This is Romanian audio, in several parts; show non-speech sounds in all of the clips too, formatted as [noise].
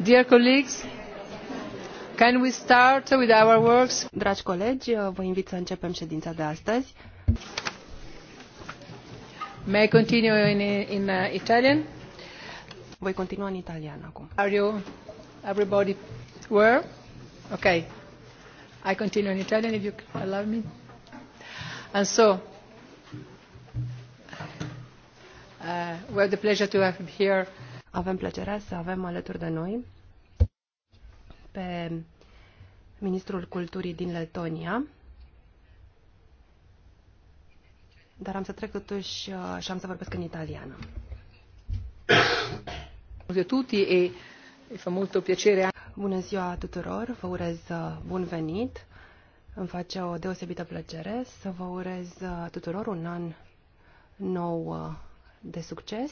Dear colleagues, can we start with our works? Dragi colegi, vă invit să începem ședința de astăzi. May I continue in, in uh, Italian? Voi continua în italian acum. Are you everybody where? Okay. I continue in Italian if you allow me. And so uh, we have the pleasure to have here avem plăcerea să avem alături de noi pe ministrul culturii din Letonia, dar am să trec totuși uh, și am să vorbesc în italiană. Bună ziua tuturor, vă urez uh, bun venit. Îmi face o deosebită plăcere să vă urez uh, tuturor un an nou de succes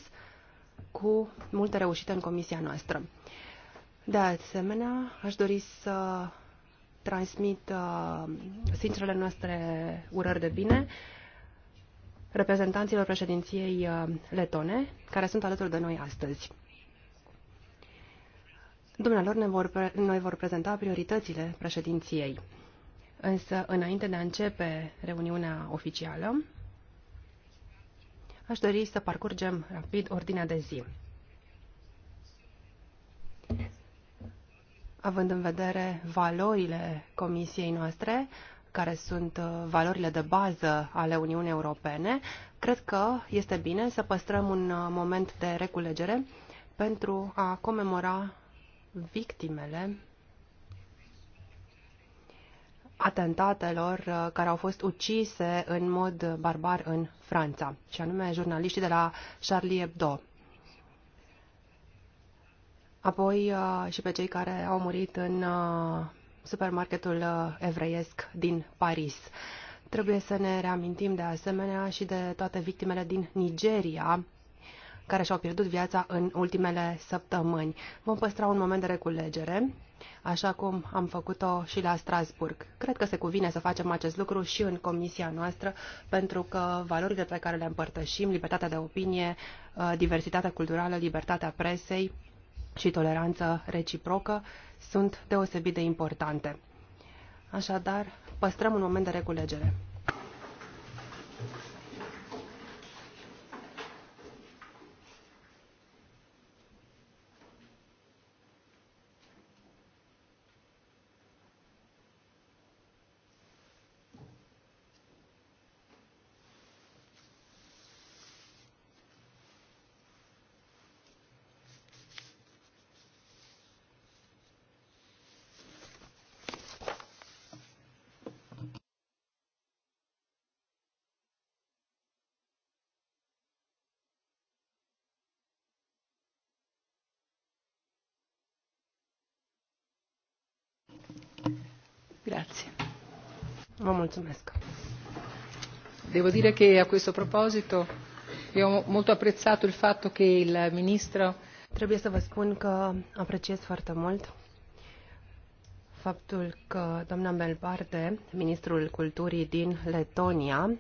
cu multă reușită în comisia noastră. De asemenea, aș dori să transmit uh, sincerele noastre urări de bine reprezentanților președinției uh, letone, care sunt alături de noi astăzi. Dumnealor ne vor, noi vor prezenta prioritățile președinției. Însă, înainte de a începe reuniunea oficială, aș dori să parcurgem rapid ordinea de zi. având în vedere valorile comisiei noastre, care sunt uh, valorile de bază ale Uniunii Europene, cred că este bine să păstrăm un uh, moment de reculegere pentru a comemora victimele atentatelor uh, care au fost ucise în mod barbar în Franța, și anume jurnaliștii de la Charlie Hebdo apoi uh, și pe cei care au murit în uh, supermarketul uh, evreiesc din Paris. Trebuie să ne reamintim de asemenea și de toate victimele din Nigeria care și-au pierdut viața în ultimele săptămâni. Vom păstra un moment de reculegere, așa cum am făcut-o și la Strasburg. Cred că se cuvine să facem acest lucru și în comisia noastră, pentru că valorile pe care le împărtășim, libertatea de opinie, diversitatea culturală, libertatea presei, și toleranță reciprocă sunt deosebit de importante. Așadar, păstrăm un moment de reculegere. Grazie. Vă mulțumesc. Devo dire che a questo proposito io ho molto apprezzato il fatto che il ministro Trebuie să vă spun că apreciez foarte mult faptul că doamna Melbarde, ministrul culturii din Letonia,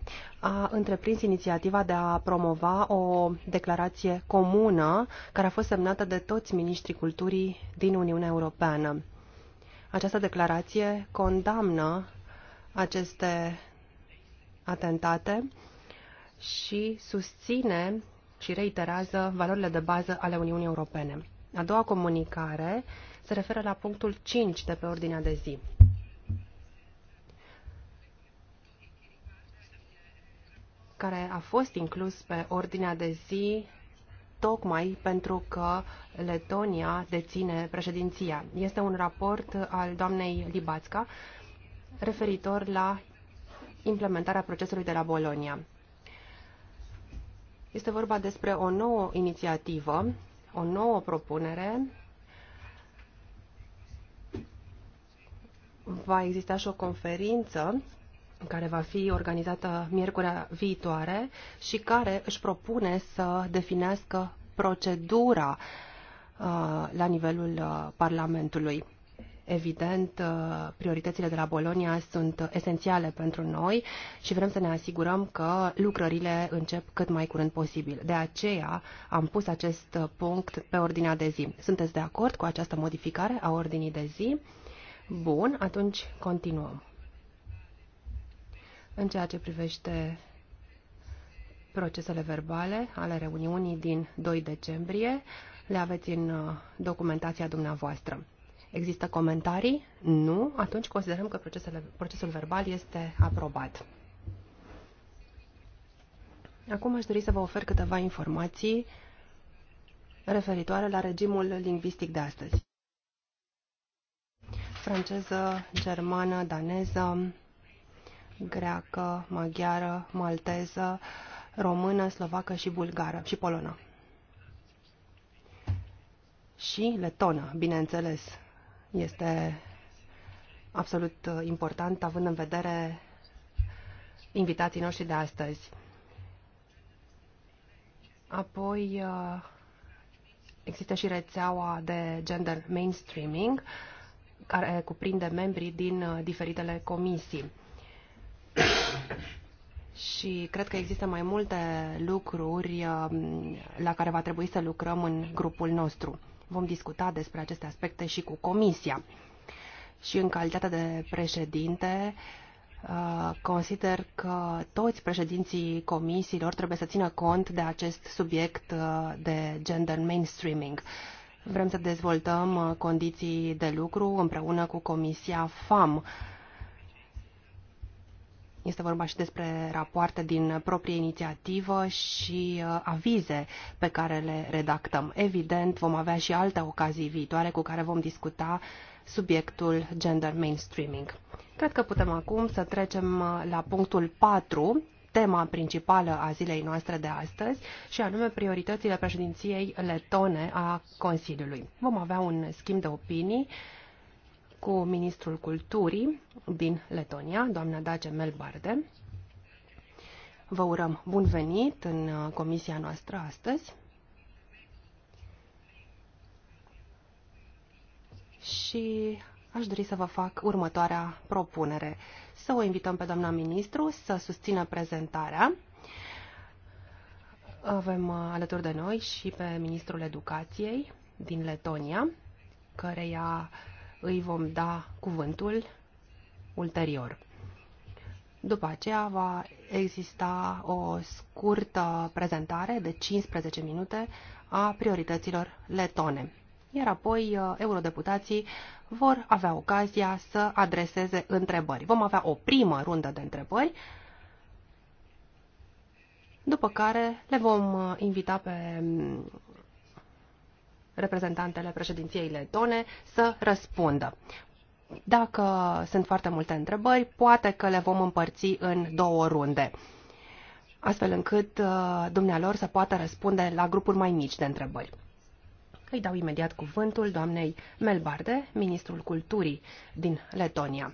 a întreprins inițiativa de a promova o declarație comună care a fost semnată de toți ministrii culturii din Uniunea Europeană. Această declarație condamnă aceste atentate și susține și reiterează valorile de bază ale Uniunii Europene. A doua comunicare se referă la punctul 5 de pe ordinea de zi. care a fost inclus pe ordinea de zi tocmai pentru că Letonia deține președinția. Este un raport al doamnei Libațca referitor la implementarea procesului de la Bolonia. Este vorba despre o nouă inițiativă, o nouă propunere. Va exista și o conferință care va fi organizată miercurea viitoare și care își propune să definească procedura uh, la nivelul uh, Parlamentului. Evident, uh, prioritățile de la Bolonia sunt esențiale pentru noi și vrem să ne asigurăm că lucrările încep cât mai curând posibil. De aceea am pus acest punct pe ordinea de zi. Sunteți de acord cu această modificare a ordinii de zi? Bun, atunci continuăm în ceea ce privește procesele verbale ale reuniunii din 2 decembrie. Le aveți în uh, documentația dumneavoastră. Există comentarii? Nu. Atunci considerăm că procesele, procesul verbal este aprobat. Acum aș dori să vă ofer câteva informații referitoare la regimul lingvistic de astăzi. Franceză, germană, daneză, greacă, maghiară, malteză, română, slovacă și bulgară și polonă. Și letonă, bineînțeles, este absolut important, având în vedere invitații noștri de astăzi. Apoi uh, există și rețeaua de gender mainstreaming, care cuprinde membrii din uh, diferitele comisii și cred că există mai multe lucruri uh, la care va trebui să lucrăm în grupul nostru. Vom discuta despre aceste aspecte și cu Comisia. Și în calitate de președinte, uh, consider că toți președinții comisiilor trebuie să țină cont de acest subiect uh, de gender mainstreaming. Vrem să dezvoltăm condiții de lucru împreună cu Comisia FAM este vorba și despre rapoarte din proprie inițiativă și uh, avize pe care le redactăm. Evident, vom avea și alte ocazii viitoare cu care vom discuta subiectul gender mainstreaming. Cred că putem acum să trecem uh, la punctul 4, tema principală a zilei noastre de astăzi, și anume prioritățile președinției letone a Consiliului. Vom avea un schimb de opinii uh, cu ministrul culturii din Letonia, doamna Dace Melbarde. Vă urăm bun venit în uh, comisia noastră astăzi. Și aș dori să vă fac următoarea propunere. Să o invităm pe doamna ministru să susțină prezentarea. Avem uh, alături de noi și pe ministrul educației din Letonia, căreia îi vom da cuvântul ulterior. După aceea va exista o scurtă prezentare de 15 minute a priorităților letone, iar apoi uh, eurodeputații vor avea ocazia să adreseze întrebări. Vom avea o primă rundă de întrebări, după care le vom uh, invita pe mm, reprezentantele președinției letone să răspundă. Dacă sunt foarte multe întrebări, poate că le vom împărți în două runde, astfel încât uh, dumnealor să poată răspunde la grupuri mai mici de întrebări. Îi dau imediat cuvântul doamnei Melbarde, ministrul culturii din Letonia.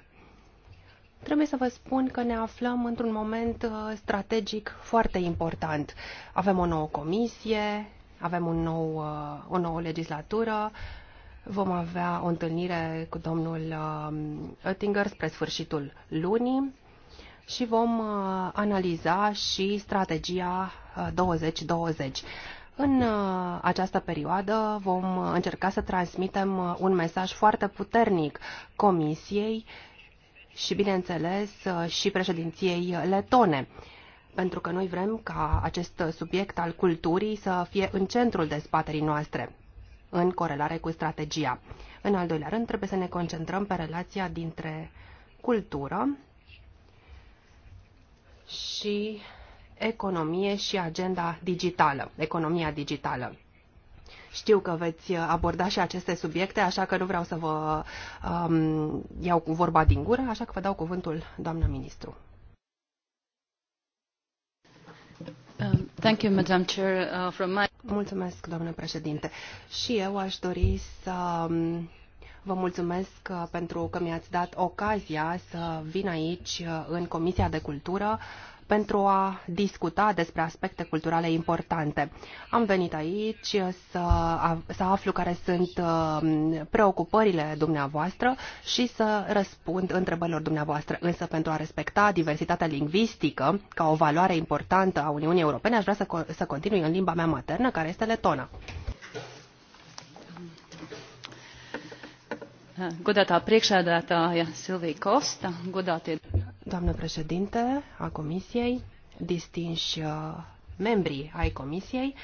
Trebuie să vă spun că ne aflăm într-un moment uh, strategic foarte important. Avem o nouă comisie avem un nou, uh, o nouă legislatură, vom avea o întâlnire cu domnul um, Oettinger spre sfârșitul lunii și vom uh, analiza și strategia 2020. Uh, În această perioadă vom încerca să transmitem un mesaj foarte puternic Comisiei și, bineînțeles, și președinției letone pentru că noi vrem ca acest subiect al culturii să fie în centrul dezbaterii noastre, în corelare cu strategia. În al doilea rând, trebuie să ne concentrăm pe relația dintre cultură și economie și agenda digitală, economia digitală. Știu că veți aborda și aceste subiecte, așa că nu vreau să vă um, iau cu vorba din gură, așa că vă dau cuvântul, doamna ministru. Uh, mulțumesc, doamnă președinte. Și eu aș dori să um, Vă mulțumesc uh, pentru că mi-ați dat ocazia să vin aici uh, în Comisia de Cultură pentru a discuta despre aspecte culturale importante. Am venit aici să, să aflu care sunt um, preocupările dumneavoastră și să răspund întrebărilor dumneavoastră. Însă pentru a respecta diversitatea lingvistică ca o valoare importantă a Uniunii Europene, aș vrea să, să continui în limba mea maternă, care este letona. Godātā priekšēdētāja Silvija Kosta, godātie Doamnă președinte a Comisiei, distinși uh, membrii ai Comisiei,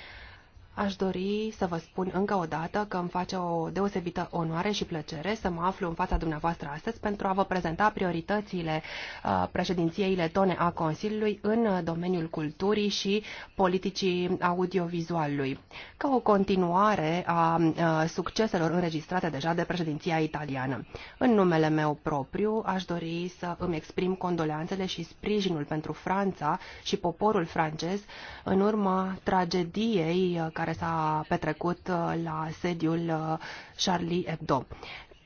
Aș dori să vă spun încă o dată că îmi face o deosebită onoare și plăcere să mă aflu în fața dumneavoastră astăzi pentru a vă prezenta prioritățile uh, președinției letone a Consiliului în uh, domeniul culturii și politicii audiovizualului, ca o continuare a uh, succeselor înregistrate deja de președinția italiană. În numele meu propriu aș dori să îmi exprim condoleanțele și sprijinul pentru Franța și poporul francez în urma tragediei care care s-a petrecut uh, la sediul uh, Charlie Hebdo.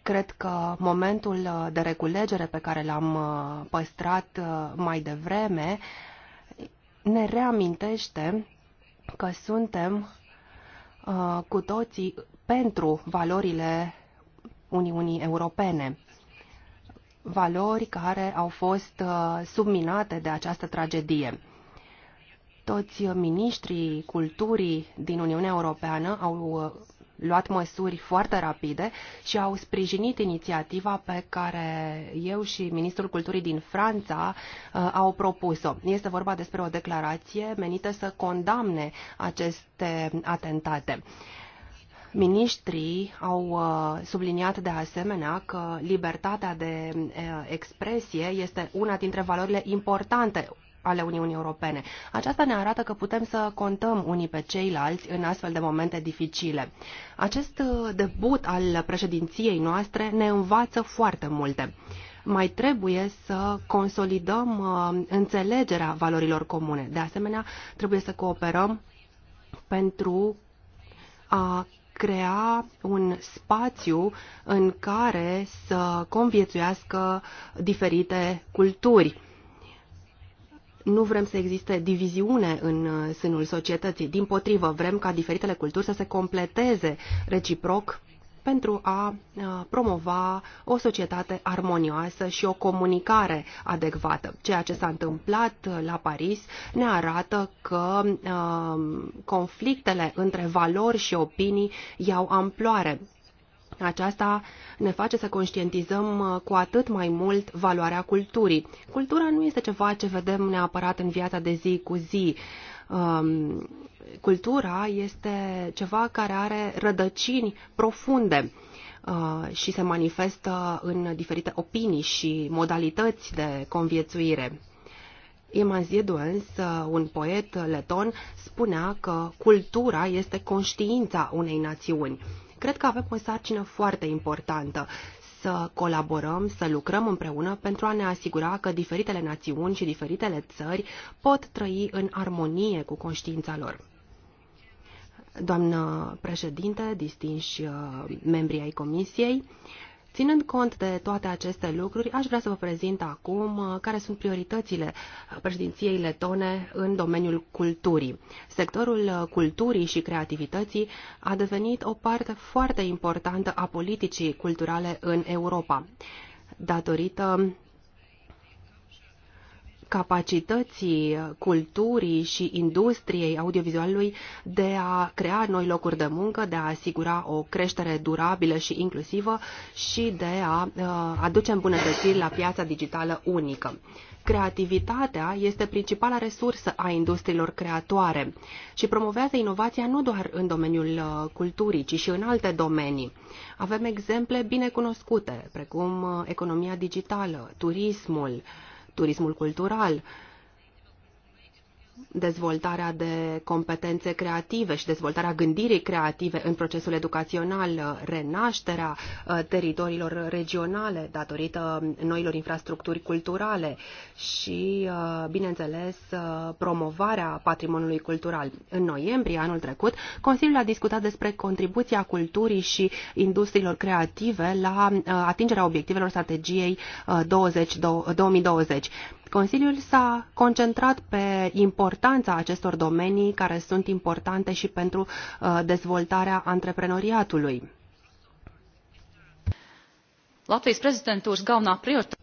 Cred că momentul uh, de reculegere pe care l-am păstrat mai devreme ne reamintește că suntem cu toții pentru valorile Uniunii Europene valori care au fost subminate de această tragedie. Toți miniștrii culturii din Uniunea Europeană au uh, luat măsuri foarte rapide și au sprijinit inițiativa pe care eu și Ministrul Culturii din Franța uh, au propus-o. Este vorba despre o declarație menită să condamne aceste atentate. Ministrii au uh, subliniat de asemenea că libertatea de uh, expresie este una dintre valorile importante ale Uniunii Europene. Aceasta ne arată că putem să contăm unii pe ceilalți în astfel de momente dificile. Acest uh, debut al președinției noastre ne învață foarte multe mai trebuie să consolidăm uh, înțelegerea valorilor comune. De asemenea, trebuie să cooperăm pentru a crea un spațiu în care să conviețuiască diferite culturi nu vrem să existe diviziune în uh, sânul societății. Din potrivă, vrem ca diferitele culturi să se completeze reciproc pentru a uh, promova o societate armonioasă și o comunicare adecvată. Ceea ce s-a întâmplat uh, la Paris ne arată că conflictele între valori și opinii iau amploare aceasta ne face să conștientizăm uh, cu atât mai mult valoarea culturii. Cultura nu este ceva ce vedem neapărat în viața de zi cu zi. Um, cultura este ceva care are rădăcini profunde uh, și se manifestă în diferite opinii și modalități de conviețuire. Eman Zieduens, uh, un poet leton, spunea că cultura este conștiința unei națiuni. Cred că avem o sarcină foarte importantă să colaborăm, să lucrăm împreună pentru a ne asigura că diferitele națiuni și diferitele țări pot trăi în armonie cu conștiința lor. Doamnă președinte, distinși uh, membrii ai Comisiei, Ținând cont de toate aceste lucruri, aș vrea să vă prezint acum uh, care sunt prioritățile uh, președinției letone în domeniul culturii. Sectorul uh, culturii și creativității a devenit o parte foarte importantă a politicii culturale în Europa datorită capacității culturii și industriei audiovizualului de a crea noi locuri de muncă, de a asigura o creștere durabilă și inclusivă și de a uh, aduce îmbunătățiri la piața digitală unică. Creativitatea este principala resursă a industriilor creatoare și promovează inovația nu doar în domeniul uh, culturii, ci și în alte domenii. Avem exemple bine cunoscute, precum uh, economia digitală, turismul, uh, turismul cultural, dezvoltarea de competențe creative și dezvoltarea gândirii creative în procesul educațional, renașterea uh, teritoriilor regionale datorită noilor infrastructuri culturale și, uh, bineînțeles, uh, promovarea patrimoniului cultural. În noiembrie anul trecut, Consiliul a discutat despre contribuția culturii și industriilor creative la atingerea obiectivelor strategiei 2020. Consiliul s-a concentrat pe importanța acestor domenii care sunt importante și pentru uh, dezvoltarea antreprenoriatului. Latvijas prezidentūras galvenā prioritāte.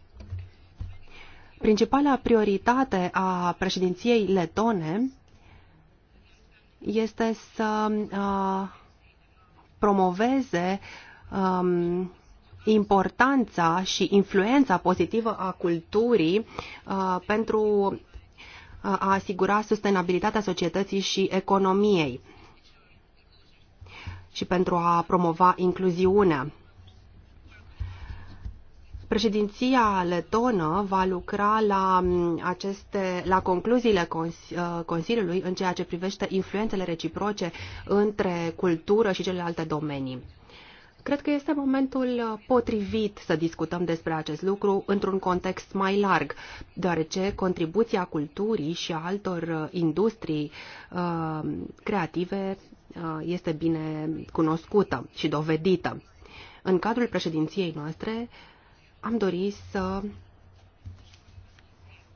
Principala prioritate a președinției letone este să uh, promoveze um, importanța și influența pozitivă a culturii uh, pentru uh, a asigura sustenabilitatea societății și economiei și pentru a promova incluziunea. Președinția letonă va lucra la, mm, aceste, la concluziile uh, Consiliului în ceea ce privește influențele reciproce între cultură și celelalte domenii. Cred că este momentul uh, potrivit să discutăm despre acest lucru într-un context mai larg, deoarece contribuția culturii și a altor uh, industrii uh, creative uh, este bine cunoscută și dovedită. În cadrul președinției noastre am dorit să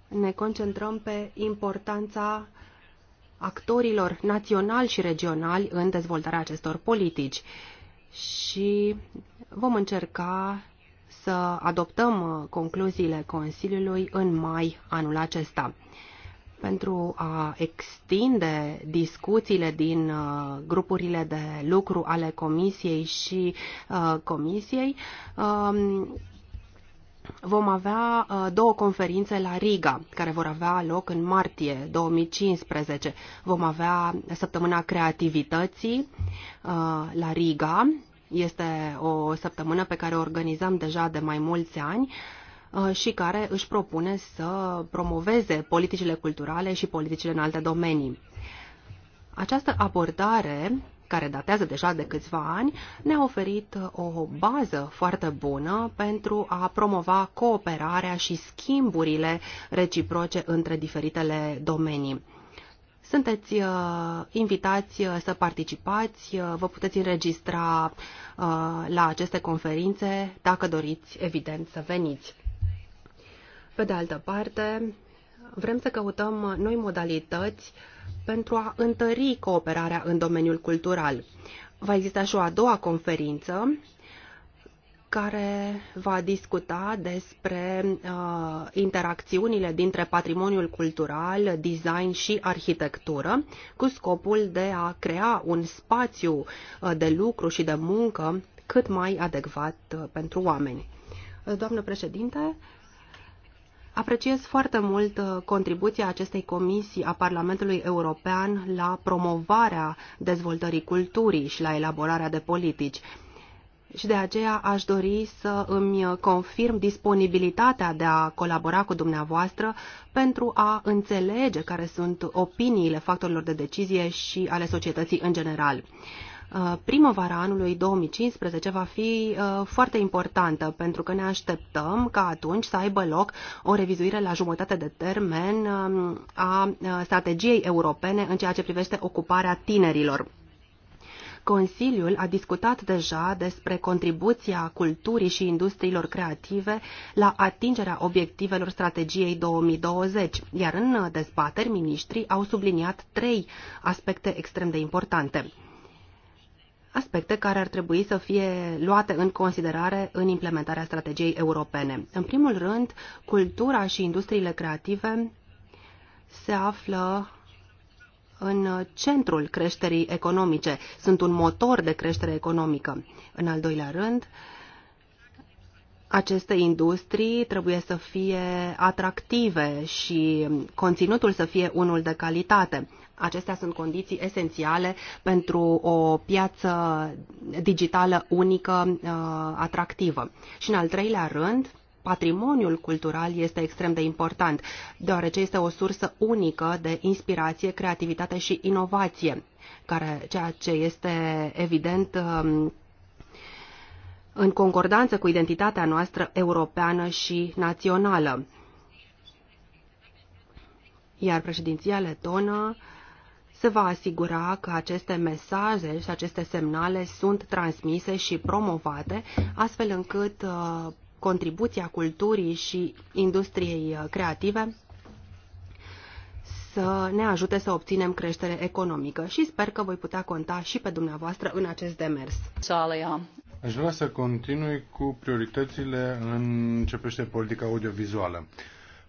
ne concentrăm pe importanța actorilor naționali și regionali în dezvoltarea acestor politici. Uh, și vom încerca să adoptăm uh, concluziile Consiliului în mai anul acesta. Pentru a extinde discuțiile din uh, grupurile de lucru ale Comisiei și uh, Comisiei, um, vom avea uh, două conferințe la Riga, care vor avea loc în martie 2015. Vom avea săptămâna creativității uh, la Riga. Este o săptămână pe care o organizăm deja de mai mulți ani uh, și care își propune să promoveze politicile culturale și politicile în alte domenii. Această abordare care datează deja de câțiva ani, ne-a oferit uh, o bază foarte bună pentru a promova cooperarea și schimburile reciproce între diferitele domenii. Sunteți uh, invitați uh, să participați, uh, vă puteți înregistra uh, la aceste conferințe dacă doriți, evident, să veniți. Pe de altă parte, vrem să căutăm noi modalități uh, pentru a întări cooperarea în domeniul cultural. Va exista și o a doua conferință care va discuta despre uh, interacțiunile dintre patrimoniul cultural, design și arhitectură, cu scopul de a crea un spațiu uh, de lucru și de muncă cât mai adecvat uh, pentru oameni. Doamnă președinte, Apreciez foarte mult uh, contribuția acestei comisii a Parlamentului European la promovarea dezvoltării culturii și la elaborarea de politici. Și de aceea aș dori să îmi confirm disponibilitatea de a colabora cu dumneavoastră pentru a înțelege care sunt opiniile factorilor de decizie și ale societății în general. Uh, primăvara anului 2015 va fi uh, foarte importantă pentru că ne așteptăm ca atunci să aibă loc o revizuire la jumătate de termen um, a uh, strategiei europene în ceea ce privește ocuparea tinerilor. Consiliul a discutat deja despre contribuția culturii și industriilor creative la atingerea obiectivelor strategiei 2020, iar în dezbateri, miniștrii au subliniat trei aspecte extrem de importante aspecte care ar trebui să fie luate în considerare în implementarea strategiei europene. În primul rând, cultura și industriile creative se află în centrul creșterii economice, sunt un motor de creștere economică. În al doilea rând, aceste industrii trebuie să fie atractive și conținutul să fie unul de calitate. Acestea sunt condiții esențiale pentru o piață digitală unică, uh, atractivă. Și în al treilea rând, patrimoniul cultural este extrem de important, deoarece este o sursă unică de inspirație, creativitate și inovație, care, ceea ce este evident um, în concordanță cu identitatea noastră europeană și națională. Iar președinția letonă se va asigura că aceste mesaje și aceste semnale sunt transmise și promovate, astfel încât uh, contribuția culturii și industriei uh, creative să ne ajute să obținem creștere economică și sper că voi putea conta și pe dumneavoastră în acest demers. Salia. Aș vrea să continui cu prioritățile în ce privește politica audiovizuală.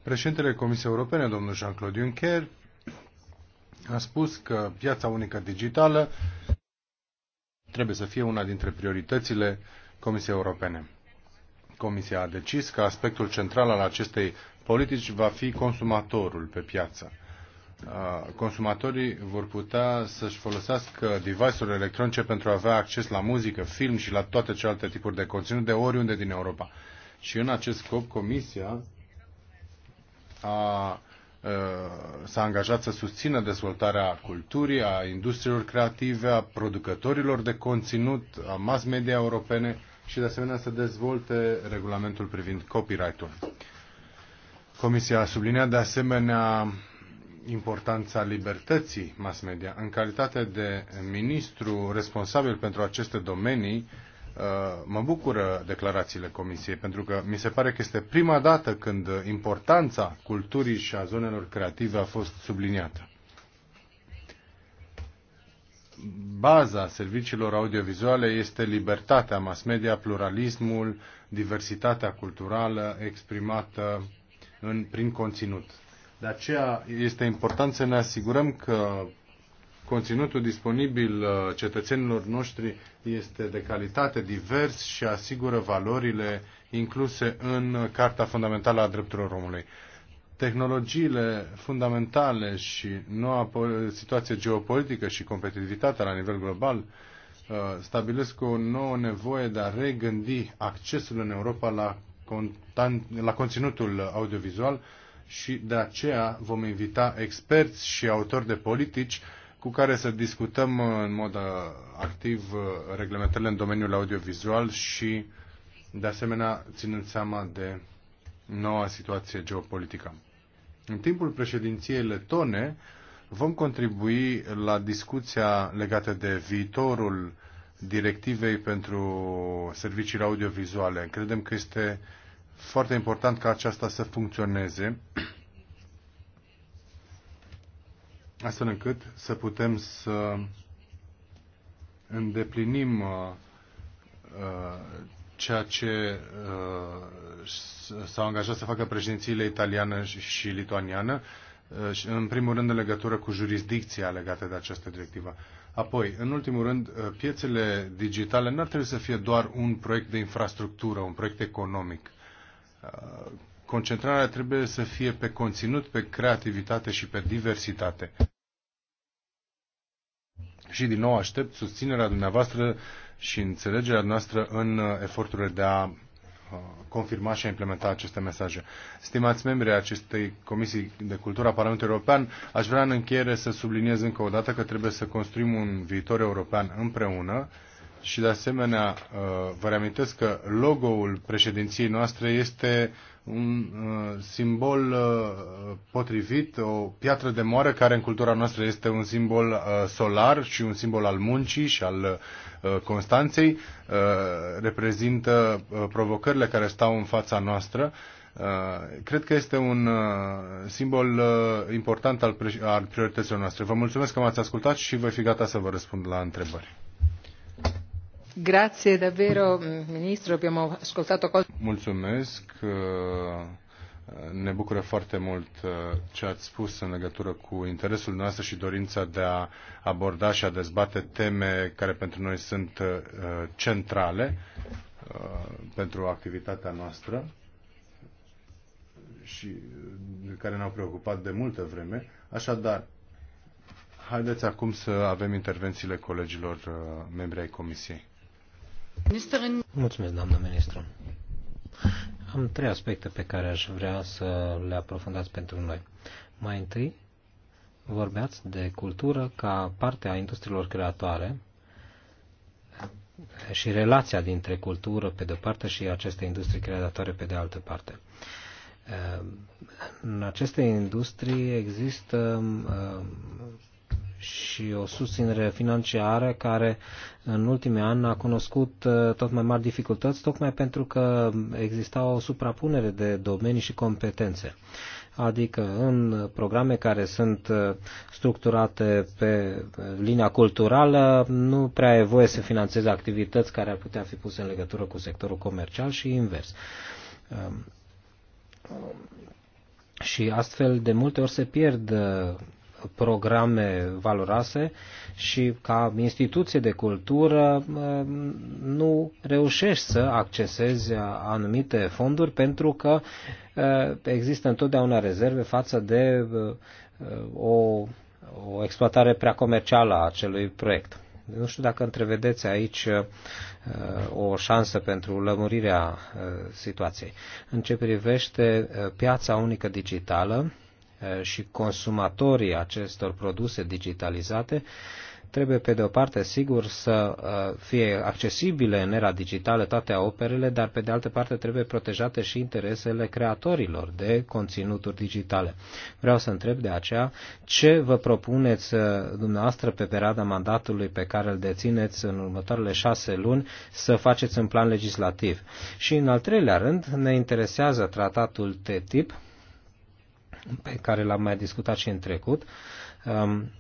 Președintele Comisiei Europene, domnul Jean-Claude Juncker, a spus că piața unică digitală trebuie să fie una dintre prioritățile Comisiei Europene. Comisia a decis că aspectul central al acestei politici va fi consumatorul pe piață. Consumatorii vor putea să-și folosească device uri electronice pentru a avea acces la muzică, film și la toate celelalte tipuri de conținut de oriunde din Europa. Și în acest scop, Comisia a Uh, s-a angajat să susțină dezvoltarea culturii, a industriilor creative, a producătorilor de conținut, a mass media europene și de asemenea să dezvolte regulamentul privind copyright-ul. Comisia a subliniat de asemenea importanța libertății mass media. În calitate de ministru responsabil pentru aceste domenii, Uh, mă bucură declarațiile Comisiei, pentru că mi se pare că este prima dată când importanța culturii și a zonelor creative a fost subliniată. Baza serviciilor audiovizuale este libertatea mass media, pluralismul, diversitatea culturală exprimată în, prin conținut. De aceea este important să ne asigurăm că conținutul disponibil uh, cetățenilor noștri este de calitate divers și asigură valorile incluse în Carta Fundamentală a Drepturilor Omului. Tehnologiile fundamentale și noua situație geopolitică și competitivitatea la nivel global uh, stabilesc o nouă nevoie de a regândi accesul în Europa la, contan- la conținutul audiovizual și de aceea vom invita experți și autori de politici cu care să discutăm uh, în mod uh, activ uh, reglementările în domeniul audiovizual și, de asemenea, ținând seama de noua situație geopolitică. În timpul președinției letone vom contribui la discuția legată de viitorul directivei pentru serviciile audiovizuale. Credem că este foarte important ca aceasta să funcționeze astfel încât să putem să îndeplinim uh, uh, ceea ce uh, s-au angajat să facă președințiile italiană și lituaniană, în primul rând în legătură cu jurisdicția legată de această directivă. Apoi, în ultimul rând, piețele digitale n-ar trebui să fie doar un proiect de infrastructură, un proiect economic concentrarea trebuie să fie pe conținut, pe creativitate și pe diversitate. Și din nou aștept susținerea dumneavoastră și înțelegerea noastră în uh, eforturile de a uh, confirma și a implementa aceste mesaje. Stimați membri acestei Comisii de Cultură a Parlamentului European, aș vrea în încheiere să subliniez încă o dată că trebuie să construim un viitor european împreună și de asemenea uh, vă reamintesc că logo-ul președinției noastre este un uh, simbol uh, potrivit, o piatră de moară care în cultura noastră este un simbol uh, solar și un simbol al muncii și al uh, Constanței, uh, reprezintă uh, provocările care stau în fața noastră. Uh, cred că este un uh, simbol uh, important al, al priorităților noastre. Vă mulțumesc că m-ați ascultat și voi fi gata să vă răspund la întrebări. Mulțumesc. Eh, ne bucură foarte mult eh, ce ați spus în legătură cu interesul noastră și dorința de a aborda și a dezbate teme care pentru noi sunt eh, centrale pentru activitatea noastră și care ne-au preocupat de multă vreme. Așadar, haideți acum să avem intervențiile colegilor membri ai Comisiei. Mulțumesc, doamnă ministru. Am trei aspecte pe care aș vrea să le aprofundați pentru noi. Mai întâi, vorbeați de cultură ca parte a industriilor creatoare și relația dintre cultură pe de-o parte și aceste industrii creatoare pe de altă parte. În aceste industrii există și o susținere financiară care în ultimii ani a cunoscut uh, tot mai mari dificultăți, tocmai pentru că exista o suprapunere de domenii și competențe. Adică în programe care sunt uh, structurate pe uh, linia culturală, nu prea e voie să finanțeze activități care ar putea fi puse în legătură cu sectorul comercial și invers. Um, și astfel de multe ori se pierd programe valoroase și ca instituție de cultură nu reușești să accesezi anumite fonduri pentru că există întotdeauna rezerve față de o, o exploatare prea comercială a acelui proiect. Nu știu dacă întrevedeți aici o șansă pentru lămurirea situației. În ce privește piața unică digitală, Eh, și consumatorii acestor produse digitalizate trebuie pe de o parte sigur să eh, fie accesibile în era digitală toate operele, dar pe de altă parte trebuie protejate și interesele creatorilor de conținuturi digitale. Vreau să întreb de aceea ce vă propuneți eh, dumneavoastră pe perioada mandatului pe care îl dețineți în următoarele șase luni să faceți în plan legislativ. Și în al treilea rând ne interesează tratatul TTIP, pe care l-am mai discutat și în trecut. Um,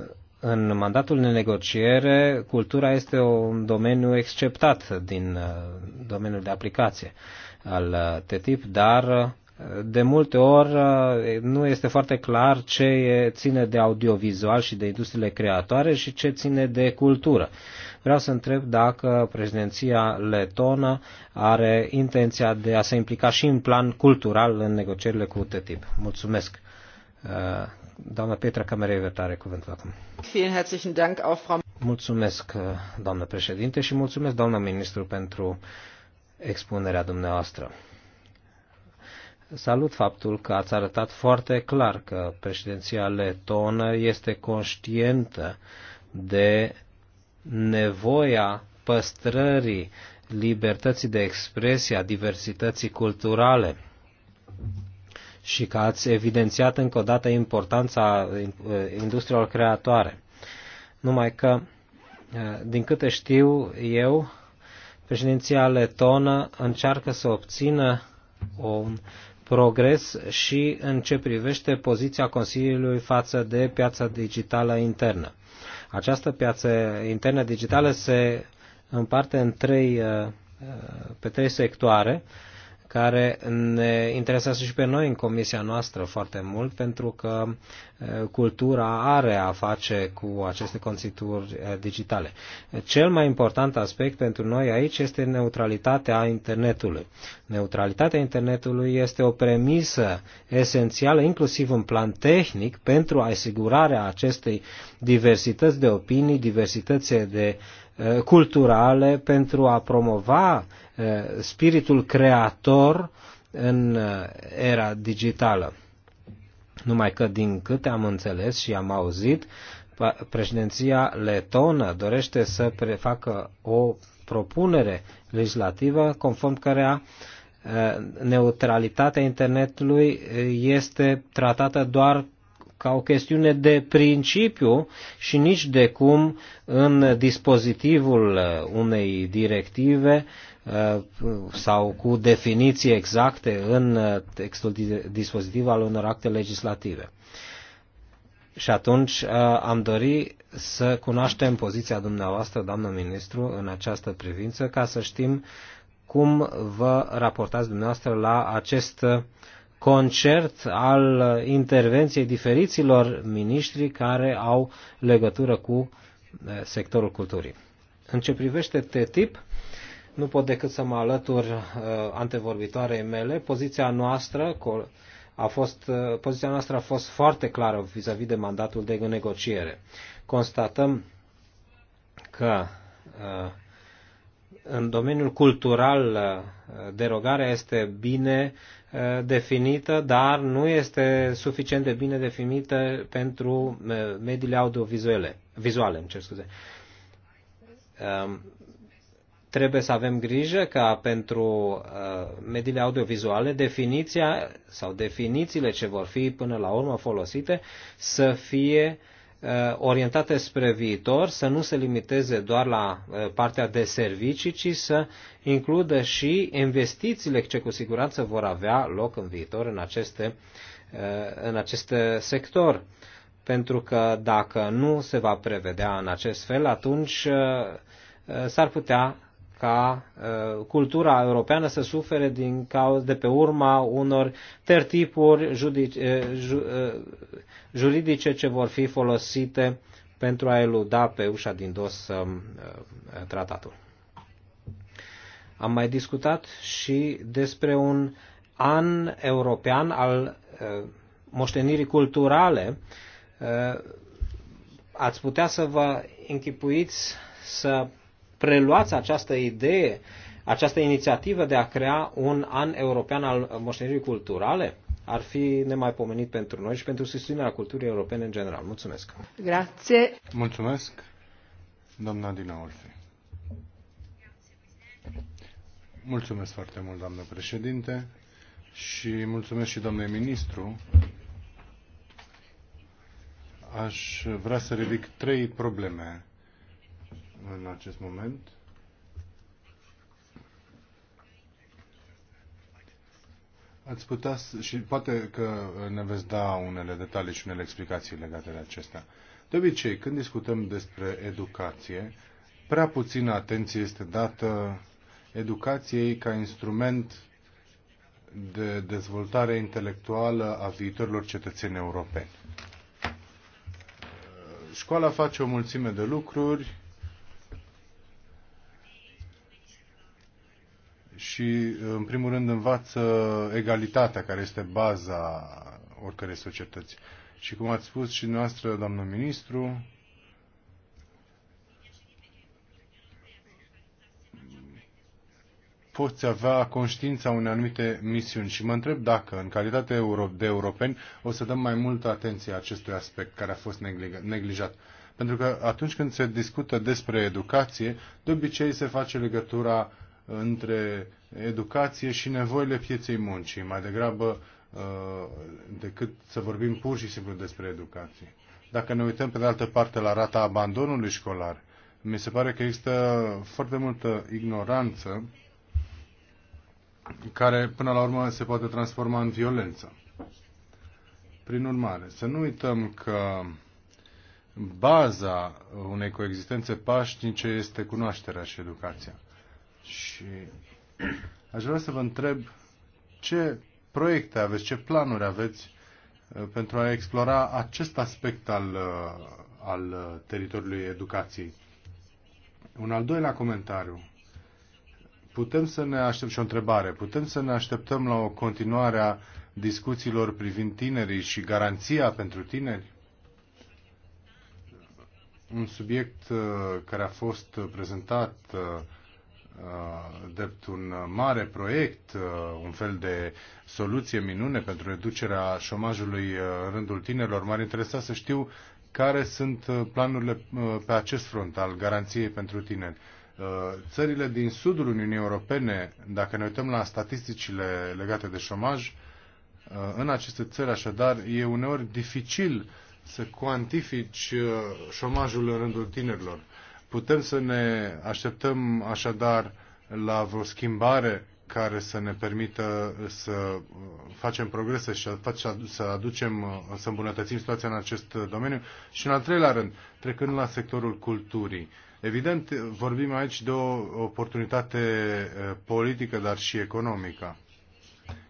uh, în mandatul de negociere, cultura este un domeniu exceptat din uh, domeniul de aplicație al uh, TTIP, dar de multe ori nu este foarte clar ce ține de audiovizual și de industriile creatoare și ce ține de cultură. Vreau să întreb dacă președinția letonă are intenția de a se implica și în plan cultural în negocierile cu TTIP. Mulțumesc. Uh, doamna Petra Camerei vertare cuvântul acum. Mulțumesc, uh, doamnă președinte, și mulțumesc, doamnă ministru, pentru expunerea dumneavoastră salut faptul că ați arătat foarte clar că președinția letonă este conștientă de nevoia păstrării libertății de expresie, a diversității culturale și că ați evidențiat încă o dată importanța eh, industriilor creatoare. Numai că, eh, din câte știu eu, președinția letonă încearcă să obțină un progres și în ce privește poziția Consiliului față de piața digitală internă. Această piață internă digitală se împarte în trei, uh, uh, pe trei sectoare care ne interesează și pe noi în comisia noastră foarte mult, pentru că cultura are a face cu aceste conțituri digitale. Cel mai important aspect pentru noi aici este neutralitatea internetului. Neutralitatea internetului este o premisă esențială, inclusiv în plan tehnic, pentru asigurarea acestei diversități de opinii, diversități de culturale pentru a promova Eh, spiritul creator în eh, era digitală. Numai că din câte am înțeles și am auzit, președinția letonă dorește să facă o propunere legislativă conform cărea eh, neutralitatea internetului este tratată doar ca o chestiune de principiu și nici de cum în dispozitivul unei directive Uh, sau cu definiții exacte în uh, textul dispozitiv al unor acte legislative. Și atunci uh, am dori să cunoaștem poziția dumneavoastră, doamnă ministru, în această privință, ca să știm cum vă raportați dumneavoastră la acest concert al intervenției diferiților miniștri care au legătură cu sectorul culturii. În ce privește TTIP, nu pot decât să mă alătur uh, antevorbitoarei mele. Poziția noastră a fost, uh, poziția noastră a fost foarte clară vis-a-vis -vis de mandatul de negociere. Constatăm că uh, în domeniul cultural derogarea este bine definită, dar nu este suficient de bine definită pentru mediile audiovizuale. Vizuale, îmi cer scuze. Um, trebuie să avem grijă ca pentru uh, mediile audiovizuale definiția sau definițiile ce vor fi până la urmă folosite să fie uh, orientate spre viitor, să nu se limiteze doar la uh, partea de servicii, ci să includă și investițiile ce cu siguranță vor avea loc în viitor în, aceste, în acest sector. Pentru că dacă nu se va prevedea în acest fel, atunci s-ar putea ca uh, cultura europeană să sufere din cauza de pe urma unor tertipuri judici, uh, ju, uh, juridice ce vor fi folosite pentru a eluda pe ușa din dos um, uh, tratatul. Am mai discutat și despre un an european al uh, moștenirii culturale. Uh, ați putea să vă închipuiți să preluați această idee, această inițiativă de a crea un an european al moștenirii culturale? Ar fi nemaipomenit pentru noi și pentru susținerea culturii europene în general. Mulțumesc! Grație! Mulțumesc, doamna Dina Olfi. Mulțumesc foarte mult, doamnă președinte, și mulțumesc și domnule ministru aș vrea să ridic trei probleme în acest moment. Ați putea, și poate că ne veți da unele detalii și unele explicații legate de acestea. De obicei, când discutăm despre educație, prea puțină atenție este dată educației ca instrument de dezvoltare intelectuală a viitorilor cetățeni europeni. Școala face o mulțime de lucruri și, în primul rând, învață egalitatea, care este baza oricărei societăți. Și cum ați spus și noastră, doamnă ministru, poți avea conștiința unei anumite misiuni și mă întreb dacă, în calitate de europeni, o să dăm mai multă atenție acestui aspect care a fost neglijat. Pentru că atunci când se discută despre educație, de obicei se face legătura între educație și nevoile pieței muncii, mai degrabă uh, decât să vorbim pur și simplu despre educație. Dacă ne uităm pe de altă parte la rata abandonului școlar, mi se pare că există foarte multă ignoranță care până la urmă se poate transforma în violență. Prin urmare, să nu uităm că baza unei coexistențe pașnice este cunoașterea și educația. Și [clears throat] aș vrea să vă întreb ce proiecte aveți, ce planuri aveți uh, pentru a explora acest aspect al, uh, al uh, teritoriului educației. Un al doilea comentariu. Putem să ne așteptăm și o întrebare. Putem să ne așteptăm la o continuare a discuțiilor privind tinerii și garanția pentru tineri? Un subiect care a fost prezentat Uh, drept un mare proiect, uh, un fel de soluție minune pentru reducerea șomajului uh, în rândul tinerilor. M-ar interesa să știu care sunt planurile pe acest front al garanției pentru tineri. Țările din sudul Uniunii Europene, dacă ne uităm la statisticile legate de șomaj, în aceste țări, așadar, e uneori dificil să cuantifici șomajul în rândul tinerilor Putem să ne așteptăm așadar la vreo schimbare care să ne permită să uh, facem progrese și să aducem, uh, să îmbunătățim situația în acest domeniu. Și în al treilea rând, trecând la sectorul culturii. Evident, vorbim aici de o oportunitate uh, politică, dar și economică.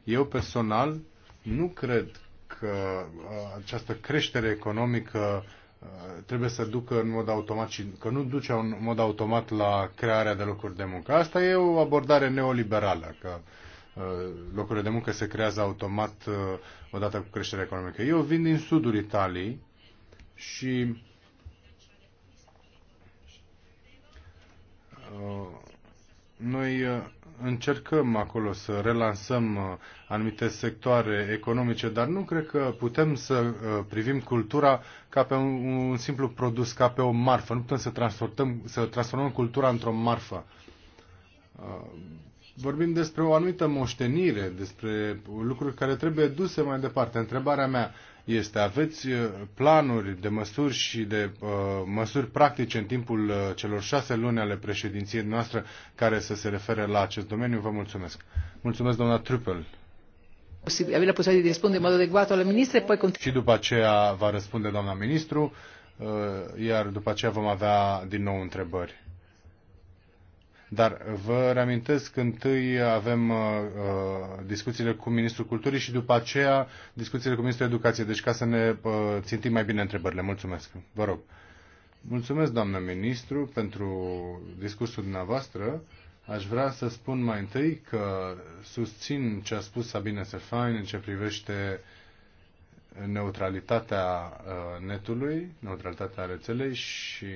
Eu personal nu cred că această creștere economică Uh, trebuie să ducă în mod automat și că nu duce în mod automat la crearea de locuri de muncă. Asta e o abordare neoliberală, că uh, locurile de muncă se creează automat uh, odată cu creșterea economică. Eu vin din sudul Italiei și noi încercăm acolo să relansăm uh, anumite sectoare economice, dar nu cred că putem să uh, privim cultura ca pe un simplu produs, ca pe o marfă. Nu putem să transformăm, să transformăm cultura într-o marfă. Uh, vorbim despre o anumită moștenire, despre lucruri care trebuie duse mai departe. Întrebarea mea, este aveți uh, planuri de măsuri și de uh, măsuri practice în timpul uh, celor șase luni ale președinției noastre care să se refere la acest domeniu. Vă mulțumesc. Mulțumesc, doamna Trupel. Avea la posibilitatea de răspunde în mod adecvat la ministre, poi Și după aceea va răspunde doamna ministru, uh, iar după aceea vom avea din nou întrebări. Dar vă reamintesc, întâi avem uh, uh, discuțiile cu Ministrul Culturii și după aceea discuțiile cu Ministrul Educației, deci ca să ne uh, țintim mai bine întrebările. Mulțumesc. Vă rog. Mulțumesc, doamnă ministru, pentru discursul dumneavoastră. Aș vrea să spun mai întâi că susțin ce a spus Sabine Sefain în ce privește neutralitatea uh, netului, neutralitatea rețelei și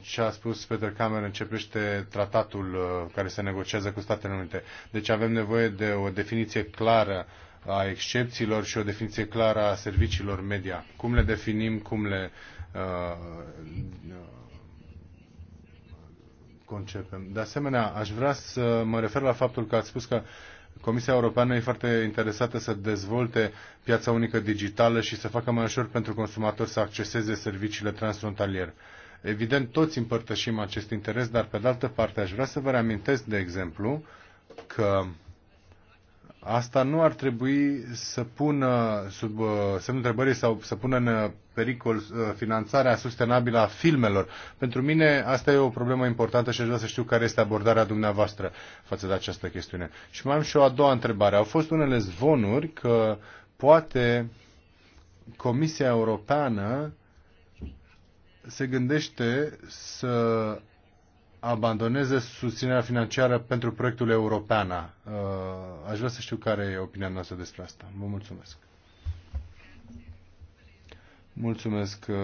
ce a spus Peter Cameron în ce privește tratatul uh, care se negociază cu Statele Unite. Deci avem nevoie de o definiție clară a excepțiilor și o definiție clară a serviciilor media. Cum le definim, cum le uh, uh, concepem. De asemenea, aș vrea să mă refer la faptul că ați spus că Comisia Europeană e foarte interesată să dezvolte piața unică digitală și să facă mai ușor pentru consumatori să acceseze serviciile transfrontalier. Uh, Evident, toți împărtășim acest interes, dar pe de altă parte aș vrea să vă reamintesc, de exemplu, că asta nu ar trebui să pună sub uh, semnul întrebării sau să pună în pericol uh, finanțarea sustenabilă a filmelor. Pentru mine asta e o problemă importantă și aș vrea să știu care este abordarea dumneavoastră față de această chestiune. Și mai am și o a doua întrebare. Au fost unele zvonuri că poate Comisia Europeană se gândește să abandoneze susținerea financiară pentru proiectul Europeana. Uh, aș vrea să știu care e opinia noastră despre asta. Vă mulțumesc. Mulțumesc, uh,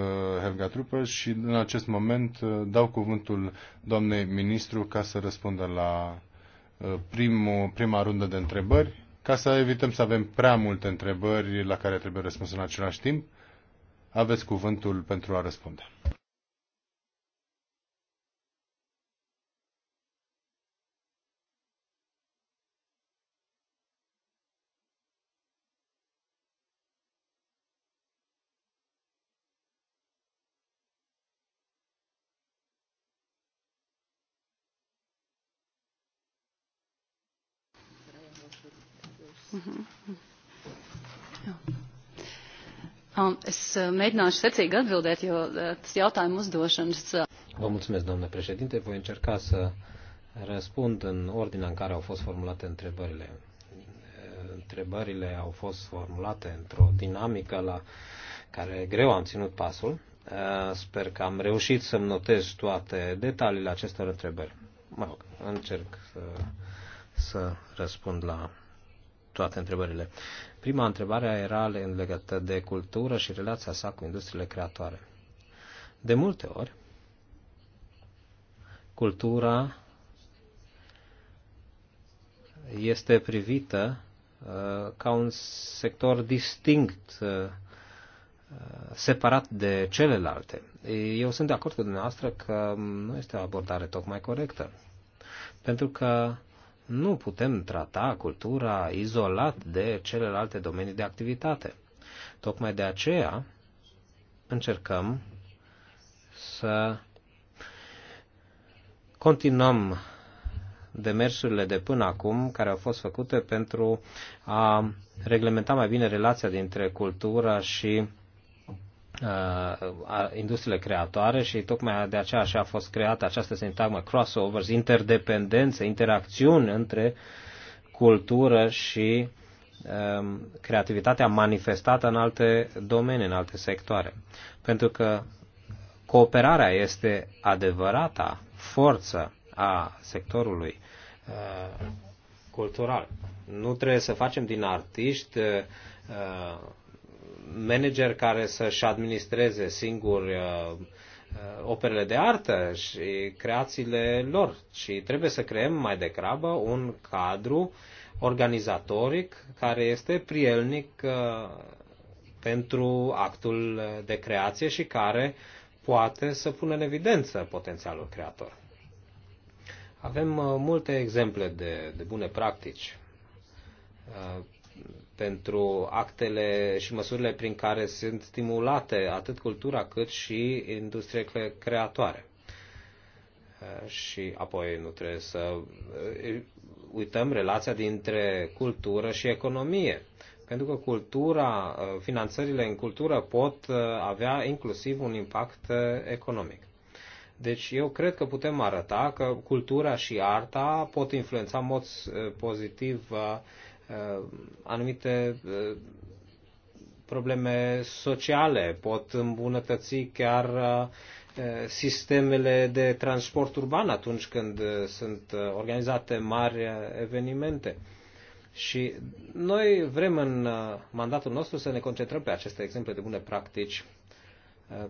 Helga Trupă, și în acest moment uh, dau cuvântul doamnei ministru ca să răspundă la primul, prima rundă de întrebări, ca să evităm să avem prea multe întrebări la care trebuie răspuns în același timp. Aveți cuvântul pentru a răspunde. Mm-hmm. Um, es uh, mēģināšu secīgi atbildēt, jo uh, tas jautājumu uzdošanas. Uh, Vă mulțumesc, domnule președinte. Voi încerca să răspund în ordinea în care au fost formulate întrebările. Întrebările au fost formulate într-o dinamică la care greu am ținut pasul. Sper că am reușit să-mi notez toate detaliile acestor întrebări. Mă rog, încerc să, să răspund la toate întrebările. Prima întrebare era în legătură de cultură și relația sa cu industriile creatoare. De multe ori, cultura este privită uh, ca un sector distinct, uh, uh separat de celelalte. Eu sunt de acord cu dumneavoastră că nu este o abordare tocmai corectă. Pentru că nu putem trata cultura izolat de celelalte domenii de activitate. Tocmai de aceea încercăm să continuăm demersurile de până acum care au fost făcute pentru a reglementa mai bine relația dintre cultura și industriile creatoare și tocmai de aceea așa a fost creată această sintagmă crossovers, interdependențe, interacțiuni între cultură și um, creativitatea manifestată în alte domenii, în alte sectoare. Pentru că cooperarea este adevărata forță a sectorului uh, cultural. Nu trebuie să facem din artiști uh, manager care să-și administreze singur uh, uh, operele de artă și creațiile lor, și trebuie să creăm mai degrabă un cadru organizatoric care este prielnic uh, pentru actul de creație și care poate să pună în evidență potențialul creator. Avem multe exemple de, de bune practici pentru actele și măsurile prin care sunt stimulate atât cultura cât și industriile creatoare. Și apoi nu trebuie să uităm relația dintre cultură și economie. Pentru că cultura, finanțările în cultură pot uh, avea inclusiv un impact uh, economic. Deci eu cred că putem arăta că cultura și arta pot influența în mod uh, pozitiv Uh, anumite uh, probleme sociale, pot îmbunătăți chiar uh, sistemele de transport urban atunci când sunt organizate mari evenimente. Și noi vrem în mandatul nostru să ne concentrăm pe aceste exemple de bune practici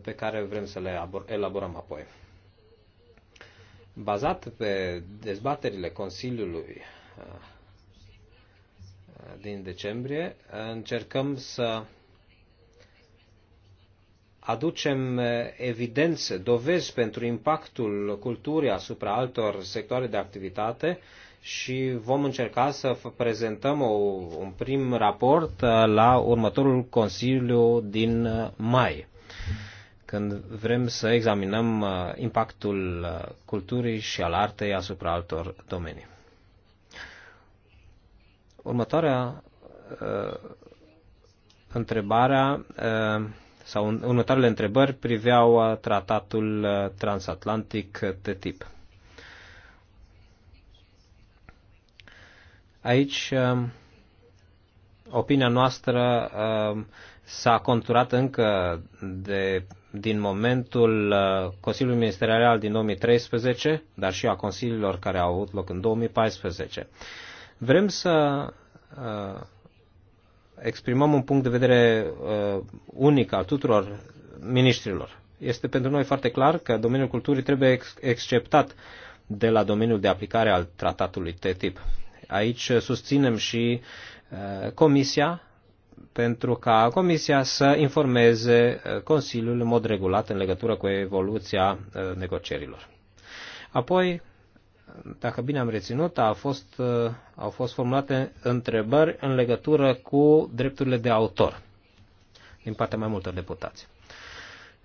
pe care vrem să le elaborăm apoi. Bazat pe dezbaterile Consiliului din decembrie, încercăm să aducem evidențe, dovezi pentru impactul culturii asupra altor sectoare de activitate și vom încerca să prezentăm o, un prim raport uh, la următorul Consiliu din uh, mai, când vrem să examinăm uh, impactul culturii și al artei asupra altor domenii. Următoarea uh, întrebarea uh, sau următoarele întrebări priveau uh, tratatul uh, transatlantic TTIP. Aici uh, opinia noastră s-a conturat încă de, din momentul Consiliului Ministerial din 2013, dar și a consiliilor care au avut loc în 2014. Vrem să uh, exprimăm un punct de vedere uh, unic al tuturor ministrilor. Este pentru noi foarte clar că domeniul culturii trebuie ex- exceptat de la domeniul de aplicare al tratatului TTIP. Aici susținem și uh, Comisia pentru ca Comisia să informeze Consiliul în mod regulat în legătură cu evoluția negocierilor. Apoi, dacă bine am reținut, a fost, uh, au fost formulate întrebări în legătură cu drepturile de autor din partea mai multor deputați.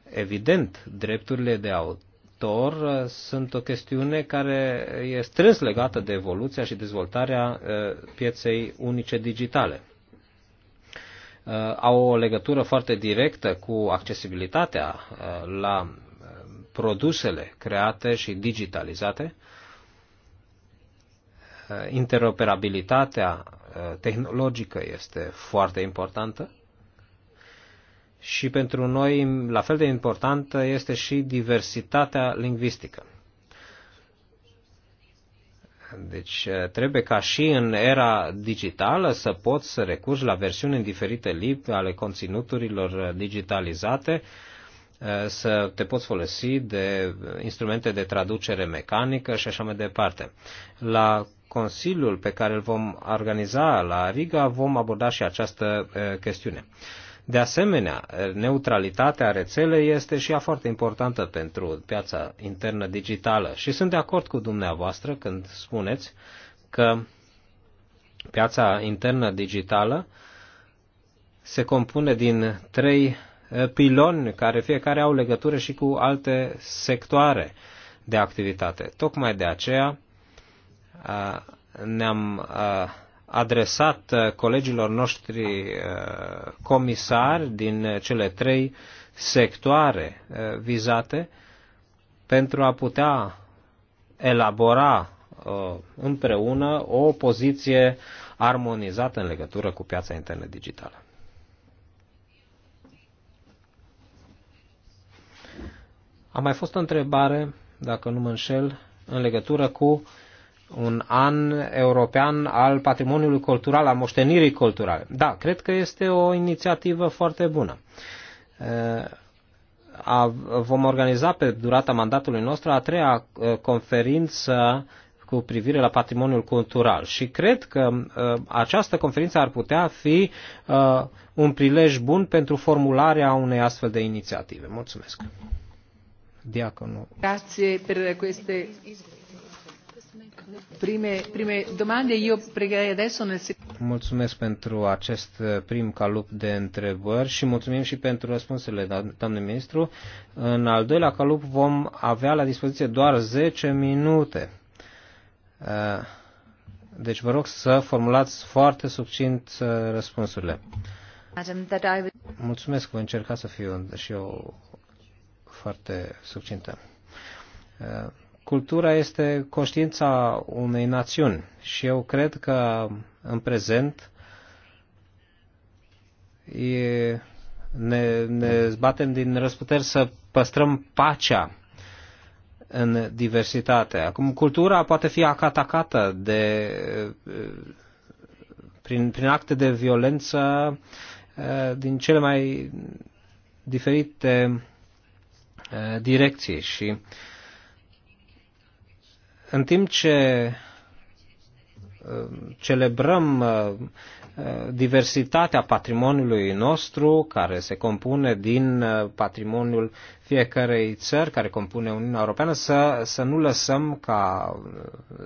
Evident, drepturile de autor uh, sunt o chestiune care e strâns legată de evoluția și dezvoltarea uh, pieței unice digitale. Au o legătură foarte directă cu accesibilitatea la produsele create și digitalizate, Eh, interoperabilitatea eh, tehnologică este foarte importantă și pentru noi la fel de importantă este și diversitatea lingvistică. Deci eh, trebuie ca și în era digitală să poți să recurgi la versiuni în diferite limbi ale conținuturilor digitalizate, să te poți folosi de instrumente de traducere mecanică și așa mai departe. La Consiliul pe care îl vom organiza la Riga vom aborda și această chestiune. De asemenea, neutralitatea rețelei este și ea foarte importantă pentru piața internă digitală și sunt de acord cu dumneavoastră când spuneți că piața internă digitală se compune din trei piloni care fiecare au legătură și cu alte sectoare de activitate. Tocmai de aceea ne-am adresat colegilor noștri comisari din cele trei sectoare vizate pentru a putea elabora împreună o poziție armonizată în legătură cu piața internă digitală. A mai fost o întrebare, dacă nu mă înșel, în legătură cu uh, un an european al patrimoniului cultural, al moștenirii culturale. Da, cred că este o inițiativă foarte bună. Uh, a, vom organiza pe durata mandatului nostru a treia uh, conferință cu privire la patrimoniul cultural și cred că uh, această conferință ar putea fi un prilej bun pentru formularea unei astfel de inițiative. Mulțumesc. Diaconu. Grazie per queste prime Eu Mulțumesc pentru acest uh, prim calup de întrebări și mulțumim și pentru răspunsurile, da, doamne ministru. În al doilea calup vom avea la dispoziție doar 10 minute. Uh, deci vă rog să formulați foarte subțint uh, răspunsurile. Mulțumesc, voi încerca să fiu și eu foarte subțintă. Cultura este conștiința unei națiuni și eu cred că în prezent e, ne, ne zbatem din răsputeri să păstrăm pacea în diversitate. Acum, cultura poate fi atacată de, prin, prin acte de violență din cele mai diferite direcții și uh, în timp ce uh, celebrăm uh, uh, diversitatea patrimoniului nostru, care se compune din patrimoniul fiecarei țări, care compune Uniunea Europeană, să, să nu lăsăm ca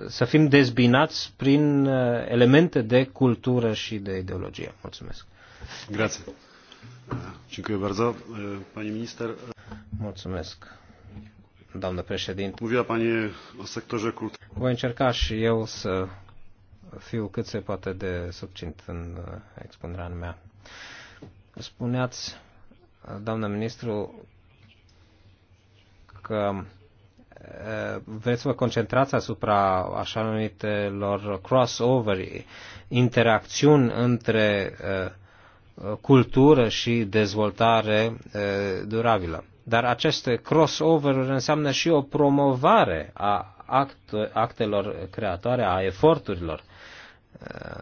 să fim dezbinați prin elemente de cultură și de ideologie. Mulțumesc. Grazie. Dziękuję bardzo, pani minister. Mulțumesc doamnă președinte. Voi încerca și eu să fiu cât se poate de succint în expunerea mea. Spuneați, doamnă ministru, că vreți să vă concentrați asupra așa numitelor crossover, interacțiuni între cultură și dezvoltare durabilă. Dar aceste crossover-uri înseamnă și o promovare a act, actelor creatoare, a eforturilor uh,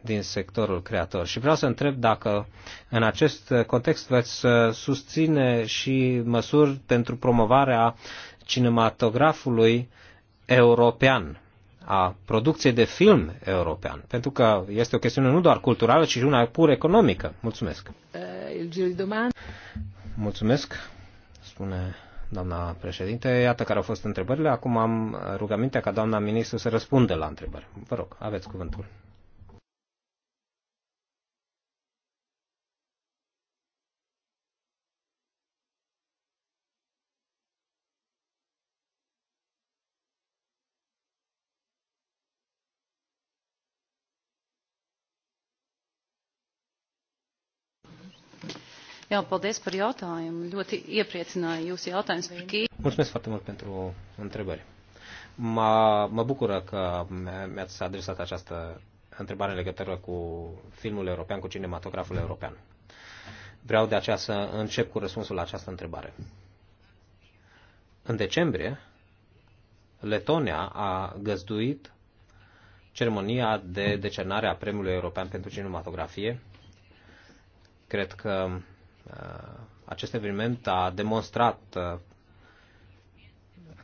din sectorul creator. Și vreau să întreb dacă în acest context veți uh, susține și măsuri pentru promovarea cinematografului european, a producției de film european, pentru că este o chestiune nu doar culturală, ci și una pur economică. Mulțumesc. Eh, Mulțumesc spune doamna președinte. Iată care au fost întrebările. Acum am rugămintea ca doamna ministru să răspundă la întrebări. Vă rog, aveți cuvântul. paldies par jautājumu. Ļoti iepriecināja jūsu jautājums par Kīvu. Mulțumesc foarte mult pentru întrebări. Mă, mă bucură că mi-ați adresat această întrebare în legătură cu filmul european, cu cinematograful european. Vreau de aceea să încep cu răspunsul la această întrebare. În decembrie, Letonia a găzduit ceremonia de decernare a Premiului European pentru Cinematografie. Cred că Uh, acest eveniment a demonstrat uh,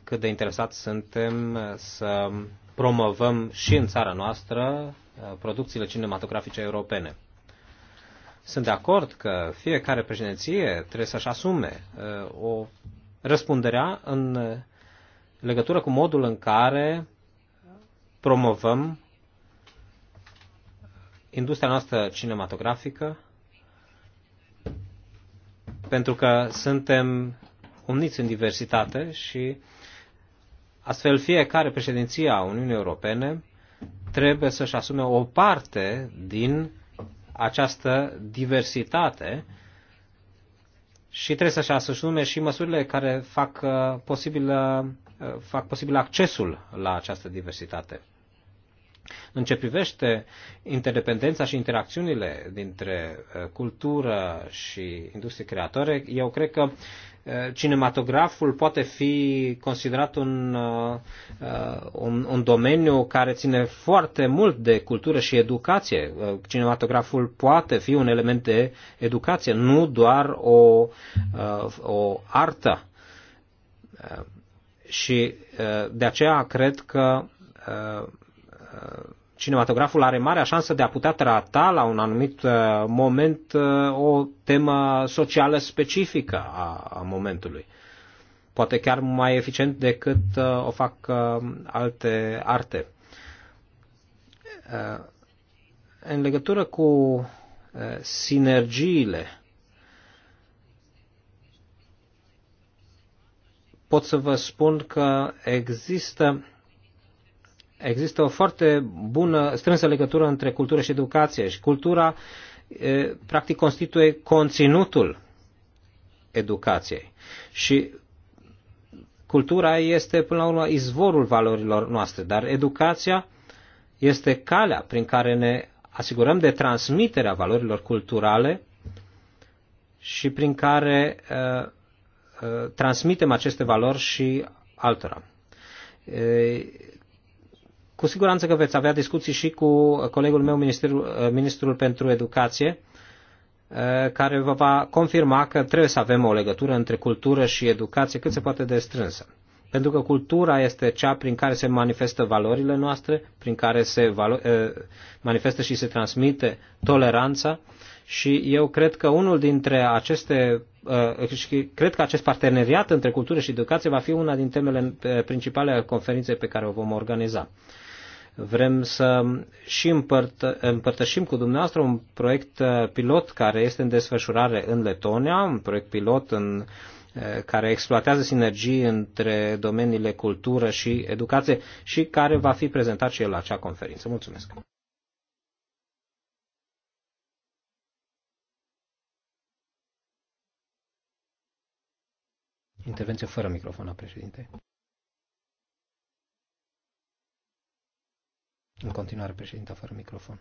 cât de interesați suntem să promovăm și în țara noastră uh, producțiile cinematografice europene. Sunt de acord că fiecare președinție trebuie să-și asume o răspunderea în legătură cu modul în care promovăm industria noastră cinematografică pentru că suntem uniți în diversitate și astfel fiecare președinție a Uniunii Europene trebuie să-și asume o parte din această diversitate și trebuie să-și asume și măsurile care fac uh, posibil, uh, fac posibil accesul la această diversitate. În ce privește interdependența și interacțiunile dintre uh, cultură și industrie creatoare, eu cred că uh, cinematograful poate fi considerat un, uh, un, un domeniu care ține foarte mult de cultură și educație. Cinematograful poate fi un element de educație, nu doar o, o artă. Și de aceea cred că Uh, cinematograful are marea șansă de a putea trata la un anumit uh, moment uh, o temă socială specifică a, a momentului. Poate chiar mai eficient decât o fac alte arte. În legătură cu sinergiile, pot să vă spun că există Există o foarte bună, strânsă legătură între cultură și educație și cultura practic constituie conținutul educației. Și cultura este până la urmă izvorul valorilor noastre, dar educația este calea prin care ne asigurăm de transmiterea valorilor culturale și prin care uh, uh, transmitem aceste valori și altora. Cu siguranță că veți avea discuții și cu colegul meu, ministrul, eh, ministrul pentru educație, eh, care vă va confirma că trebuie să avem o legătură între cultură și educație cât se poate de strânsă. Pentru că cultura este cea prin care se manifestă valorile noastre, prin care se eh, manifestă și se transmite toleranța și eu cred că unul dintre aceste și cred că acest parteneriat între cultură și educație va fi una din temele principale a conferinței pe care o vom organiza. Vrem să și împărtă, împărtășim cu dumneavoastră un proiect uh, pilot care este în desfășurare în Letonia, un proiect pilot în uh, care exploatează sinergii între domeniile cultură și educație și care va fi prezentat și el la acea conferință. Mulțumesc! Intervenție fără microfon a În continuare, președinta, fără microfon.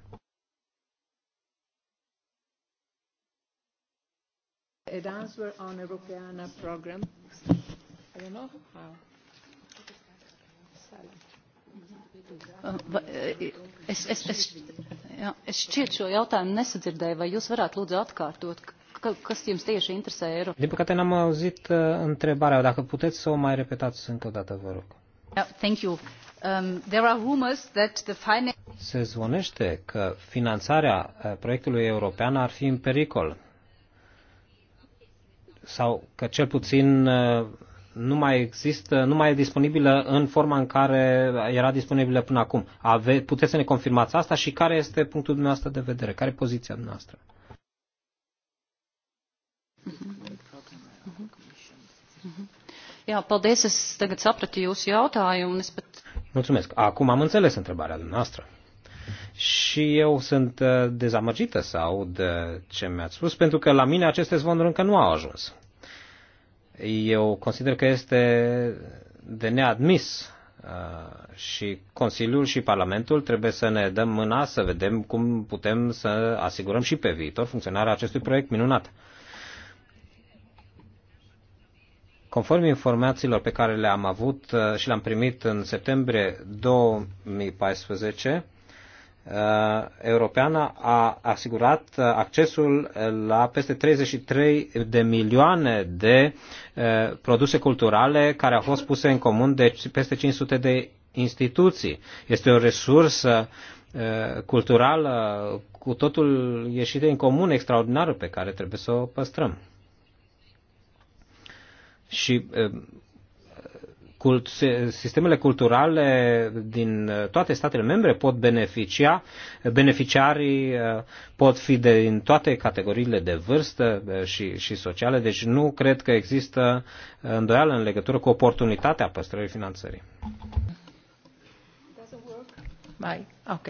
program. Ah. Eh, es, es, es, jā, es šķiet šo jautājumu nesadzirdēju, vai jūs varētu lūdzu atkārtot, kas jums tieši interesē Eiropa? Din păcate n-am auzit eh, întrebarea, dacă puteți să o mai repetați încă o dată, vă rog. Yeah, thank you. Um, Se zvonește că finanțarea uh, proiectului european ar fi în pericol sau că cel puțin uh, nu mai există, nu mai e disponibilă în forma în care era disponibilă până acum. Ave, puteți să ne confirmați asta și care este punctul dumneavoastră de vedere? Care e poziția noastră? Mhm. Mhm. Mhm. Jā, paldies, es tagad sapratu jūsu jautājumu, un es pat Mulțumesc. Acum am înțeles întrebarea dumneavoastră. Și eu sunt uh, dezamăgită să aud ce mi-ați spus, pentru că la mine aceste zvonuri încă nu au ajuns. Eu consider că este de neadmis uh, și Consiliul și Parlamentul trebuie să ne dăm mâna să vedem cum putem să asigurăm și pe viitor funcționarea acestui proiect minunat. Conform informațiilor pe care le-am avut uh, și le-am primit în septembrie 2014, uh, europeană a asigurat uh, accesul la peste 33 de milioane de produse culturale care au fost puse în comun de peste 500 de instituții. Este o resursă culturală cu totul ieșită în comun, extraordinară, pe care trebuie să o păstrăm și eh, cult, sistemele culturale din eh, toate statele membre pot beneficia, beneficiarii eh, pot fi de, din toate categoriile de vârstă și, și sociale, deci nu cred că există îndoială în legătură cu oportunitatea păstrării finanțării. Mai, ok.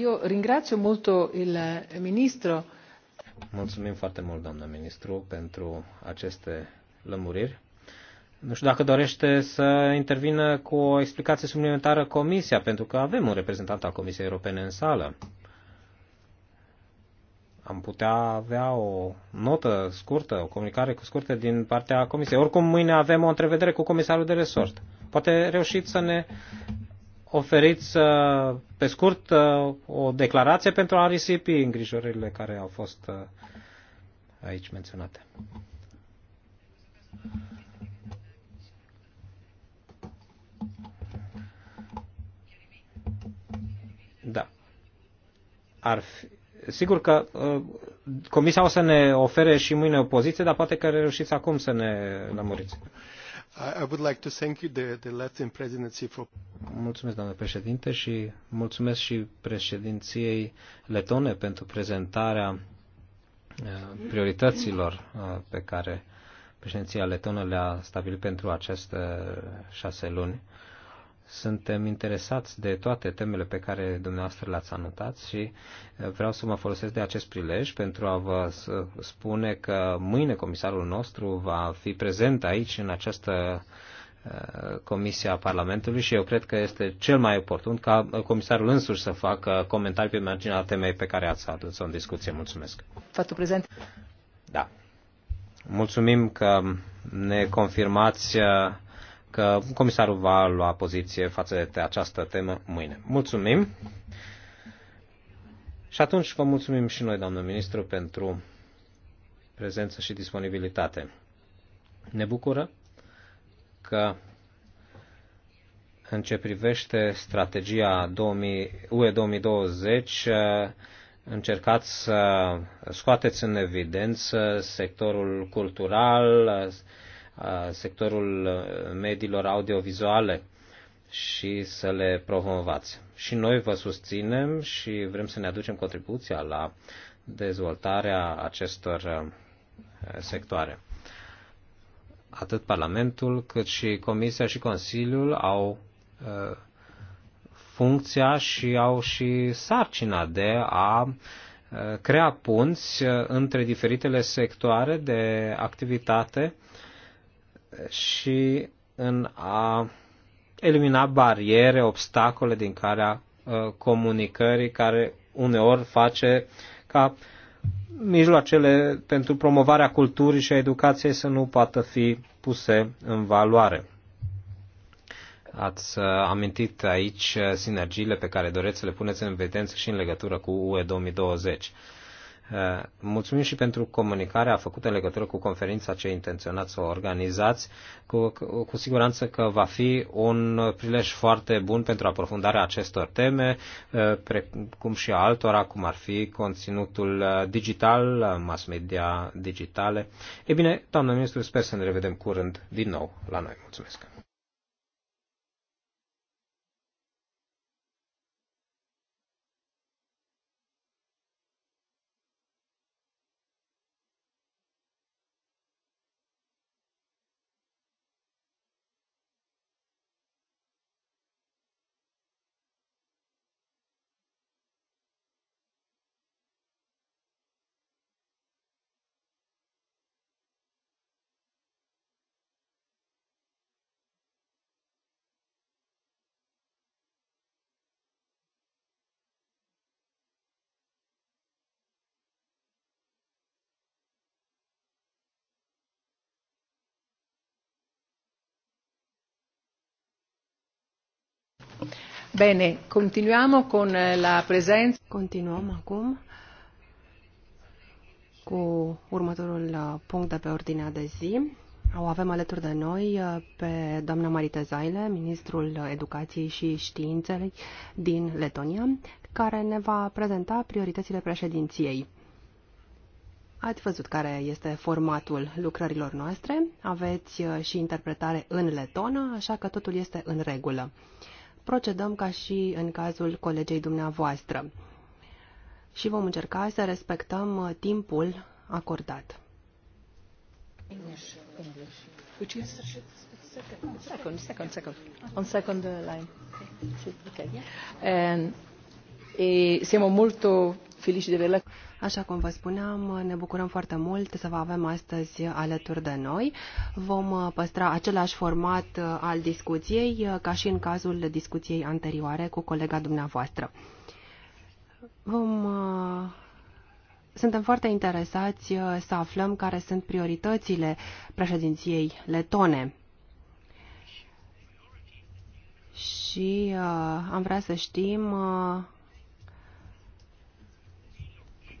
Eu ringrazio molto il ministro. Mulțumim foarte mult, doamnă ministru, pentru aceste lămuriri. Nu știu dacă dorește să intervină cu o explicație suplimentară Comisia, pentru că avem un reprezentant al Comisiei Europene în sală. Am putea avea o notă scurtă, o comunicare scurtă din partea Comisiei. Oricum, mâine avem o întrevedere cu comisarul de resort. Poate reușiți să ne oferiți uh, pe scurt uh, o declarație pentru a risipi îngrijorările care au fost uh, aici menționate. Da. Ar fi, sigur că uh, Comisia o să ne ofere și mâine o poziție, dar poate că reușiți acum să ne lămuriți. I would like to thank you the, the presidency for... Mulțumesc, doamne președinte, și mulțumesc și președinției letone pentru prezentarea uh, priorităților uh, pe care președinția letonă le-a stabilit pentru aceste șase luni. Suntem interesați de toate temele pe care dumneavoastră le-ați anotat și eh, vreau să mă folosesc de acest prilej pentru a vă eh, spune că mâine comisarul nostru va fi prezent aici în această eh, Comisia Parlamentului și eu cred că este cel mai oportun ca comisarul însuși să facă comentarii pe marginea temei pe care ați adus-o în discuție. Mulțumesc. Faptul prezent. Da. Mulțumim că ne confirmați uh, că comisarul va lua poziție față de această temă mâine. Mulțumim! Și atunci vă mulțumim și noi, doamnă ministru, pentru prezență și disponibilitate. Ne bucură că în ce privește strategia 2000, UE 2020 încercați să scoateți în evidență sectorul cultural, sectorul mediilor audiovizuale și să le promovați. Și noi vă susținem și vrem să ne aducem contribuția la dezvoltarea acestor uh, sectoare. Atât Parlamentul cât și Comisia și Consiliul au uh, funcția și au și sarcina de a uh, crea punți uh, între diferitele sectoare de activitate și în a elimina bariere, obstacole din care uh, comunicării care uneori face ca mijloacele pentru promovarea culturii și a educației să nu poată fi puse în valoare. Ați uh, amintit aici uh, sinergiile pe care doreți să le puneți în evidență și în legătură cu UE 2020. Uh, mulțumim și pentru comunicarea făcută în legătură cu conferința ce intenționați să o organizați. Cu, cu siguranță că va fi un prilej foarte bun pentru aprofundarea acestor teme, precum și a altora, cum ar fi conținutul digital, mass media digitale. E bine, doamnă ministru, sper să ne revedem curând din nou la noi. Mulțumesc! Bine, continuăm cu eh, la presenza. Continuăm acum cu următorul uh, punct de pe ordinea de zi. O avem alături de noi uh, pe doamna Marita Zaile, ministrul Educației și Științei din Letonia, care ne va prezenta prioritățile președinției. Ați văzut care este formatul lucrărilor noastre, aveți uh, și interpretare în letonă, așa că totul este în regulă procedăm ca și în cazul colegei dumneavoastră și vom încerca să respectăm uh, timpul acordat. English, English. Which is second, second, second, on second line. Okay. Okay. And, eh, e, siamo molto Așa cum vă spuneam, ne bucurăm foarte mult să vă avem astăzi alături de noi. Vom uh, păstra același format uh, al discuției uh, ca și în cazul discuției anterioare cu colega dumneavoastră. Vom suntem foarte interesați să aflăm care sunt prioritățile președinției letone. Și uh, am vrea să știm uh,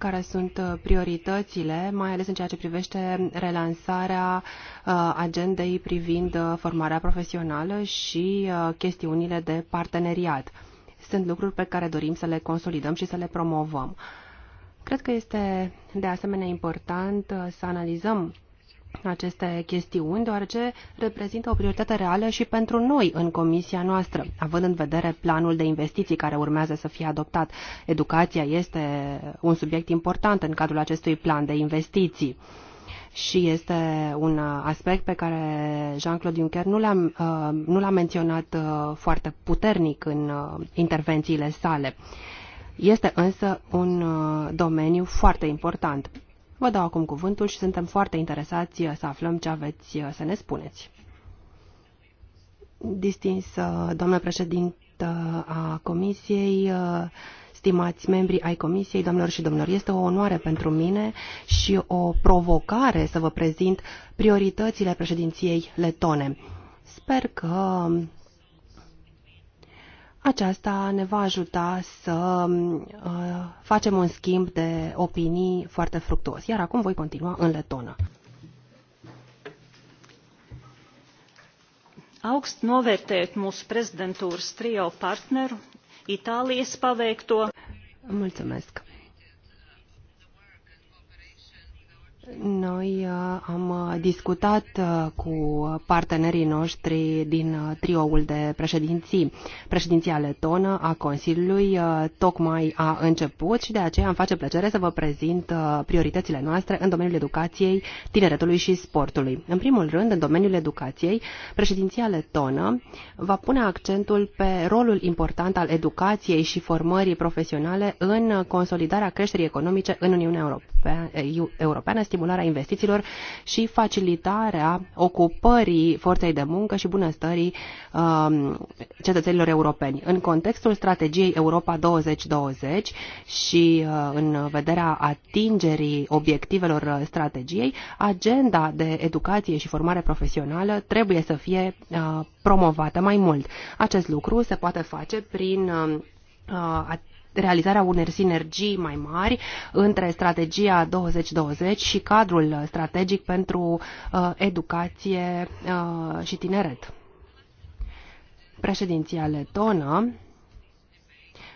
care sunt uh, prioritățile, mai ales în ceea ce privește relansarea uh, agendei privind uh, formarea profesională și chestiunile de parteneriat. Sunt lucruri pe care dorim să le consolidăm și să le promovăm. Cred că este de asemenea important să analizăm aceste chestiuni, deoarece reprezintă o prioritate reală și pentru noi în comisia noastră, având în vedere planul de investiții care urmează să fie adoptat. Educația este un subiect important în cadrul acestui plan de investiții și este un aspect pe care Jean-Claude Juncker nu l-a, uh, nu l-a menționat uh, foarte puternic în uh, intervențiile sale. Este însă un domeniu foarte important. Vă dau acum cuvântul și suntem foarte interesați să aflăm ce aveți să ne spuneți. Distins, uh, doamnă președintă a Comisiei, uh, stimați membri ai Comisiei, doamnelor și domnilor, este o onoare pentru mine și o provocare să vă prezint prioritățile președinției letone. Sper că aceasta ne va ajuta să uh, facem un schimb de opinii foarte fructuos. Iar acum voi continua în letonă. Augst novērtēt mūsu prezidentūras trio partneru Itālijas paveikto. Mulțumesc. Noi uh, am uh, discutat uh, cu partenerii noștri din trioul de președinții. Președinția letonă a Consiliului tocmai a început și de aceea îmi face plăcere să vă prezint prioritățile noastre în domeniul educației, tineretului și sportului. În primul rând, în domeniul educației, președinția letonă va pune accentul pe rolul important al educației și formării profesionale în consolidarea creșterii economice în Uniunea Europeană, Europeană stimularea investițiilor și facilitarea ocupării forței de muncă și bunăstării um, cetățenilor europeni. În contextul strategiei Europa 2020 și uh, în vederea atingerii obiectivelor strategiei, agenda de educație și formare profesională trebuie să fie uh, promovată mai mult. Acest lucru se poate face prin uh, realizarea unor sinergii mai mari între strategia 2020 și cadrul strategic pentru uh, educație uh, și tineret. Președinția letonă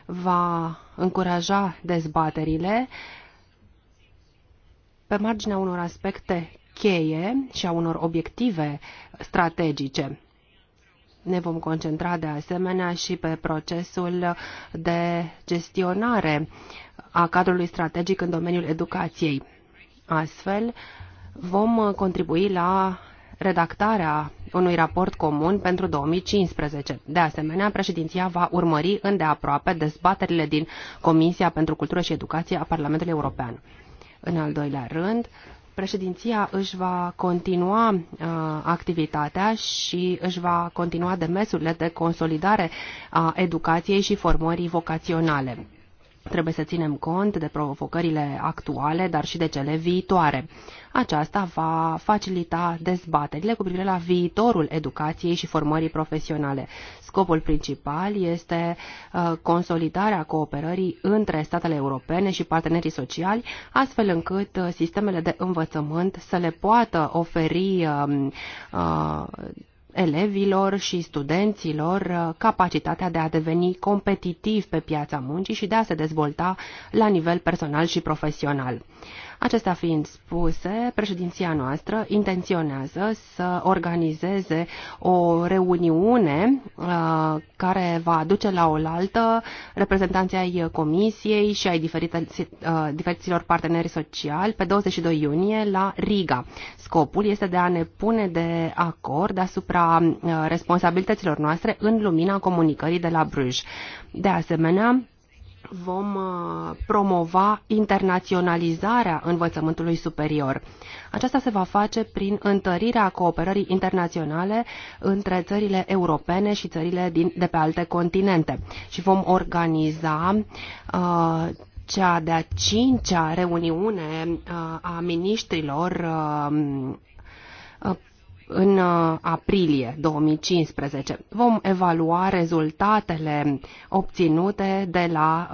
va încuraja dezbaterile pe marginea unor aspecte cheie și a unor obiective strategice ne vom concentra de asemenea și pe procesul de gestionare a cadrului strategic în domeniul educației. Astfel, vom contribui la redactarea unui raport comun pentru 2015. De asemenea, președinția va urmări îndeaproape dezbaterile din Comisia pentru Cultură și Educație a Parlamentului European. În al doilea rând, președinția își va continua uh, activitatea și își va continua demersurile de consolidare a educației și formării vocaționale. Trebuie să ținem cont de provocările actuale, dar și de cele viitoare. Aceasta va facilita dezbaterile cu privire la viitorul educației și formării profesionale. Scopul principal este uh, consolidarea cooperării între statele europene și partenerii sociali, astfel încât uh, sistemele de învățământ să le poată oferi um, uh, elevilor și studenților uh, capacitatea de a deveni competitiv pe piața muncii și de a se dezvolta la nivel personal și profesional. Acestea fiind spuse, președinția noastră intenționează să organizeze o reuniune uh, care va aduce la oaltă reprezentanții ai Comisiei și ai uh, diferiților parteneri sociali pe 22 iunie la Riga. Scopul este de a ne pune de acord asupra uh, responsabilităților noastre în lumina comunicării de la Bruges. De asemenea, vom uh, promova internaționalizarea învățământului superior. Aceasta se va face prin întărirea cooperării internaționale între țările europene și țările din, de pe alte continente și vom organiza uh, cea de-a cincea reuniune uh, a ministrilor uh, uh în uh, aprilie 2015. Vom evalua rezultatele obținute de la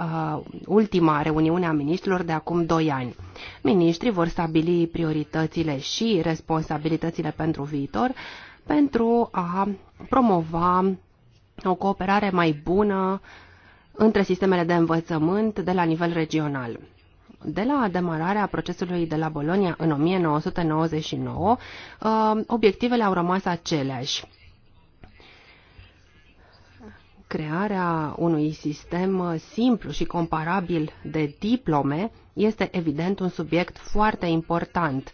uh, ultima reuniune a ministrilor de acum 2 ani. Ministrii vor stabili prioritățile și responsabilitățile pentru viitor pentru a promova o cooperare mai bună între sistemele de învățământ de la nivel regional. De la demararea procesului de la Bolonia în 1999, uh, obiectivele au rămas aceleași crearea unui sistem simplu și comparabil de diplome este evident un subiect foarte important.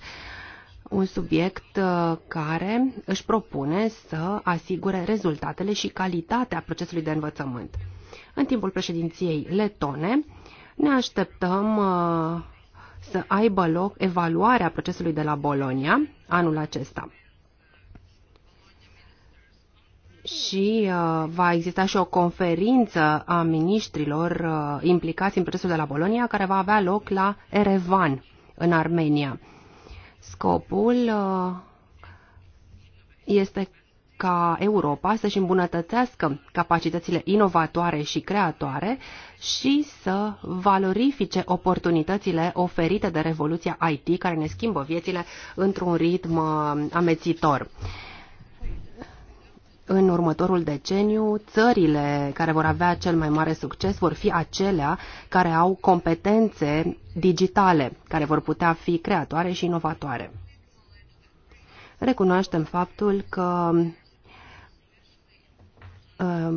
Un subiect uh, care își propune să asigure rezultatele și calitatea procesului de învățământ. În timpul președinției letone, ne așteptăm uh, să aibă loc evaluarea procesului de la Bolonia anul acesta. Și uh, va exista și o conferință a miniștrilor uh, implicați în procesul de la Bolonia care va avea loc la Erevan, în Armenia. Scopul este ca Europa să-și îmbunătățească capacitățile inovatoare și creatoare și să valorifice oportunitățile oferite de revoluția IT care ne schimbă viețile într-un ritm amețitor în următorul deceniu, țările care vor avea cel mai mare succes vor fi acelea care au competențe digitale, care vor putea fi creatoare și inovatoare. Recunoaștem faptul că Uh,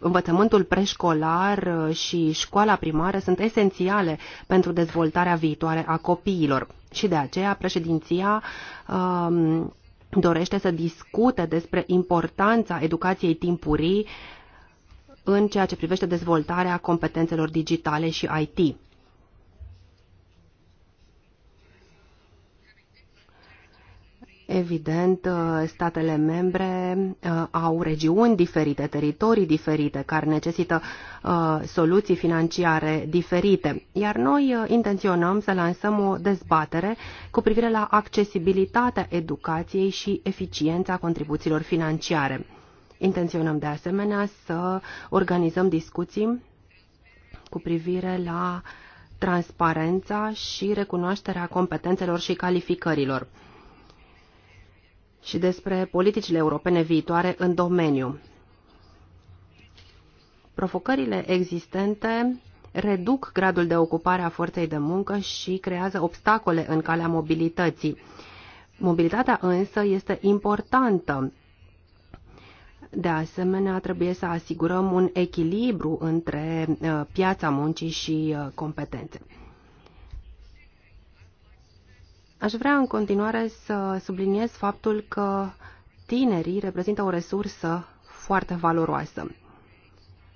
învățământul preșcolar uh, și școala primară sunt esențiale pentru dezvoltarea viitoare a copiilor și de aceea președinția um, dorește să discute despre importanța educației timpurii în ceea ce privește dezvoltarea competențelor digitale și IT. Evident, uh, statele membre uh, au regiuni diferite, teritorii diferite, care necesită uh, soluții financiare diferite. Iar noi intenționăm să lansăm o dezbatere cu privire la accesibilitatea educației și eficiența contribuțiilor financiare. Intenționăm de asemenea să organizăm discuții cu privire la transparența și recunoașterea competențelor și calificărilor și despre politicile europene viitoare în domeniu. Provocările existente reduc gradul de ocupare a forței de muncă și creează obstacole în calea mobilității. Mobilitatea însă este importantă. De asemenea, trebuie să asigurăm un echilibru între uh, piața muncii și uh, competențe. Aș vrea în continuare să subliniez faptul că tinerii reprezintă o resursă foarte valoroasă.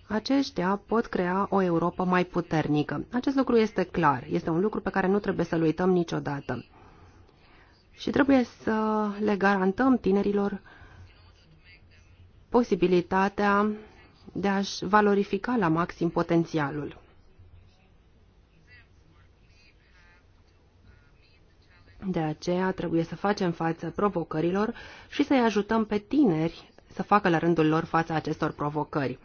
Aceștia pot crea o Europa mai puternică. Acest lucru este clar, este un lucru pe care nu trebuie să-l uităm niciodată. Și trebuie să le garantăm tinerilor posibilitatea de a-și valorifica la maxim potențialul. De aceea trebuie să facem față provocărilor și să-i ajutăm pe tineri să facă la rândul lor fața acestor provocări.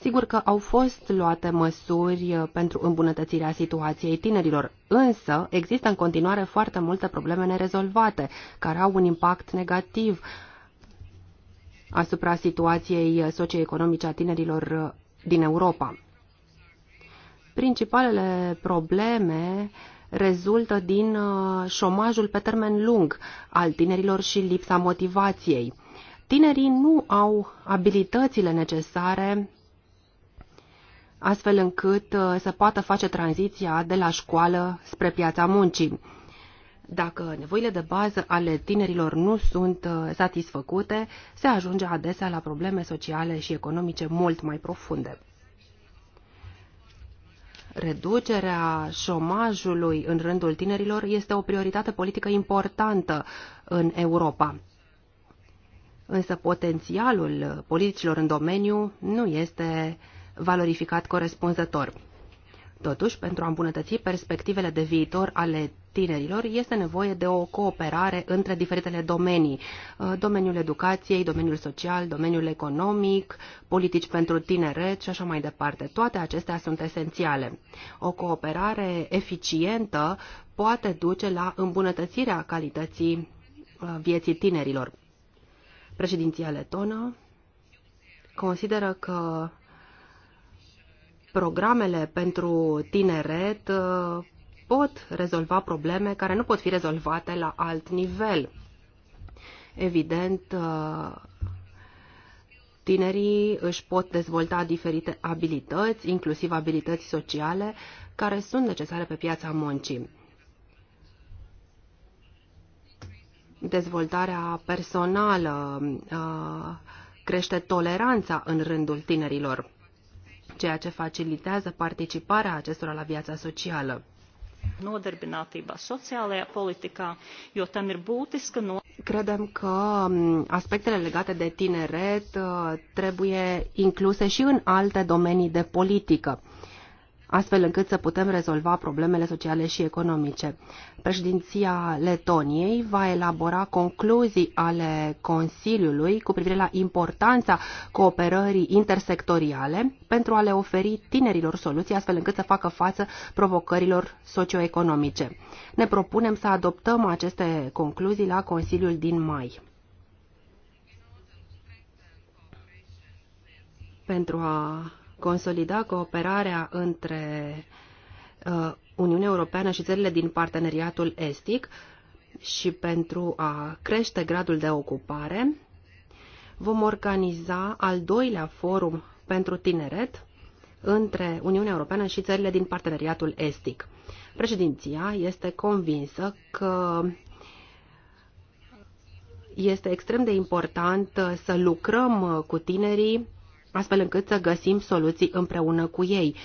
Sigur că au fost luate măsuri uh, pentru îmbunătățirea situației tinerilor, însă există în continuare foarte multe probleme nerezolvate, care au un impact negativ asupra situației socioeconomice a tinerilor uh, din Europa. Principalele probleme uh, rezultă din uh, șomajul pe termen lung al tinerilor și lipsa motivației. Tinerii nu au abilitățile necesare astfel încât uh, să poată face tranziția de la școală spre piața muncii. Dacă nevoile de bază ale tinerilor nu sunt uh, satisfăcute, se ajunge adesea la probleme sociale și economice mult mai profunde. Reducerea șomajului în rândul tinerilor este o prioritate politică importantă în Europa. Însă potențialul politicilor în domeniu nu este valorificat corespunzător. Totuși, pentru a îmbunătăți perspectivele de viitor ale tinerilor, este nevoie de o cooperare între diferitele domenii. Uh, domeniul educației, domeniul social, domeniul economic, politici pentru tineret și așa mai departe. Toate acestea sunt esențiale. O cooperare eficientă poate duce la îmbunătățirea calității uh, vieții tinerilor. Președinția letonă consideră că programele pentru tineret uh, pot rezolva probleme care nu pot fi rezolvate la alt nivel. Evident, uh, tinerii își pot dezvolta diferite abilități, inclusiv abilități sociale, care sunt necesare pe piața muncii. Dezvoltarea personală uh, crește toleranța în rândul tinerilor, ceea ce facilitează participarea acestora la viața socială nodarbinātībā, sociālajā politikā, jo tam ir būtiska no... Credem că aspectele legate de tineret uh, trebuie incluse și în alte domenii de politică astfel încât să putem rezolva problemele sociale și economice. Președinția Letoniei va elabora concluzii ale Consiliului cu privire la importanța cooperării intersectoriale pentru a le oferi tinerilor soluții astfel încât să facă față provocărilor socioeconomice. Ne propunem să adoptăm aceste concluzii la Consiliul din mai. Pentru a consolida cooperarea între uh, Uniunea Europeană și țările din parteneriatul estic și pentru a crește gradul de ocupare, vom organiza al doilea forum pentru tineret între Uniunea Europeană și țările din parteneriatul estic. Președinția este convinsă că este extrem de important să lucrăm cu tinerii astfel încât să găsim soluții împreună cu ei,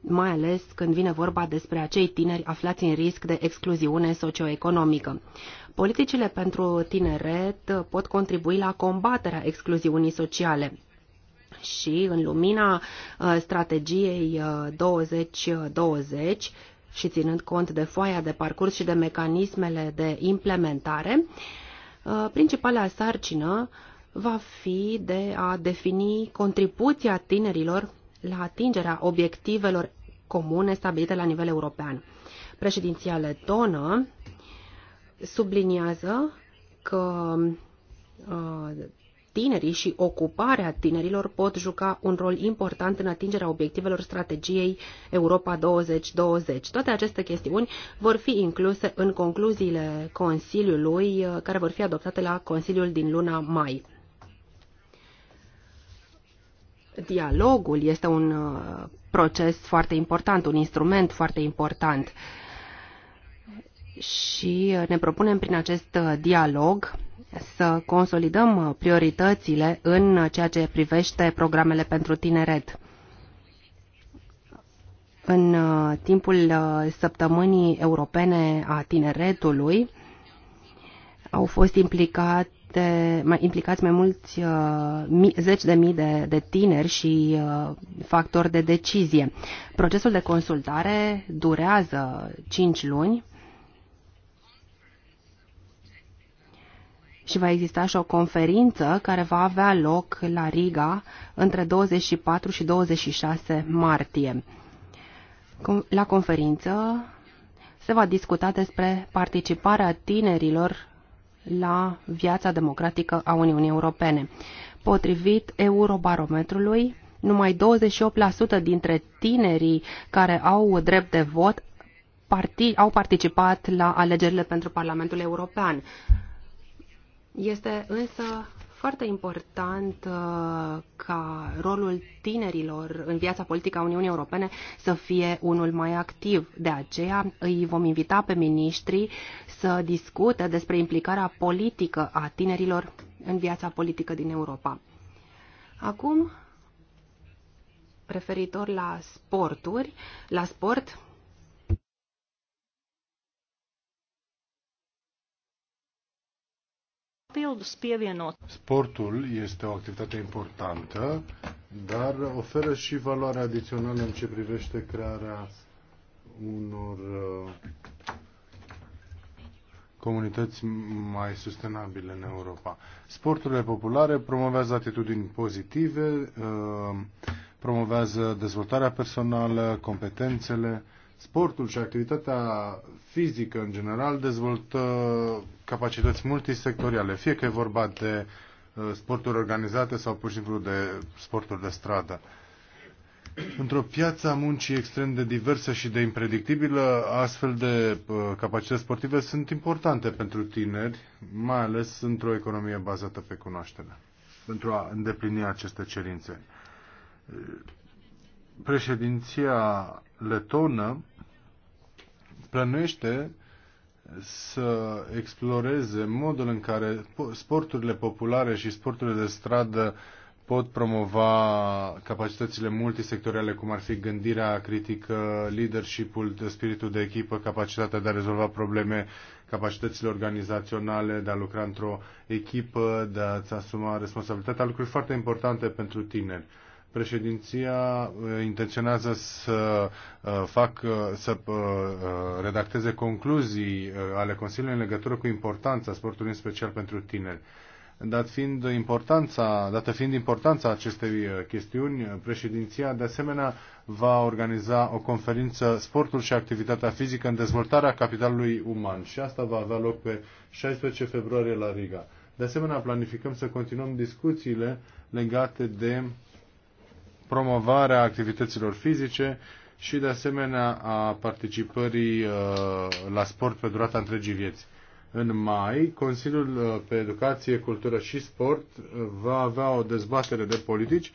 mai ales când vine vorba despre acei tineri aflați în risc de excluziune socioeconomică. Politicile pentru tineret pot contribui la combaterea excluziunii sociale. Și în lumina uh, strategiei 2020 uh, și ținând cont de foaia de parcurs și de mecanismele de implementare, uh, principala sarcină va fi de a defini contribuția tinerilor la atingerea obiectivelor comune stabilite la nivel european. Președinția letonă subliniază că uh, tinerii și ocuparea tinerilor pot juca un rol important în atingerea obiectivelor strategiei Europa 2020. Toate aceste chestiuni vor fi incluse în concluziile Consiliului uh, care vor fi adoptate la Consiliul din luna mai dialogul este un uh, proces foarte important, un instrument foarte important. Și uh, ne propunem prin acest uh, dialog să consolidăm prioritățile în ceea ce privește programele pentru tineret. În timpul săptămânii europene a tineretului au fost implicat multe, mai implicați mai mulți uh, mi, zeci de mii de, de tineri și uh, factori de decizie. Procesul de consultare durează 5 luni și va exista și o conferință care va avea loc la Riga între 24 și 26 martie. La conferință se va discuta despre participarea tinerilor la viața democratică a Uniunii Europene. Potrivit Eurobarometrului, numai 28% dintre tinerii care au drept de vot parti, au participat la alegerile pentru Parlamentul European. Este însă foarte important uh, ca rolul tinerilor în viața politică a Uniunii Europene să fie unul mai activ. De aceea îi vom invita pe miniștri să discute despre implicarea politică a tinerilor în viața politică din Europa. Acum, referitor la sporturi, la sport, papildus pievienot. Sportul este o activitate importantă, dar oferă și valoare adițională în ce privește crearea unor uh, comunități mai sustenabile în Europa. Sporturile populare promovează atitudini pozitive, uh, promovează dezvoltarea personală, competențele. Sportul și activitatea fizică în general dezvoltă capacități multisectoriale, fie că e vorba de uh, sporturi organizate sau pur și simplu de sporturi de stradă. Într-o piață a muncii extrem de diversă și de impredictibilă, astfel de uh, capacități sportive sunt importante pentru tineri, mai ales într-o economie bazată pe cunoaștere, pentru a îndeplini aceste cerințe. Președinția letonă plănuiește să exploreze modul în care sporturile populare și sporturile de stradă pot promova capacitățile multisectoriale, cum ar fi gândirea critică, leadership-ul, spiritul de echipă, capacitatea de a rezolva probleme, capacitățile organizaționale, de a lucra într-o echipă, de a-ți asuma responsabilitatea, lucruri foarte importante pentru tineri președinția eh, intenționează să eh, fac, să eh, redacteze concluzii ale Consiliului în legătură cu importanța sportului în special pentru tineri. Dat fiind importanța, dată fiind importanța acestei chestiuni, președinția de asemenea va organiza o conferință Sportul și activitatea fizică în dezvoltarea capitalului uman și asta va avea loc pe 16 februarie la Riga. De asemenea, planificăm să continuăm discuțiile legate de promovarea activităților fizice și, de asemenea, a participării uh, la sport pe durata întregii vieți. În mai, Consiliul uh, pe Educație, Cultură și Sport uh, va avea o dezbatere de politici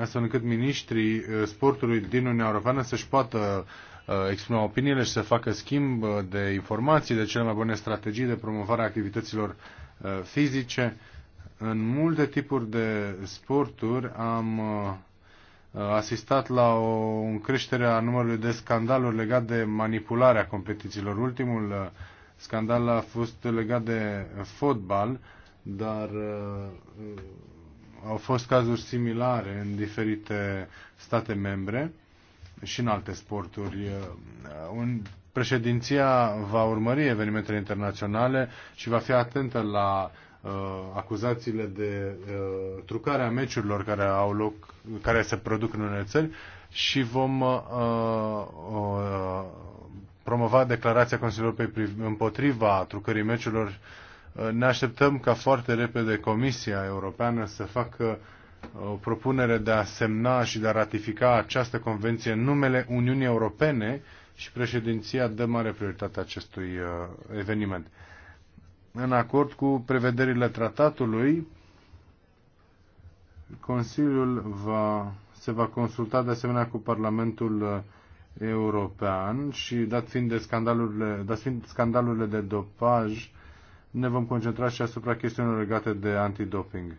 astfel încât miniștrii sportului din Uniunea Europeană să-și poată exprima opiniile și să facă schimb de informații, de cele mai bune strategii de promovare a activităților fizice în multe tipuri de sporturi am uh, asistat la o creștere a numărului de scandaluri legate de manipularea competițiilor. Ultimul uh, scandal a fost legat de fotbal, dar uh, au fost cazuri similare în diferite state membre și în alte sporturi. Un, președinția va urmări evenimentele internaționale și va fi atentă la uh, acuzațiile de uh, trucarea meciurilor care au loc, care se produc în unele țări și vom uh, uh, promova declarația Consiliului împotriva trucării meciurilor. Uh, ne așteptăm ca foarte repede Comisia Europeană să facă uh, o propunere de a semna și de a ratifica această convenție în numele Uniunii Europene și președinția dă mare prioritate acestui uh, eveniment în acord cu prevederile tratatului, Consiliul va, se va consulta de asemenea cu Parlamentul uh, European și, dat fiind, de scandalurile, dat fiind scandalurile de dopaj, ne vom concentra și asupra chestiunilor legate de antidoping.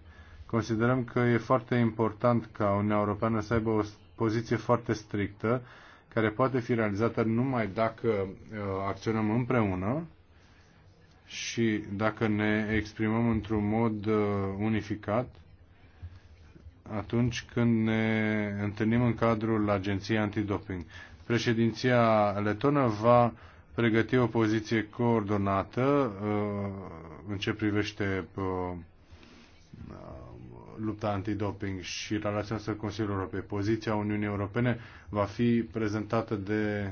Considerăm că e foarte important ca Uniunea Europeană să aibă o poziție foarte strictă, care poate fi realizată numai dacă uh, acționăm împreună și dacă ne exprimăm într-un mod uh, unificat, atunci când ne întâlnim în cadrul Agenției Antidoping. Președinția letonă va pregăti o poziție coordonată uh, în ce privește uh, lupta antidoping și relația cu Consiliul Europei. Poziția Uniunii Europene va fi prezentată de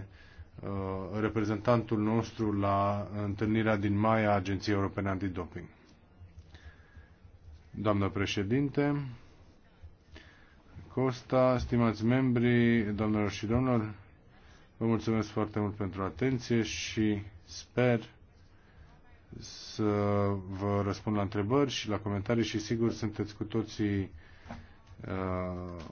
Uh, reprezentantul nostru la întâlnirea din mai a Agenției Europene Antidoping. Doamnă președinte, Costa, stimați membri, doamnelor și domnilor, vă mulțumesc foarte mult pentru atenție și sper să vă răspund la întrebări și la comentarii și sigur sunteți cu toții uh,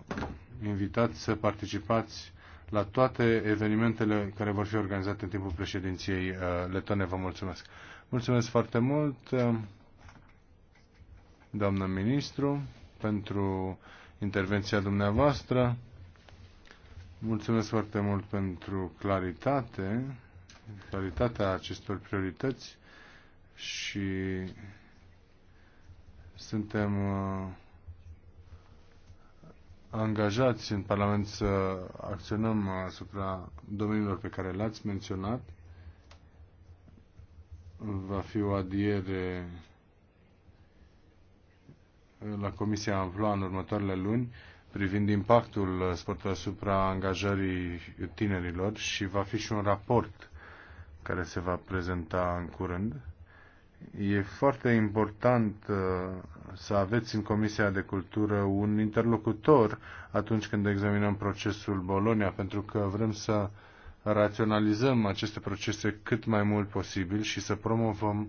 invitați să participați la toate evenimentele care vor fi organizate în timpul președinției uh, letone. Vă mulțumesc! Mulțumesc foarte mult, uh, doamnă ministru, pentru intervenția dumneavoastră. Mulțumesc foarte mult pentru claritate, claritatea acestor priorități și suntem uh, angajați în Parlament să acționăm asupra domeniilor pe care le-ați menționat. Va fi o adiere la Comisia Amploa în următoarele luni privind impactul sportului asupra angajării tinerilor și va fi și un raport care se va prezenta în curând. E foarte important uh, să aveți în Comisia de Cultură un interlocutor atunci când examinăm procesul Bolonia, pentru că vrem să raționalizăm aceste procese cât mai mult posibil și să promovăm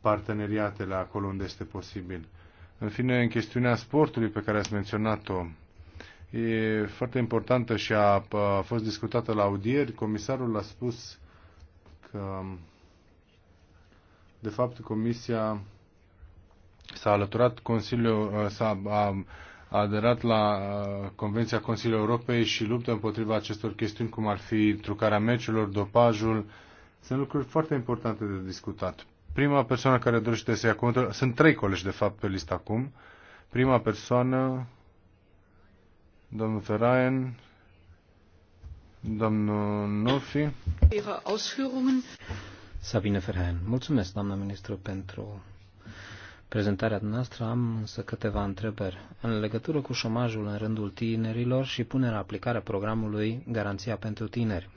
parteneriatele acolo unde este posibil. În fine, în chestiunea sportului pe care ați menționat-o, e foarte importantă și a, a fost discutată la audieri. Comisarul a spus că de fapt, Comisia s-a alăturat Consiliul, uh, s-a a, a aderat la uh, Convenția Consiliului Europei și luptă împotriva acestor chestiuni, cum ar fi trucarea meciurilor, dopajul. Sunt lucruri foarte importante de discutat. Prima persoană care dorește să ia cuvântul, sunt trei colegi, de fapt, pe listă acum. Prima persoană, domnul Ferraen, domnul Nofi. Sabine Ferhaen. Mulțumesc, doamnă ministru, pentru prezentarea noastră. Am însă câteva întrebări. În legătură cu șomajul în rândul tinerilor și punerea aplicarea programului Garanția pentru Tineri.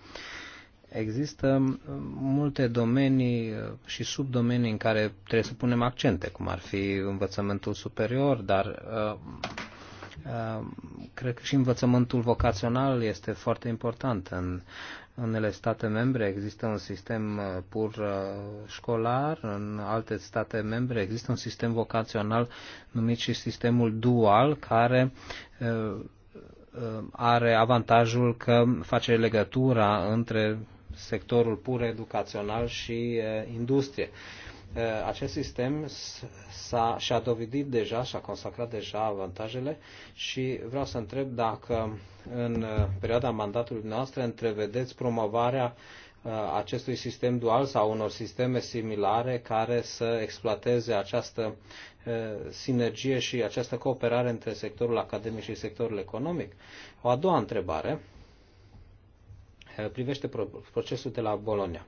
Există multe domenii și subdomenii în care trebuie să punem accente, cum ar fi învățământul superior, dar uh, uh, cred că și învățământul vocațional este foarte important în în unele state membre există un sistem uh, pur uh, școlar, în alte state membre există un sistem vocațional numit și sistemul dual, care uh, are avantajul că face legătura între sectorul pur educațional și industrie. Uh, acest sistem s-a, și-a dovedit deja, și-a consacrat deja avantajele și vreau să întreb dacă în uh, perioada mandatului noastră întrevedeți promovarea uh, acestui sistem dual sau unor sisteme similare care să exploateze această sinergie și această cooperare între sectorul academic și sectorul economic. O a doua întrebare privește procesul de la Bologna.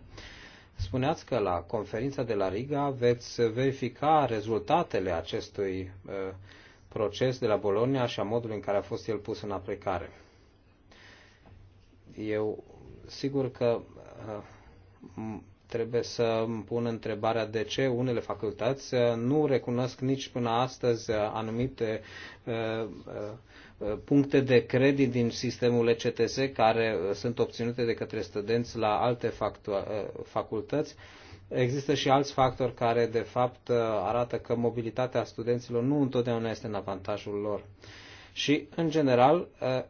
Spuneați că la conferința de la Riga veți verifica rezultatele acestui uh, proces de la Bologna și a modului în care a fost el pus în aplicare. Eu sigur că uh, trebuie să îmi pun întrebarea de ce unele facultăți uh, nu recunosc nici până astăzi anumite Uh, puncte de credit din sistemul ECTS care uh, sunt obținute de către studenți la alte uh, facultăți. Există și alți factori care, de fapt, arată că mobilitatea studenților nu întotdeauna este în avantajul lor. Și, în general,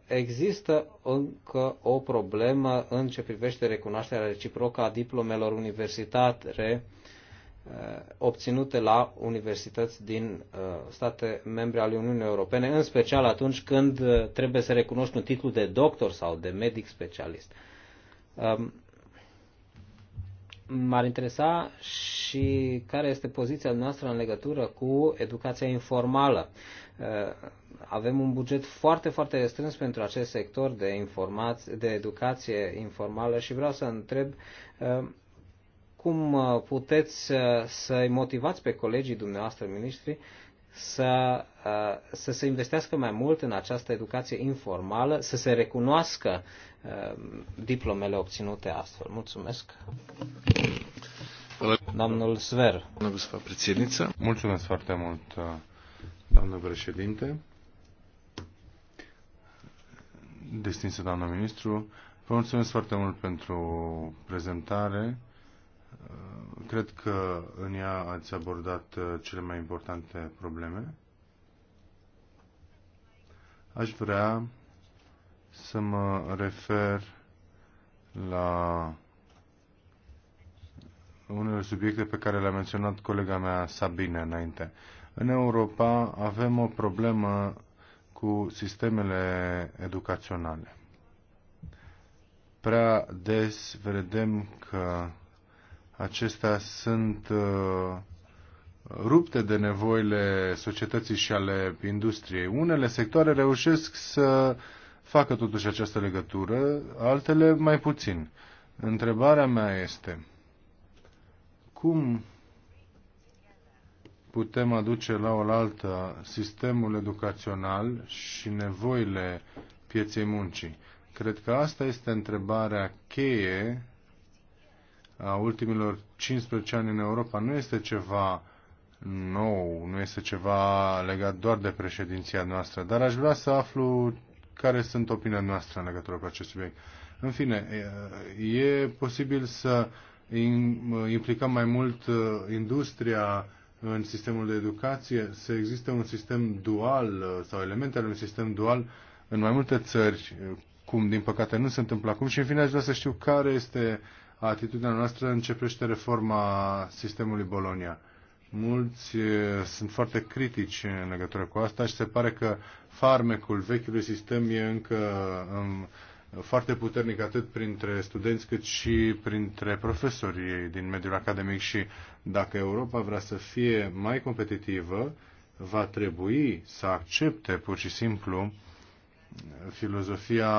există încă o problemă în ce privește recunoașterea reciprocă a diplomelor universitare Uh, obținute la universități din uh, state membre ale Uniunii Europene, în special atunci când uh, trebuie să recunoști un titlu de doctor sau de medic specialist. Um, m-ar interesa și care este poziția noastră în legătură cu educația informală. Avem un buget foarte, foarte restrâns pentru acest sector de, informați, de educație informală și vreau să întreb cum uh, puteți uh, să-i motivați pe colegii dumneavoastră, ministri, să, uh, să se investească mai mult în această educație informală, să se recunoască diplomele obținute astfel. Mulțumesc! Domnul Sver. Mulțumesc foarte mult, doamnă președinte. Distinsă doamnă ministru, vă mulțumesc foarte mult pentru prezentare. Uh, cred că în ea ați abordat uh, cele mai importante probleme. Aș vrea să mă refer la unele subiecte pe care le-a menționat colega mea Sabine înainte. În Europa avem o problemă cu sistemele educaționale. Prea des vedem că acestea sunt uh, rupte de nevoile societății și ale industriei. Unele sectoare reușesc să facă totuși această legătură, altele mai puțin. Întrebarea mea este, cum putem aduce la oaltă sistemul educațional și nevoile pieței muncii? Cred că asta este întrebarea cheie a ultimilor 15 ani în Europa nu este ceva nou, nu este ceva legat doar de președinția noastră, dar aș vrea să aflu care sunt opinia noastră în legătură cu acest subiect. În fine, e posibil să implicăm mai mult uh, industria în sistemul de educație, să existe un sistem dual uh, sau elemente ale unui sistem dual în mai multe țări, uh, cum din păcate nu se întâmplă acum și în fine aș vrea să știu care este atitudinea noastră începește reforma sistemului Bolonia. Mulți eh, sunt foarte critici în legătură cu asta și se pare că farmecul vechiului sistem e încă um, foarte puternic atât printre studenți cât și printre profesorii din mediul academic și dacă Europa vrea să fie mai competitivă, va trebui să accepte pur și simplu filozofia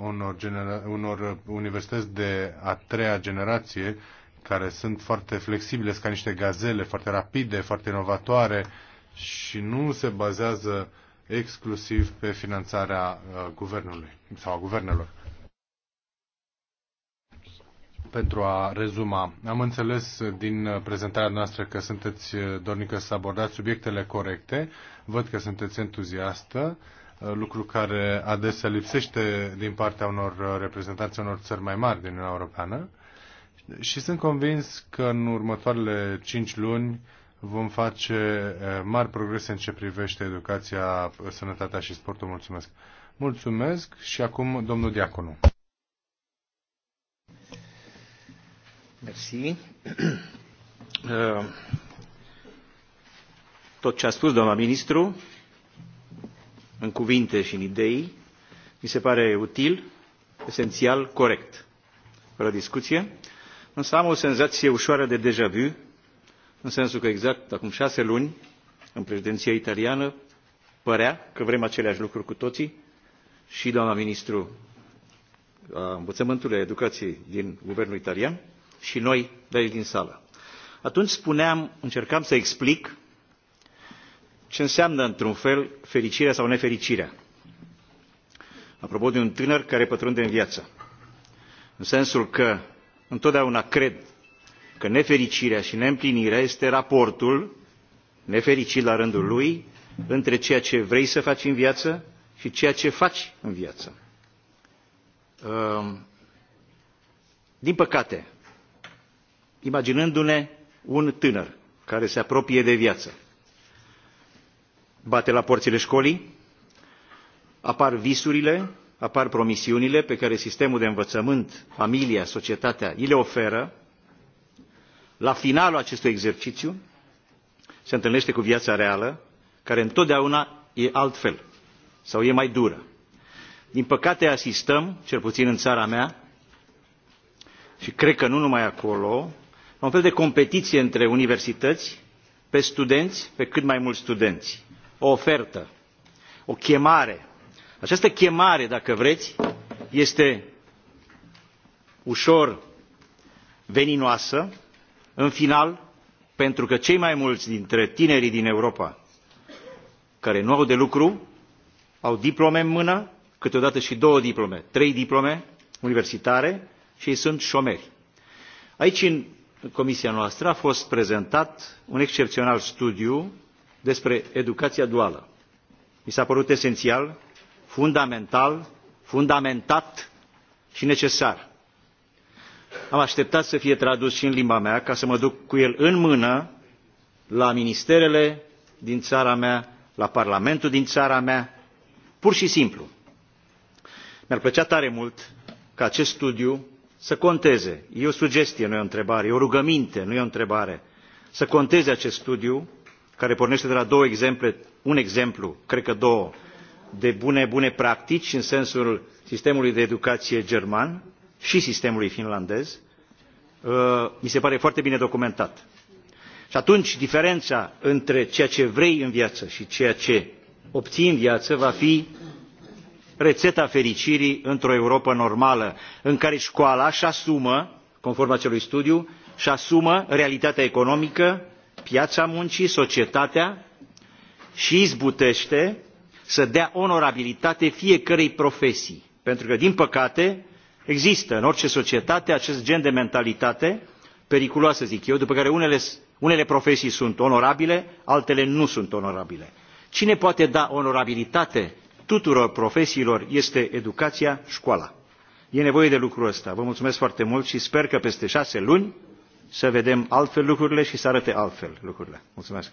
unor, genera- unor universități de a treia generație, care sunt foarte flexibile, sunt ca niște gazele, foarte rapide, foarte inovatoare și nu se bazează exclusiv pe finanțarea uh, guvernului sau a guvernelor. Pentru a rezuma, am înțeles din prezentarea noastră că sunteți uh, dornică să abordați subiectele corecte, văd că sunteți entuziastă, Uh, lucru care adesea lipsește din partea unor uh, reprezentanți unor țări mai mari din Uniunea Europeană. Și sunt convins că în următoarele cinci luni vom face uh, mari progrese în ce privește educația, sănătatea și sportul. Mulțumesc! Mulțumesc și acum domnul Diaconu. Mersi. [clears throat] Tot ce a spus doamna ministru în cuvinte și în idei, mi se pare util, esențial, corect, fără discuție, însă am o senzație ușoară de deja vu, în sensul că exact acum șase luni, în președinția italiană, părea că vrem aceleași lucruri cu toții și doamna ministru a învățământului a educației din guvernul italian și noi de aici din sală. Atunci spuneam, încercam să explic ce înseamnă într un fel fericirea sau nefericirea apropo de un tânăr care pătrunde în viață în sensul că întotdeauna cred că nefericirea și neîmplinirea este raportul nefericit la rândul lui între ceea ce vrei să faci în viață și ceea ce faci în viață. Ehm, din păcate, imaginându-ne un tânăr care se apropie de viață, bate la porțile școlii, apar visurile, apar promisiunile pe care sistemul de învățământ, familia, societatea îi le oferă. La finalul acestui exercițiu se întâlnește cu viața reală, care întotdeauna e altfel sau e mai dură. Din păcate asistăm, cel puțin în țara mea, și cred că nu numai acolo, la un fel de competiție între universități pe studenți, pe cât mai mulți studenți o ofertă, o chemare. Această chemare, dacă vreți, este ușor veninoasă, în final, pentru că cei mai mulți dintre tinerii din Europa care nu au de lucru, au diplome în mână, câteodată și două diplome, trei diplome universitare și ei sunt șomeri. Aici, în comisia noastră, a fost prezentat un excepțional studiu despre educația duală. Mi s-a părut esențial, fundamental, fundamentat și necesar. Am așteptat să fie tradus și în limba mea ca să mă duc cu el în mână la ministerele din țara mea, la Parlamentul din țara mea, pur și simplu. Mi-ar plăcea tare mult ca acest studiu să conteze, e o sugestie, nu e o întrebare, e o rugăminte, nu e o întrebare, să conteze acest studiu care pornește de la două exemple, un exemplu, cred că două, de bune, bune practici în sensul sistemului de educație german și sistemului finlandez, uh, mi se pare foarte bine documentat. Și atunci diferența între ceea ce vrei în viață și ceea ce obții în viață va fi rețeta fericirii într-o Europa normală, în care școala își asumă, conform acelui studiu, își asumă realitatea economică, piața muncii, societatea și izbutește să dea onorabilitate fiecărei profesii. Pentru că, din păcate, există în orice societate acest gen de mentalitate periculoasă, zic eu, după care unele, unele profesii sunt onorabile, altele nu sunt onorabile. Cine poate da onorabilitate tuturor profesiilor este educația, școala. E nevoie de lucrul ăsta. Vă mulțumesc foarte mult și sper că peste șase luni să vedem altfel lucrurile și să arate altfel lucrurile. Mulțumesc.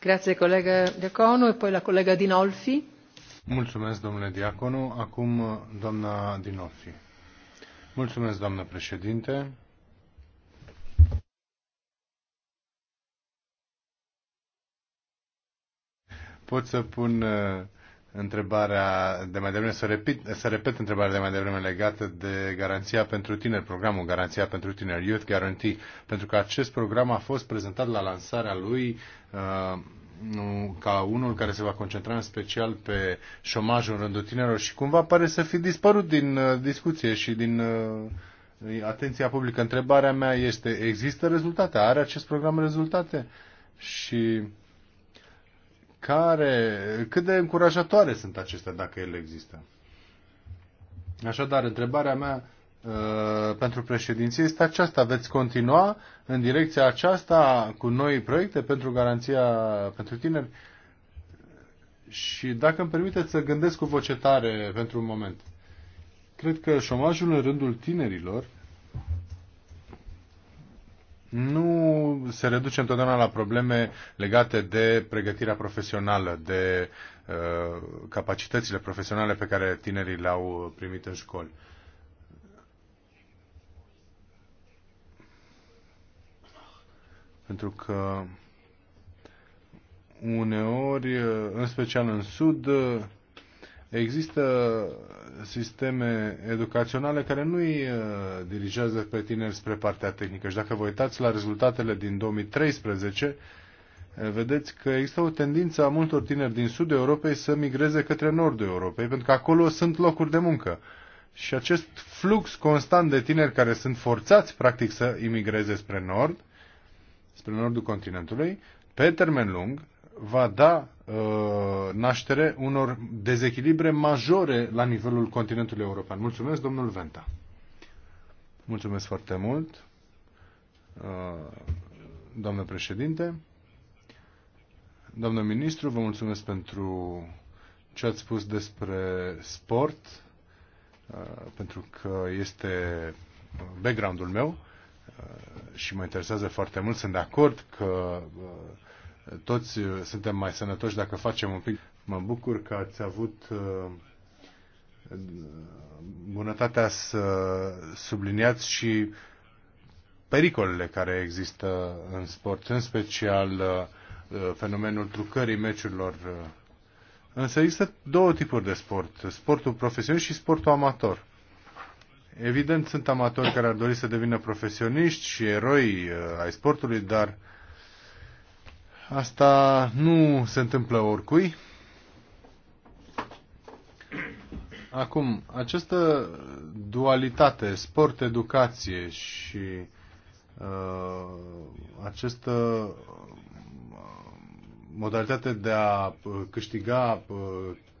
Grazie, colegă Diaconu. E apoi la colegă Dinolfi. Mulțumesc, domnule Diaconu. Acum, doamna Dinolfi. Mulțumesc, doamnă președinte. Pot să pun întrebarea de mai devreme, să repet, să repet întrebarea de mai devreme legată de garanția pentru tineri, programul Garanția pentru tineri, Youth Guarantee, pentru că acest program a fost prezentat la lansarea lui uh, ca unul care se va concentra în special pe șomajul în rândul tinerilor și cumva pare să fi dispărut din uh, discuție și din uh, atenția publică. Întrebarea mea este, există rezultate? Are acest program rezultate? Și care, cât de încurajatoare sunt acestea dacă ele există. Așadar, întrebarea mea uh, pentru președinție este aceasta. Veți continua în direcția aceasta cu noi proiecte pentru garanția pentru tineri? Și dacă îmi permiteți să gândesc cu voce tare pentru un moment. Cred că șomajul în rândul tinerilor nu se reduce întotdeauna la probleme legate de pregătirea profesională, de uh, capacitățile profesionale pe care tinerii le-au primit în școli. Pentru că uneori, în special în Sud, Există sisteme educaționale care nu îi uh, dirigează pe tineri spre partea tehnică. Și dacă vă uitați la rezultatele din 2013, uh, vedeți că există o tendință a multor tineri din sudul Europei să migreze către nordul Europei, pentru că acolo sunt locuri de muncă. Și acest flux constant de tineri care sunt forțați, practic, să imigreze spre nord, spre nordul continentului, pe termen lung, va da uh, naștere unor dezechilibre majore la nivelul continentului european. Mulțumesc, domnul Venta. Mulțumesc foarte mult, uh, doamnă președinte. Doamnă ministru, vă mulțumesc pentru ce ați spus despre sport, uh, pentru că este background-ul meu și mă interesează foarte mult. Sunt de acord că toți uh, suntem mai sănătoși dacă facem un pic. Mă bucur că ați avut uh, bunătatea să subliniați și pericolele care există în sport, în special uh, fenomenul trucării meciurilor. Însă există două tipuri de sport, sportul profesionist și sportul amator. Evident, sunt amatori care ar dori să devină profesioniști și eroi ai sportului, dar uh, Asta nu se întâmplă oricui. Acum, această dualitate, sport-educație și uh, această uh, modalitate de a uh, câștiga uh,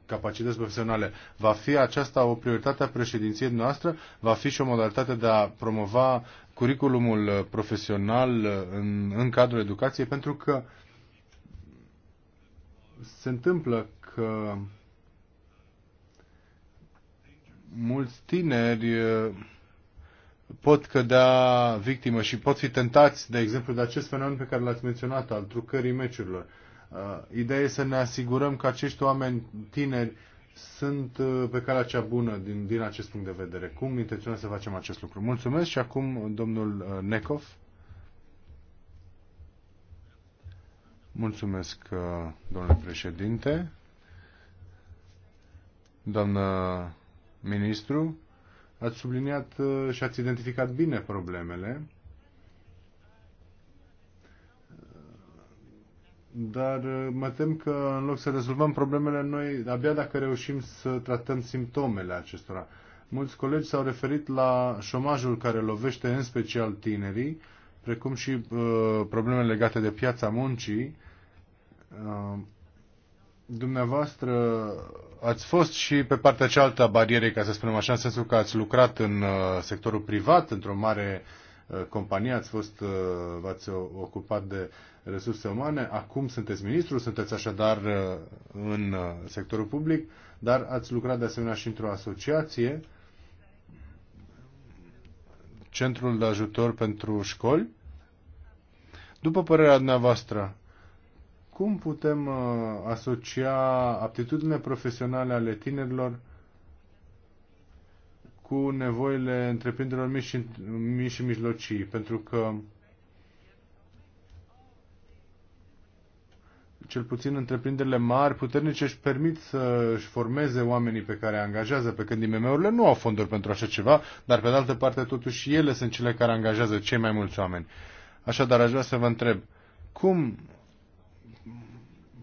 capacități profesionale, va fi aceasta o prioritate a președinției noastre? Va fi și o modalitate de a promova curriculumul profesional în, în cadrul educației? Pentru că uh, se întâmplă că mulți tineri uh, pot cădea victimă și pot fi tentați, de exemplu, de acest fenomen pe care l-ați menționat, al trucării meciurilor. Uh, ideea e să ne asigurăm că acești oameni tineri sunt uh, pe calea cea bună din, din acest punct de vedere. Cum intenționăm să facem acest lucru? Mulțumesc și acum domnul Necov. Mulțumesc, uh, domnule președinte. Doamnă ministru, ați subliniat uh, și ați identificat bine problemele, dar uh, mă tem că în loc să rezolvăm problemele, noi abia dacă reușim să tratăm simptomele acestora. Mulți colegi s-au referit la șomajul care lovește în special tinerii, precum și uh, problemele legate de piața muncii, Um, dumneavoastră ați fost și pe partea cealaltă a barierei, ca să spunem așa, în sensul că ați lucrat în uh, sectorul privat, într-o mare uh, companie, ați fost, uh, v-ați ocupat de resurse umane, acum sunteți ministru, sunteți așadar în sectorul public, dar ați lucrat de asemenea și într-o asociație, Centrul de Ajutor pentru Școli. După părerea dumneavoastră, cum putem uh, asocia aptitudinile profesionale ale tinerilor cu nevoile întreprinderilor mici și, mici și mijlocii? Pentru că cel puțin întreprinderile mari, puternice, își permit să își formeze oamenii pe care angajează, pe când IMM-urile nu au fonduri pentru așa ceva, dar pe de altă parte totuși ele sunt cele care angajează cei mai mulți oameni. Așadar, aș vrea să vă întreb, cum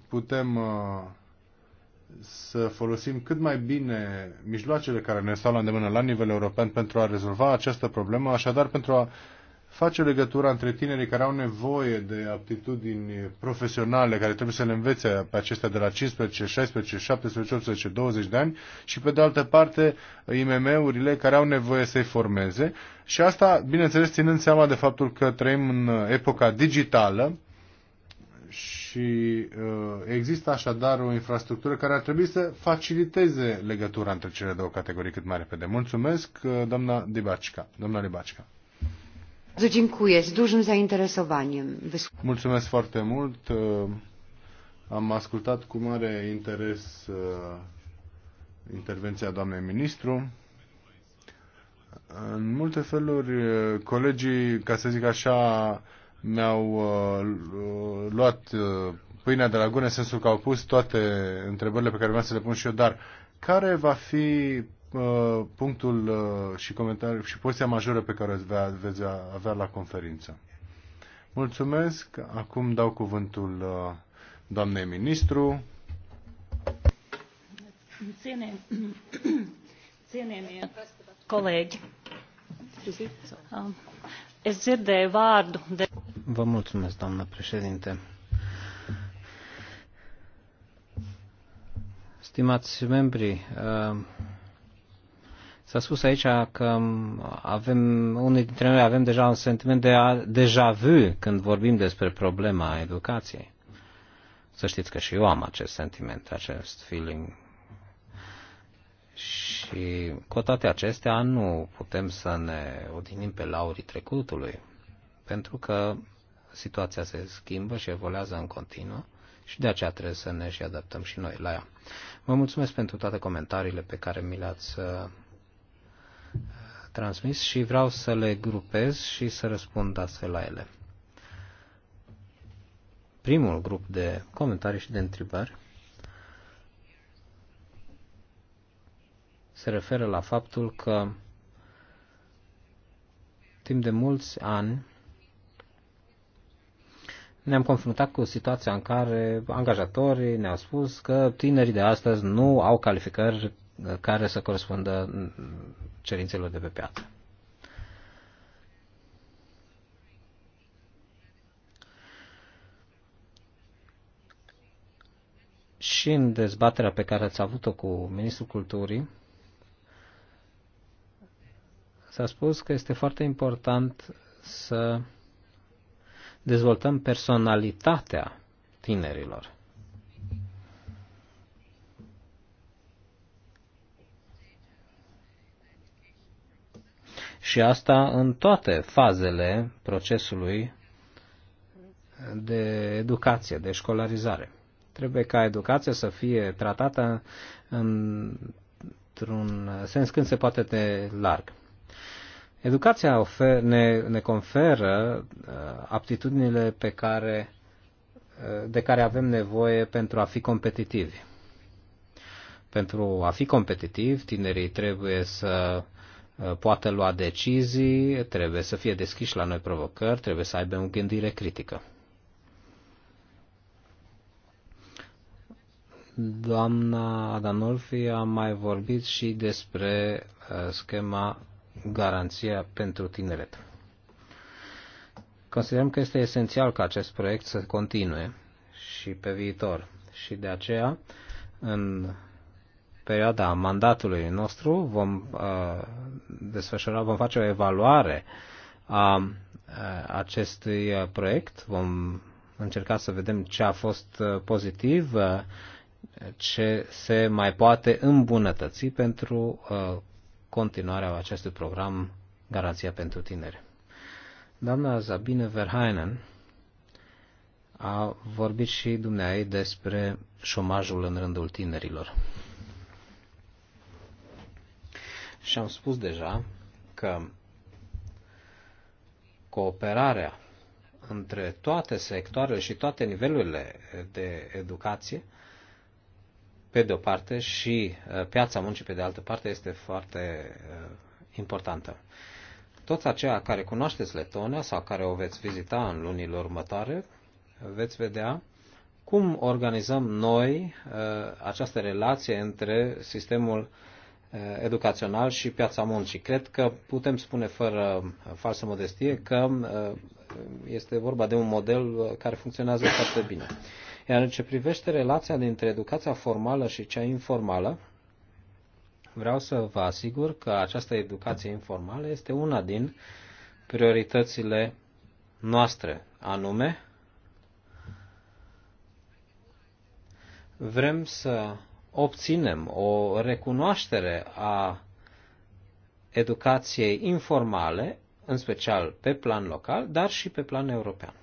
putem uh, să folosim cât mai bine mijloacele care ne stau la îndemână la nivel european pentru a rezolva această problemă, așadar pentru a face legătura între tinerii care au nevoie de aptitudini profesionale, care trebuie să le învețe pe acestea de la 15, 16, 17, 18, 20 de ani și pe de altă parte IMM-urile care au nevoie să-i formeze și asta, bineînțeles, ținând seama de faptul că trăim în epoca digitală, și uh, există așadar o infrastructură care ar trebui să faciliteze legătura între cele două categorii cât mai repede. Mulțumesc, uh, doamna Dibacica. Doamna Dibacica. Mulțumesc foarte mult. Uh, am ascultat cu mare interes intervenția doamnei ministru. În multe feluri, colegii, ca să zic așa, mi-au uh, luat uh, pâinea de la gură în sensul că au pus toate întrebările pe care vreau să le pun și eu, dar care va fi uh, punctul uh, și comentariu și poziția majoră pe care o veți avea la conferință? Mulțumesc. Acum dau cuvântul uh, doamnei ministru. Ține, ține colegi. Vă mulțumesc, doamnă președinte. Stimați membri, uh, s-a spus aici că avem, unii dintre noi avem deja un sentiment de a, deja vu când vorbim despre problema educației. Să știți că și eu am acest sentiment, acest feeling și cu toate acestea nu putem să ne odinim pe laurii trecutului, pentru că situația se schimbă și evoluează în continuu și de aceea trebuie să ne și adaptăm și noi la ea. Vă mulțumesc pentru toate comentariile pe care mi le-ați uh, transmis și vreau să le grupez și să răspund astfel la ele. Primul grup de comentarii și de întrebări se referă la faptul că timp de mulți ani ne-am confruntat cu situația în care angajatorii ne-au spus că tinerii de astăzi nu au calificări care să corespundă cerințelor de pe piață. Și în dezbaterea pe care ați avut-o cu Ministrul Culturii, S-a spus că este foarte important să dezvoltăm personalitatea tinerilor. Și asta în toate fazele procesului de educație, de școlarizare. Trebuie ca educația să fie tratată într-un sens când se poate de larg. Educația ofer, ne, ne conferă uh, aptitudinile pe care, uh, de care avem nevoie pentru a fi competitivi. Pentru a fi competitivi, tinerii trebuie să uh, poată lua decizii, trebuie să fie deschiși la noi provocări, trebuie să aibă o gândire critică. Doamna Adanolfi a mai vorbit și despre uh, schema garanția pentru tineret. Considerăm că este esențial ca acest proiect să continue și pe viitor și de aceea în perioada mandatului nostru vom uh, desfășura, vom face o evaluare a uh, acestui uh, proiect, vom încerca să vedem ce a fost uh, pozitiv, uh, ce se mai poate îmbunătăți pentru uh, continuarea acestui program Garanția pentru Tineri. Doamna Zabine Verheinen a vorbit și dumneai despre șomajul în rândul tinerilor. Și am spus deja că cooperarea între toate sectoarele și toate nivelurile de educație pe de o parte și uh, piața muncii pe de altă parte este foarte uh, importantă. Toți aceia care cunoașteți Letonia sau care o veți vizita în lunile următoare, veți vedea cum organizăm noi uh, această relație între sistemul educațional și piața muncii. Cred că putem spune fără falsă modestie că este vorba de un model care funcționează foarte bine. Iar în ce privește relația dintre educația formală și cea informală, vreau să vă asigur că această educație informală este una din prioritățile noastre, anume vrem să obținem o recunoaștere a educației informale, în special pe plan local, dar și pe plan european.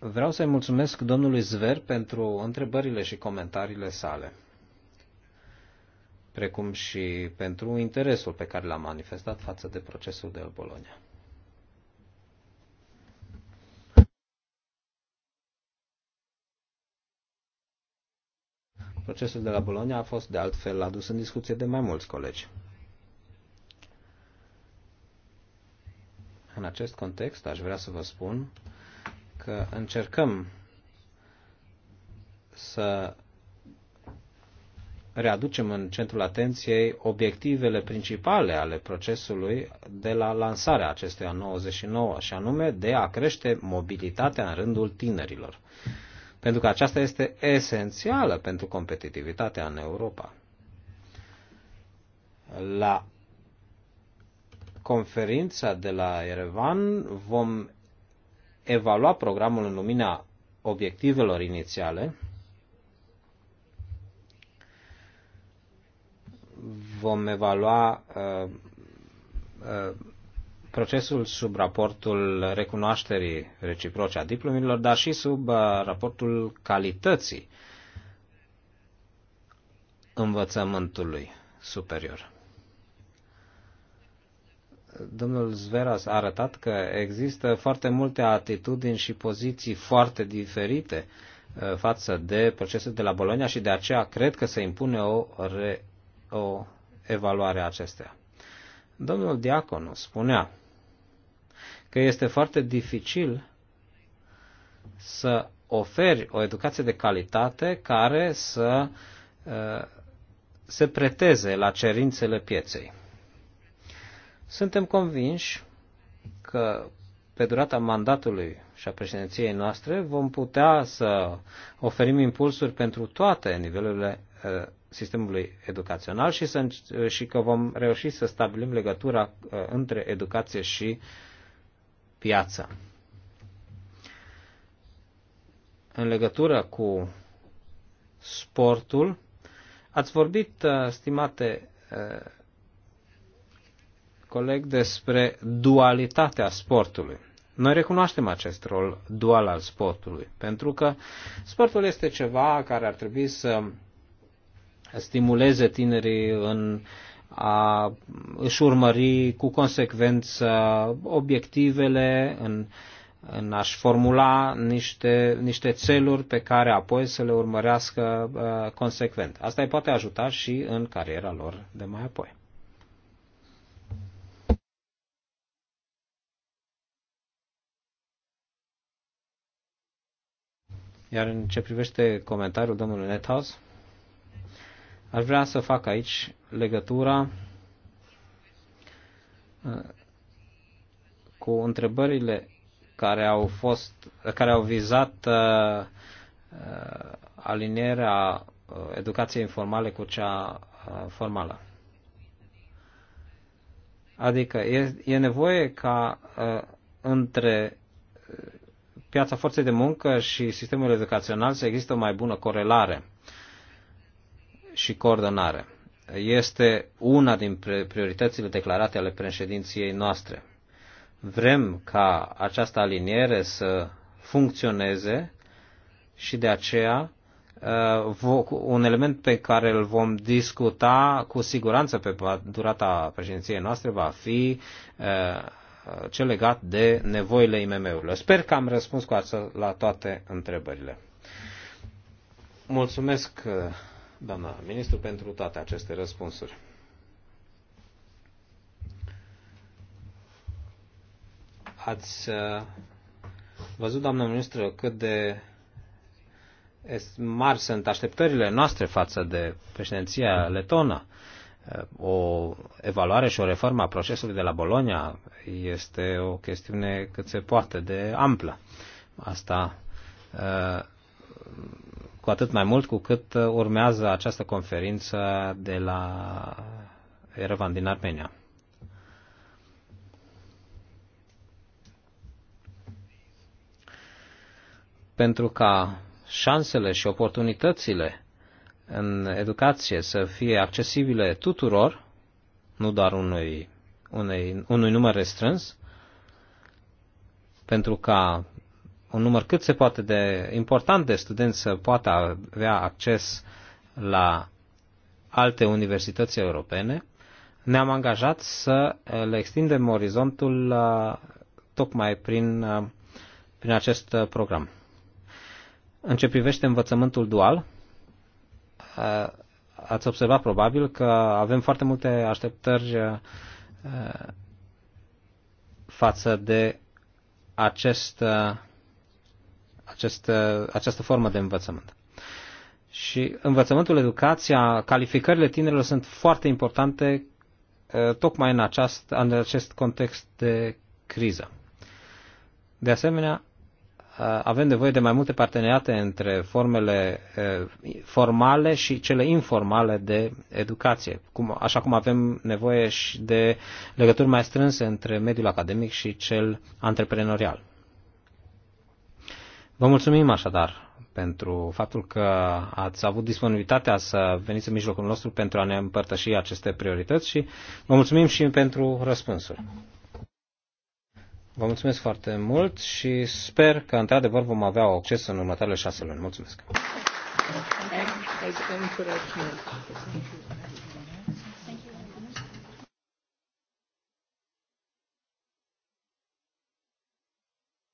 Vreau să-i mulțumesc domnului Zver pentru întrebările și comentariile sale, precum și pentru interesul pe care l-a manifestat față de procesul de Bologna. Procesul de la Bologna a fost de altfel adus în discuție de mai mulți colegi. În acest context aș vrea să vă spun că încercăm să readucem în centrul atenției obiectivele principale ale procesului de la lansarea acestuia 99, și anume de a crește mobilitatea în rândul tinerilor. Pentru că aceasta este esențială pentru competitivitatea în Europa. La conferința de la Erevan vom evalua programul în lumina obiectivelor inițiale, vom evalua uh, uh, procesul sub raportul recunoașterii reciproce a diplomilor, dar și sub uh, raportul calității învățământului superior domnul Zveras a arătat că există foarte multe atitudini și poziții foarte diferite uh, față de procesul de la Bologna și de aceea cred că se impune o, re, o evaluare a acestea. Domnul Diaconu spunea că este foarte dificil să oferi o educație de calitate care să uh, se preteze la cerințele pieței. Suntem convinși că pe durata mandatului și a președinției noastre vom putea să oferim impulsuri pentru toate nivelurile uh, sistemului educațional și, să, uh, și că vom reuși să stabilim legătura uh, între educație și piață. În legătură cu sportul, ați vorbit, stimate coleg despre dualitatea sportului. Noi recunoaștem acest rol dual al sportului, pentru că sportul este ceva care ar trebui să stimuleze tinerii în a își urmări cu consecvență obiectivele, în, în a-și formula niște, niște țeluri pe care apoi să le urmărească uh, consecvent. Asta îi poate ajuta și în cariera lor de mai apoi. Iar în ce privește comentariul domnului Nethaus aș vrea să fac aici legătura uh, cu întrebările care au fost, care au vizat uh, uh alinierea uh, educației informale cu cea formală. Adică e, e nevoie ca uh, între piața forței de muncă și sistemul educațional să există o mai bună corelare și coordonare. Este una din prioritățile declarate ale președinției noastre. Vrem ca această aliniere să funcționeze și de aceea uh, un element pe care îl vom discuta cu siguranță pe durata președinției noastre va fi uh, Uh, cel legat de nevoile IMM-urilor. Sper că am răspuns cu asta la toate întrebările. Mulțumesc, uh, doamna ministru, pentru toate aceste răspunsuri. Ați uh, văzut, doamna ministru, cât de mari sunt așteptările noastre față de președinția letonă o evaluare și o reformă a procesului de la Bologna este o chestiune cât se poate de amplă. Asta uh, cu atât mai mult cu cât urmează această conferință de la Erevan din Armenia. Pentru ca șansele și oportunitățile în educație să fie accesibile tuturor, nu doar unui, unei, unui număr restrâns, pentru ca un număr cât se poate de important de studenți să poată avea acces la alte universități europene, ne-am angajat să le extindem orizontul uh, tocmai prin, uh, prin acest uh, program. În ce privește învățământul dual, Eh, ați observat probabil că avem foarte multe așteptări eh, față de acest, eh, acest, această formă de învățământ. Și învățământul, educația, calificările tinerilor sunt foarte importante tocmai în, aceast, în acest context de criză. De asemenea, Uh, avem nevoie de mai multe parteneriate între formele uh, formale și cele informale de educație, cum, așa cum avem nevoie și de legături mai strânse între mediul academic și cel antreprenorial. Vă mulțumim așadar pentru faptul că ați avut disponibilitatea să veniți în mijlocul nostru pentru a ne împărtăși aceste priorități și vă mulțumim și pentru răspunsuri. Vă mulțumesc foarte mult și sper că într-adevăr vom avea acces în următoarele șase luni. Mulțumesc!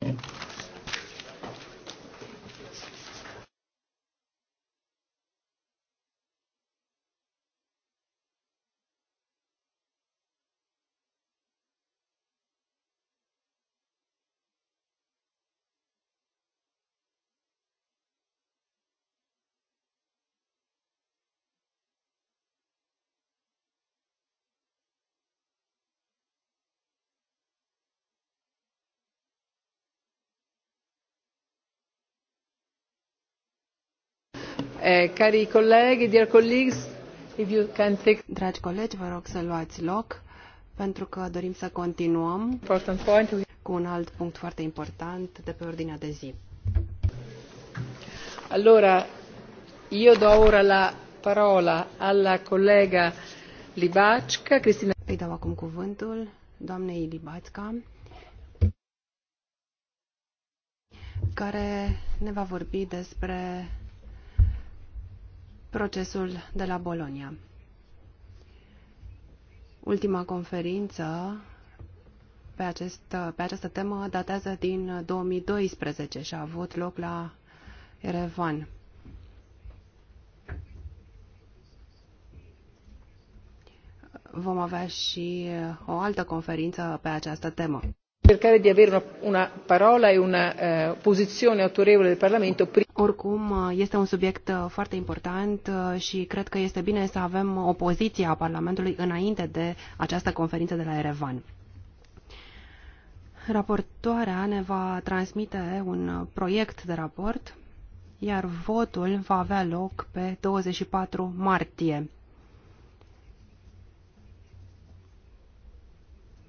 Thank you. Eh, cari colegi, dear colleagues, if you can Dragi colegi, vă rog să luați loc pentru că dorim să continuăm cu un alt punct foarte important de pe ordinea de zi. Allora, io do ora la parola alla collega Libacca, Cristina. Îi dau acum cuvântul doamnei Libacca, care ne va vorbi despre procesul de la Bolonia. Ultima conferință pe, acest, pe această temă datează din 2012 și a avut loc la Erevan. Vom avea și o altă conferință pe această temă cercare di avere una, parola e una eh, posizione autorevole del Parlamento. Oricum, eh, este un subiect eh, foarte important și cred că este bine să avem o poziție a Parlamentului înainte de această conferință de la Erevan. Raportoarea ne va transmite un uh, proiect de raport, iar votul va avea loc pe 24 martie.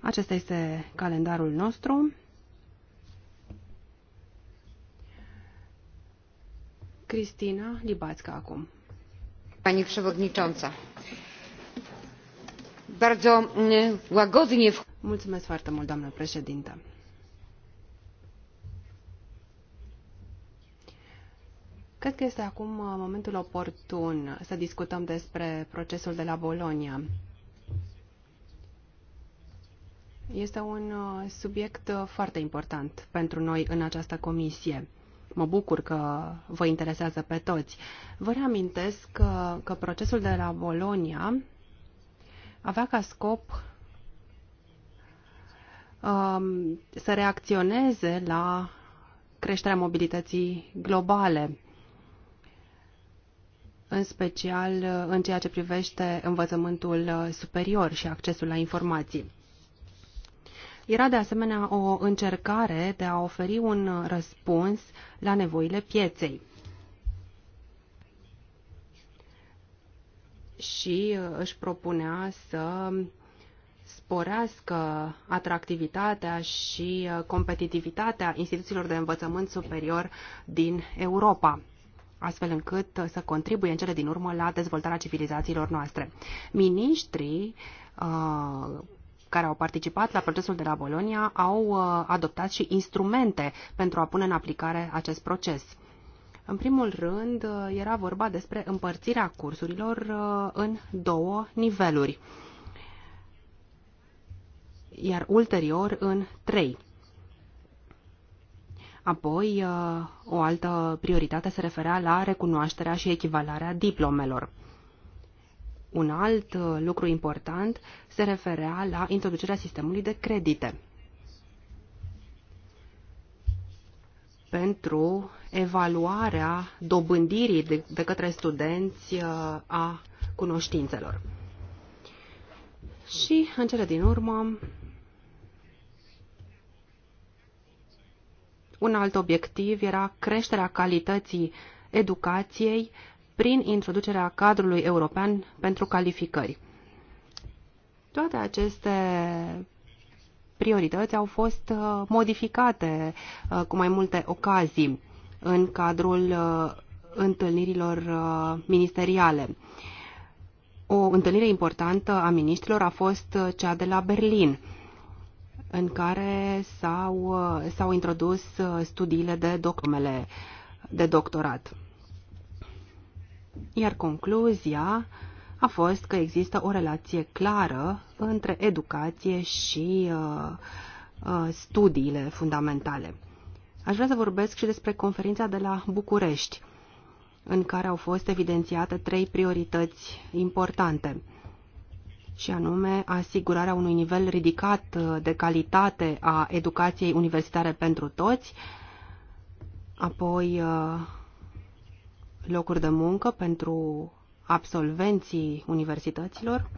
Acesta este calendarul nostru. Cristina Libațca acum. Pani przewodnicząca. Bardzo mm, łagodnie. Mulțumesc foarte mult, doamnă președintă. Cred că este acum uh, momentul oportun să discutăm despre procesul de la Bologna. Este un uh, subiect uh, foarte important pentru noi în această comisie. Mă bucur că vă interesează pe toți. Vă reamintesc că, că procesul de la Bolonia avea ca scop um, să reacționeze la creșterea mobilității globale, în special uh, în ceea ce privește învățământul superior și accesul la informații. Era de asemenea o încercare de a oferi un răspuns la nevoile pieței. Și uh, își propunea să sporească atractivitatea și uh, competitivitatea instituțiilor de învățământ superior din Europa astfel încât uh, să contribuie în cele din urmă la dezvoltarea civilizațiilor noastre. Ministrii uh, care au participat la procesul de la Bolonia au uh, adoptat și instrumente pentru a pune în aplicare acest proces. În primul rând, uh, era vorba despre împărțirea cursurilor uh, în două niveluri, iar ulterior în trei. Apoi, o altă prioritate se referea la recunoașterea și echivalarea diplomelor. Un alt uh, lucru important se referea la introducerea sistemului de credite. pentru evaluarea dobândirii de, de către studenți uh, a cunoștințelor. Și, în cele din urmă, un alt obiectiv era creșterea calității educației prin introducerea cadrului european pentru calificări. Toate aceste priorități au fost uh, modificate uh, cu mai multe ocazii în cadrul uh, întâlnirilor ministeriale. O întâlnire importantă a miniștrilor a fost cea de la Berlin, în care s-au, introdus studiile de, de doctorat. Iar concluzia a fost că există o relație clară între educație și uh, uh, studiile fundamentale. Aș vrea să vorbesc și despre conferința de la București, în care au fost evidențiate trei priorități importante, și anume asigurarea unui nivel ridicat uh, de calitate a educației universitare pentru toți, apoi uh, locuri de muncă pentru absolvenții universităților.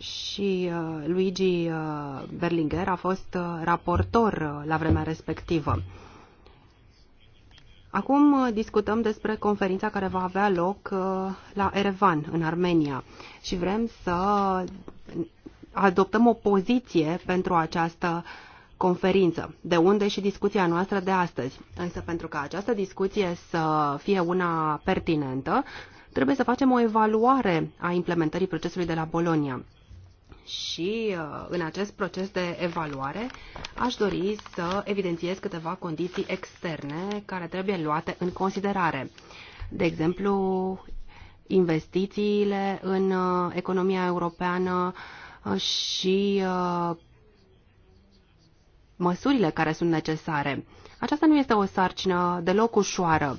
și uh, Luigi uh, Berlinger a fost uh, raportor uh, la vremea respectivă. Acum uh, discutăm despre conferința care va avea loc uh, la Erevan, în Armenia, și vrem să adoptăm o poziție pentru această conferință, de unde și discuția noastră de astăzi. Însă pentru ca această discuție să fie una pertinentă, trebuie să facem o evaluare a implementării procesului de la Bolonia. Și uh, în acest proces de evaluare aș dori să evidențiez câteva condiții externe care trebuie luate în considerare. De exemplu, investițiile în uh, economia europeană, și uh, măsurile care sunt necesare. Aceasta nu este o sarcină deloc ușoară,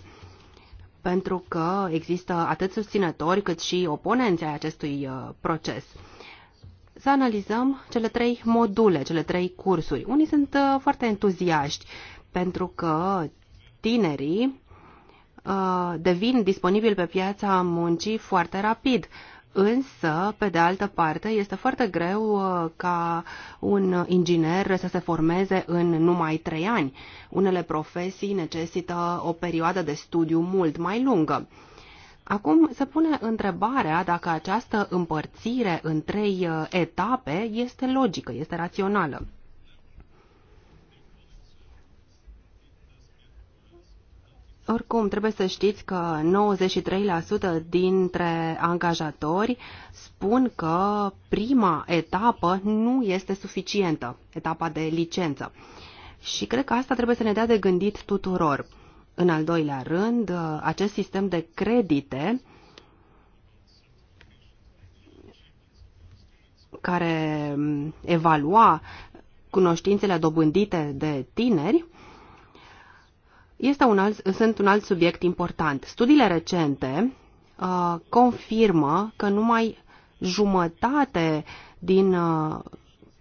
pentru că există atât susținători cât și oponenți ai acestui uh, proces. Să analizăm cele trei module, cele trei cursuri. Unii sunt uh, foarte entuziaști, pentru că tinerii devin disponibili pe piața muncii foarte rapid. Însă, pe de altă parte, este foarte greu uh, ca un inginer să se formeze în numai trei ani. Unele profesii necesită o perioadă de studiu mult mai lungă. Acum se pune întrebarea dacă această împărțire în trei uh, etape este logică, este rațională. Oricum, trebuie să știți că 93% dintre angajatori spun că prima etapă nu este suficientă, etapa de licență. Și cred că asta trebuie să ne dea de gândit tuturor. În al doilea rând, acest sistem de credite care evalua cunoștințele dobândite de tineri este un alt, sunt un alt subiect important. Studiile recente uh, confirmă că numai jumătate din uh,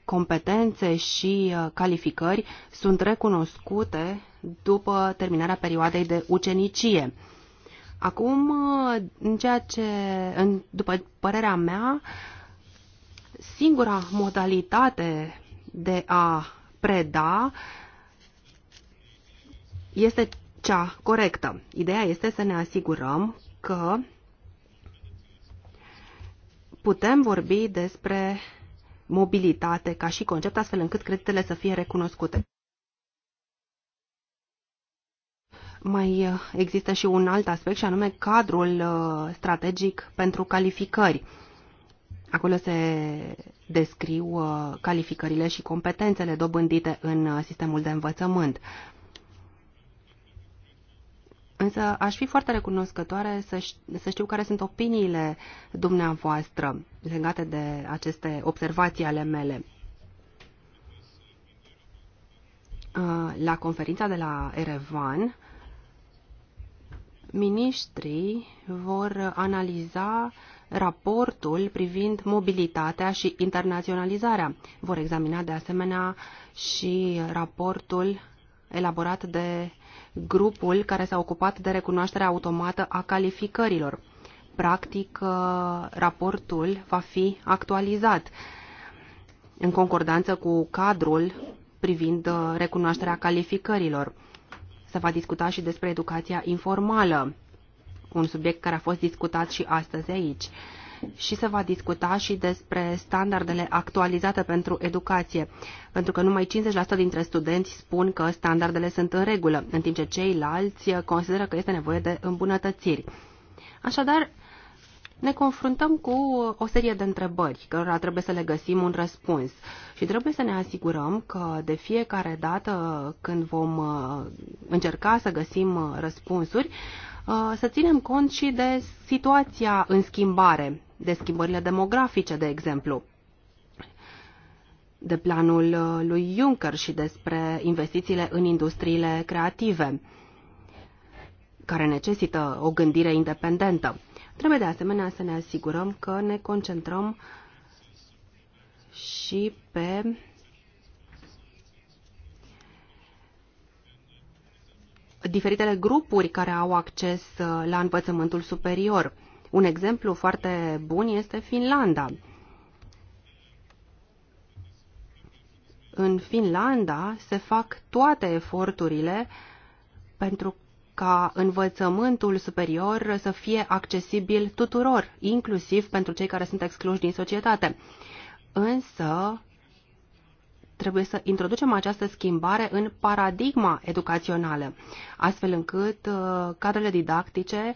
competențe și uh, calificări sunt recunoscute după terminarea perioadei de ucenicie. Acum, uh, în ceea ce, în, după părerea mea, singura modalitate de a preda uh, este cea corectă. Ideea este să ne asigurăm că putem vorbi despre mobilitate ca și concept, astfel încât creditele să fie recunoscute. Mai există și un alt aspect și anume cadrul uh, strategic pentru calificări. Acolo se descriu uh, calificările și competențele dobândite în uh, sistemul de învățământ. Însă aș fi foarte recunoscătoare să, să știu care sunt opiniile dumneavoastră legate de aceste observații ale mele. Uh, la conferința de la Erevan, ministrii vor analiza raportul privind mobilitatea și internaționalizarea. Vor examina de asemenea și raportul elaborat de grupul care s-a ocupat de recunoașterea automată a calificărilor. Practic, uh, raportul va fi actualizat în concordanță cu cadrul privind uh, recunoașterea calificărilor. Se va discuta și despre educația informală, un subiect care a fost discutat și astăzi aici și se va discuta și despre standardele actualizate pentru educație, pentru că numai 50% dintre studenți spun că standardele sunt în regulă, în timp ce ceilalți consideră că este nevoie de îmbunătățiri. Așadar, ne confruntăm cu o serie de întrebări, cărora trebuie să le găsim un răspuns și trebuie să ne asigurăm că de fiecare dată când vom uh, încerca să găsim uh, răspunsuri, Uh, să ținem cont și de situația în schimbare, de schimbările demografice, de exemplu, de planul uh, lui Juncker și despre investițiile în industriile creative, care necesită o gândire independentă. Trebuie de asemenea să ne asigurăm că ne concentrăm și pe diferitele grupuri care au acces uh, la învățământul superior. Un exemplu foarte bun este Finlanda. În Finlanda se fac toate eforturile pentru ca învățământul superior să fie accesibil tuturor, inclusiv pentru cei care sunt excluși din societate. Însă, trebuie să introducem această schimbare în paradigma educațională, astfel încât uh, cadrele didactice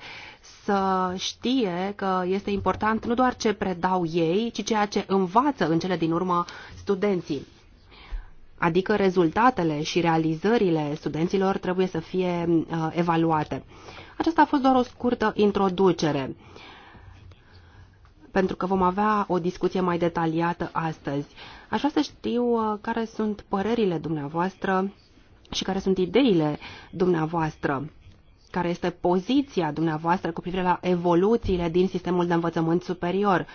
să știe că este important nu doar ce predau ei, ci ceea ce învață în cele din urmă studenții. Adică rezultatele și realizările studenților trebuie să fie uh, evaluate. Aceasta a fost doar o scurtă introducere pentru că vom avea o discuție mai detaliată astăzi. Aș vrea să știu uh, care sunt părerile dumneavoastră și care sunt ideile dumneavoastră care este poziția dumneavoastră cu privire la evoluțiile din sistemul de învățământ superior,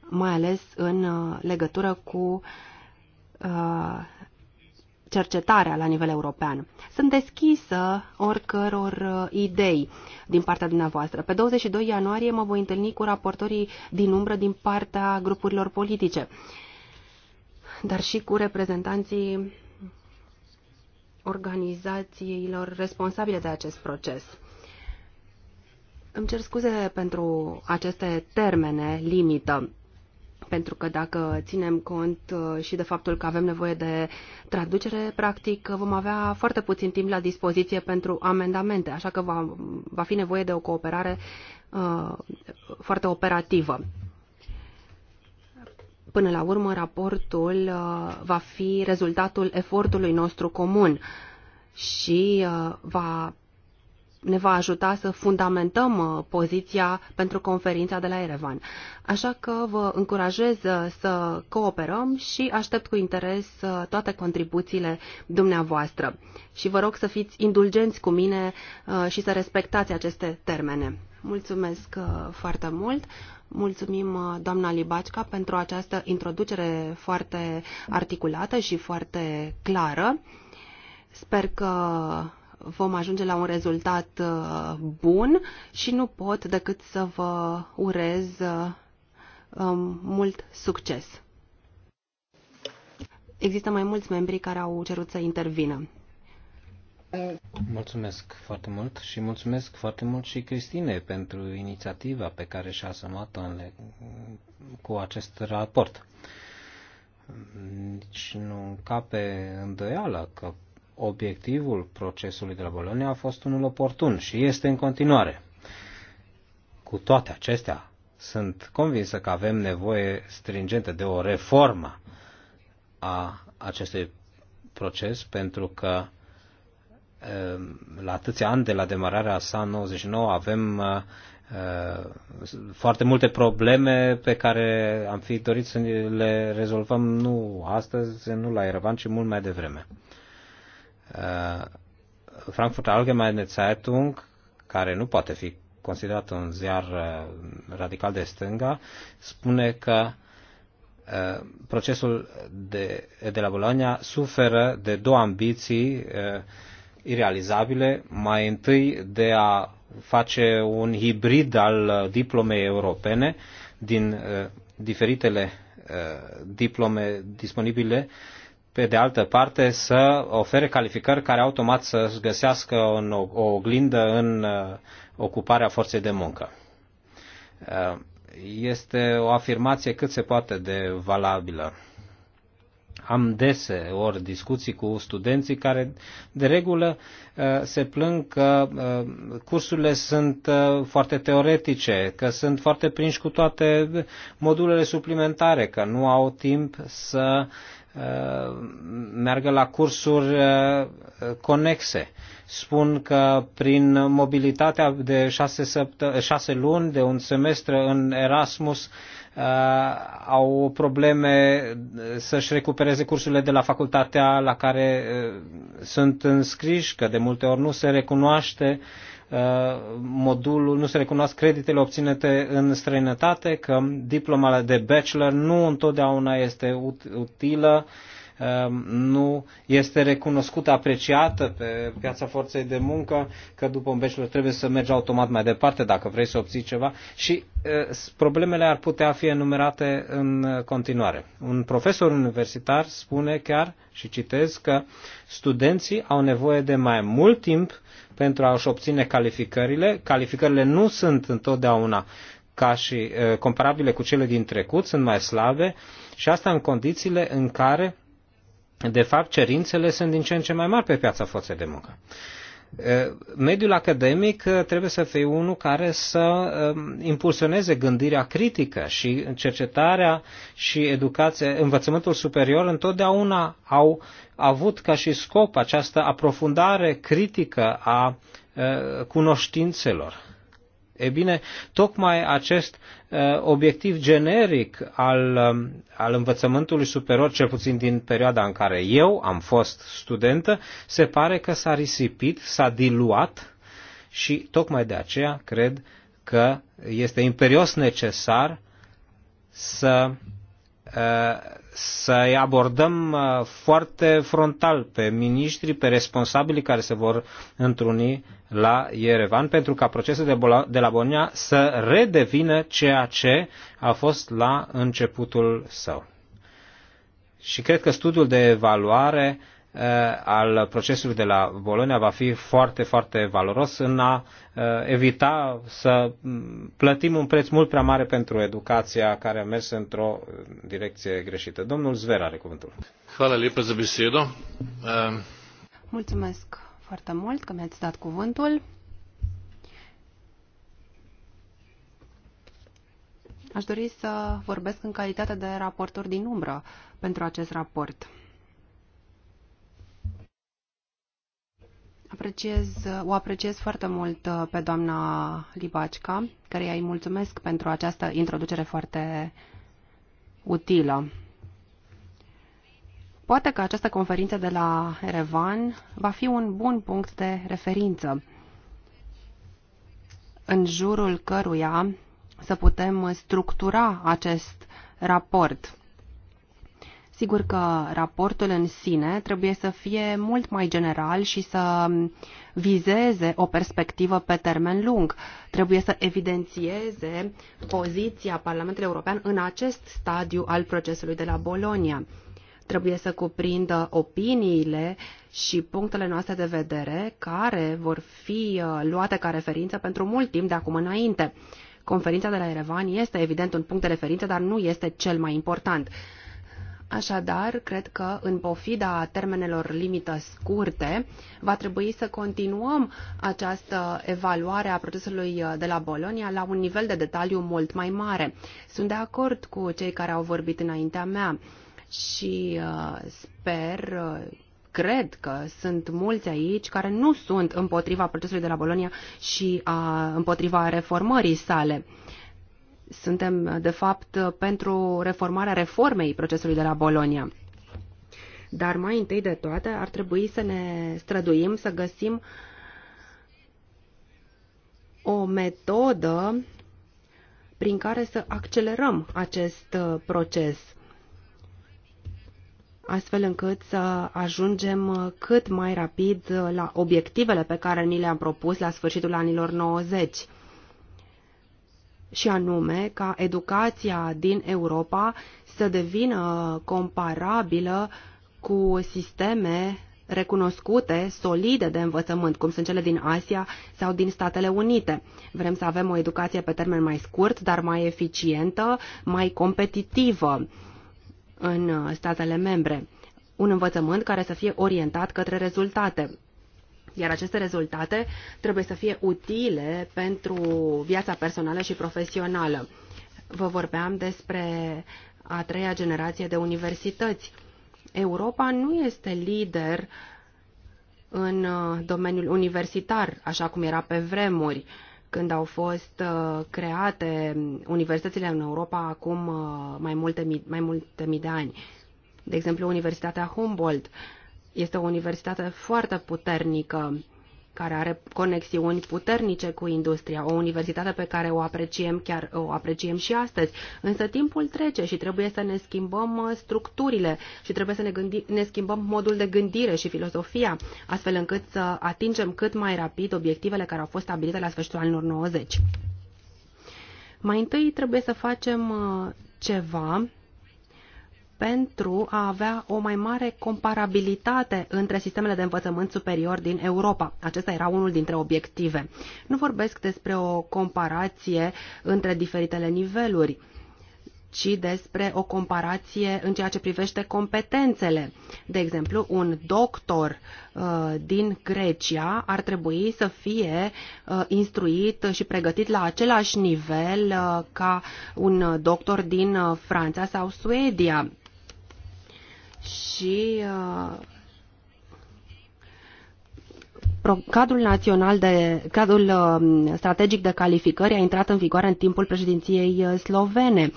mai ales în uh, legătură cu uh, cercetarea la nivel european. Sunt deschisă oricăror idei din partea dumneavoastră. Pe 22 ianuarie mă voi întâlni cu raportorii din umbră din partea grupurilor politice. Uh, dar și cu reprezentanții organizațiilor responsabile de acest proces. Îmi cer scuze pentru aceste termene limită, pentru că dacă ținem cont uh, și de faptul că avem nevoie de traducere, practic uh, vom avea foarte puțin timp la dispoziție pentru amendamente, așa că va, va fi nevoie de o cooperare uh, foarte operativă. Până la urmă, raportul uh, va fi rezultatul efortului nostru comun și uh, va, ne va ajuta să fundamentăm uh, poziția pentru conferința de la Erevan. Așa că vă încurajez să cooperăm și aștept cu interes toate contribuțiile dumneavoastră. Și vă rog să fiți indulgenți cu mine și să respectați aceste termene. Mulțumesc foarte mult! Mulțumim, uh, doamna Libacica, pentru această introducere foarte articulată și foarte clară. Sper că vom ajunge la un rezultat uh, bun și nu pot decât să vă urez uh, um, mult succes. Există mai mulți membri care au cerut să intervină. Mulțumesc foarte mult și mulțumesc foarte mult și Cristine pentru inițiativa pe care și-a asumat-o cu acest raport. Nici nu încape îndoială că obiectivul procesului de la Bologna a fost unul oportun și este în continuare. Cu toate acestea, sunt convinsă că avem nevoie stringentă de o reformă a acestui proces pentru că Ehm, la atâția ani de la demararea sa, în 99, avem eh, eh, foarte multe probleme pe care am fi dorit să le rezolvăm nu astăzi, nu la Erevan, ci mult mai devreme. Eh, Frankfurt Allgemeine Zeitung, care nu poate fi considerat un ziar radical de stânga, spune că procesul de, de la Bologna suferă de două ambiții uh, irealizabile, mai întâi de a face un hibrid al uh, diplomei europene din uh, diferitele uh, diplome disponibile, pe de altă parte să ofere calificări care automat să găsească în o, o oglindă în ocuparea forței de muncă. Este o afirmație cât se poate de valabilă am dese, ori discuții cu studenții care de regulă uh, se plâng că uh, cursurile sunt uh, foarte teoretice, că sunt foarte prinși cu toate modulele suplimentare, că nu au timp să meargă la cursuri conexe. Spun că prin mobilitatea de șase, șase luni, de un semestru în Erasmus, Uh, au probleme uh, să-și recupereze cursurile de la facultatea la care uh, sunt înscriși, că de multe ori nu se recunoaște modulul, nu se recunoaște creditele obținute în străinătate, că diploma de bachelor nu întotdeauna este utilă Ehm, nu este recunoscută, apreciată pe piața forței de muncă, că după un bachelor trebuie să mergi automat mai departe dacă vrei să obții ceva și eh, problemele ar putea fi enumerate în continuare. Un profesor universitar spune chiar, și citez, că studenții au nevoie de mai mult timp pentru a-și obține calificările. Calificările nu sunt întotdeauna ca și eh, comparabile cu cele din trecut, sunt mai slabe și asta în condițiile în care de fapt, cerințele sunt din ce în ce mai mari pe piața forței de muncă. Mediul academic trebuie să fie unul care să impulsioneze gândirea critică și cercetarea și educația, învățământul superior întotdeauna au avut ca și scop această aprofundare critică a cunoștințelor. E bine, tocmai acest uh, obiectiv generic al, um, al învățământului superior, cel puțin din perioada în care eu am fost studentă, se pare că s-a risipit, s-a diluat și tocmai de aceea cred că este imperios necesar să uh, să-i abordăm uh, foarte frontal pe miniștri, pe responsabili care se vor întruni la Yerevan pentru ca procesul de la Bologna să redevină ceea ce a fost la începutul său. Și cred că studiul de evaluare eh, al procesului de la Bologna va fi foarte, foarte valoros în a eh, evita să mm, plătim un preț mult prea mare pentru educația care a mers într-o mm, direcție greșită. Domnul Zver are cuvântul. Hvala za besedo. Eh, Mulțumesc foarte mult că mi-ați dat cuvântul. Aș dori să vorbesc în calitate de raportor din umbră pentru acest raport. Apreciez, o apreciez foarte mult uh, pe doamna Libacica, care îi mulțumesc pentru această introducere foarte utilă. Poate că această conferință de la Erevan va fi un bun punct de referință în jurul căruia să putem structura acest raport. Sigur că raportul în sine trebuie să fie mult mai general și să vizeze o perspectivă pe termen lung. Trebuie să evidențieze poziția Parlamentului European în acest stadiu al procesului de la Bolonia trebuie să cuprindă opiniile și punctele noastre de vedere care vor fi uh, luate ca referință pentru mult timp de acum înainte. Conferința de la Erevan este evident un punct de referință, dar nu este cel mai important. Așadar, cred că, în pofida termenelor limită scurte, va trebui să continuăm această evaluare a procesului uh, de la Bolonia la un nivel de detaliu mult mai mare. Sunt de acord cu cei care au vorbit înaintea mea și uh, sper, uh, cred că sunt mulți aici care nu sunt împotriva procesului de la Bolonia și a, împotriva reformării sale. Suntem, uh, de fapt, pentru reformarea reformei procesului de la Bolonia. Dar mai întâi de toate ar trebui să ne străduim să găsim o metodă prin care să accelerăm acest proces astfel încât să ajungem uh, cât mai rapid uh, la obiectivele pe care ni le-am propus la sfârșitul anilor 90 și anume ca educația din Europa să devină comparabilă cu sisteme recunoscute, solide de învățământ, cum sunt cele din Asia sau din Statele Unite. Vrem să avem o educație pe termen mai scurt, dar mai eficientă, mai competitivă în uh, statele membre. Un învățământ care să fie orientat către rezultate. Iar aceste rezultate trebuie să fie utile pentru viața personală și profesională. Vă vorbeam despre a treia generație de universități. Europa nu este lider în uh, domeniul universitar, așa cum era pe vremuri. Uh, când au fost uh, create universitățile în Europa acum uh, mai multe, mai multe mii de ani. De exemplu, Universitatea Humboldt este o universitate foarte puternică care are conexiuni puternice cu industria, o universitate pe care o apreciem chiar o apreciem și astăzi. Însă timpul trece și trebuie să ne schimbăm uh, structurile și trebuie să ne, gândi, ne schimbăm modul de gândire și filozofia, astfel încât să atingem cât mai rapid obiectivele care au fost stabilite la sfârșitul anilor 90. Mai întâi trebuie să facem uh, ceva pentru a avea o mai mare comparabilitate între sistemele de învățământ superior din Europa. Acesta era unul dintre obiective. Nu vorbesc despre o comparație între diferitele niveluri ci despre o comparație în ceea ce privește competențele. De exemplu, un doctor uh, din Grecia ar trebui să fie uh, instruit și pregătit la același nivel uh, ca un doctor din uh, Franța sau Suedia și uh, cadrul național de cadrul um, strategic de calificări a intrat în vigoare în timpul președinției uh, slovene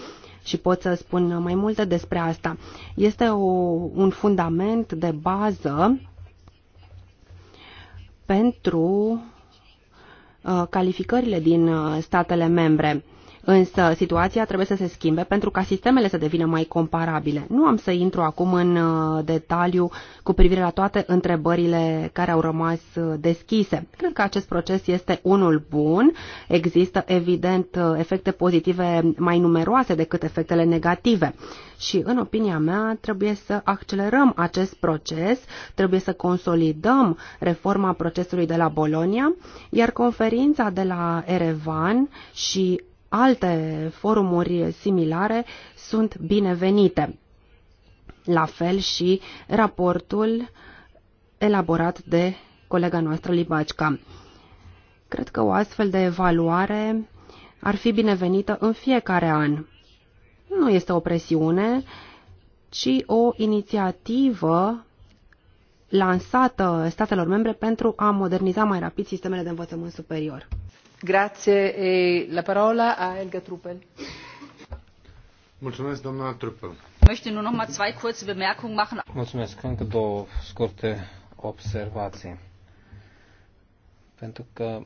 și pot să spun mai multe despre asta. Este o, un fundament de bază pentru uh, calificările din statele membre. Însă situația trebuie să se schimbe pentru ca sistemele să devină mai comparabile. Nu am să intru acum în uh, detaliu cu privire la toate întrebările care au rămas uh, deschise. Cred că acest proces este unul bun. Există evident uh, efecte pozitive mai numeroase decât efectele negative. Și în opinia mea trebuie să accelerăm acest proces, trebuie să consolidăm reforma procesului de la Bolonia, iar conferința de la Erevan și alte forumuri similare sunt binevenite. La fel și raportul elaborat de colega noastră Libacica. Cred că o astfel de evaluare ar fi binevenită în fiecare an. Nu este o presiune, ci o inițiativă lansată statelor membre pentru a moderniza mai rapid sistemele de învățământ superior. Mulțumesc, doamna Truppel. Möchte nur noch mal zwei kurze Bemerkungen machen. Mulțumesc. Încă două scurte observații. Pentru că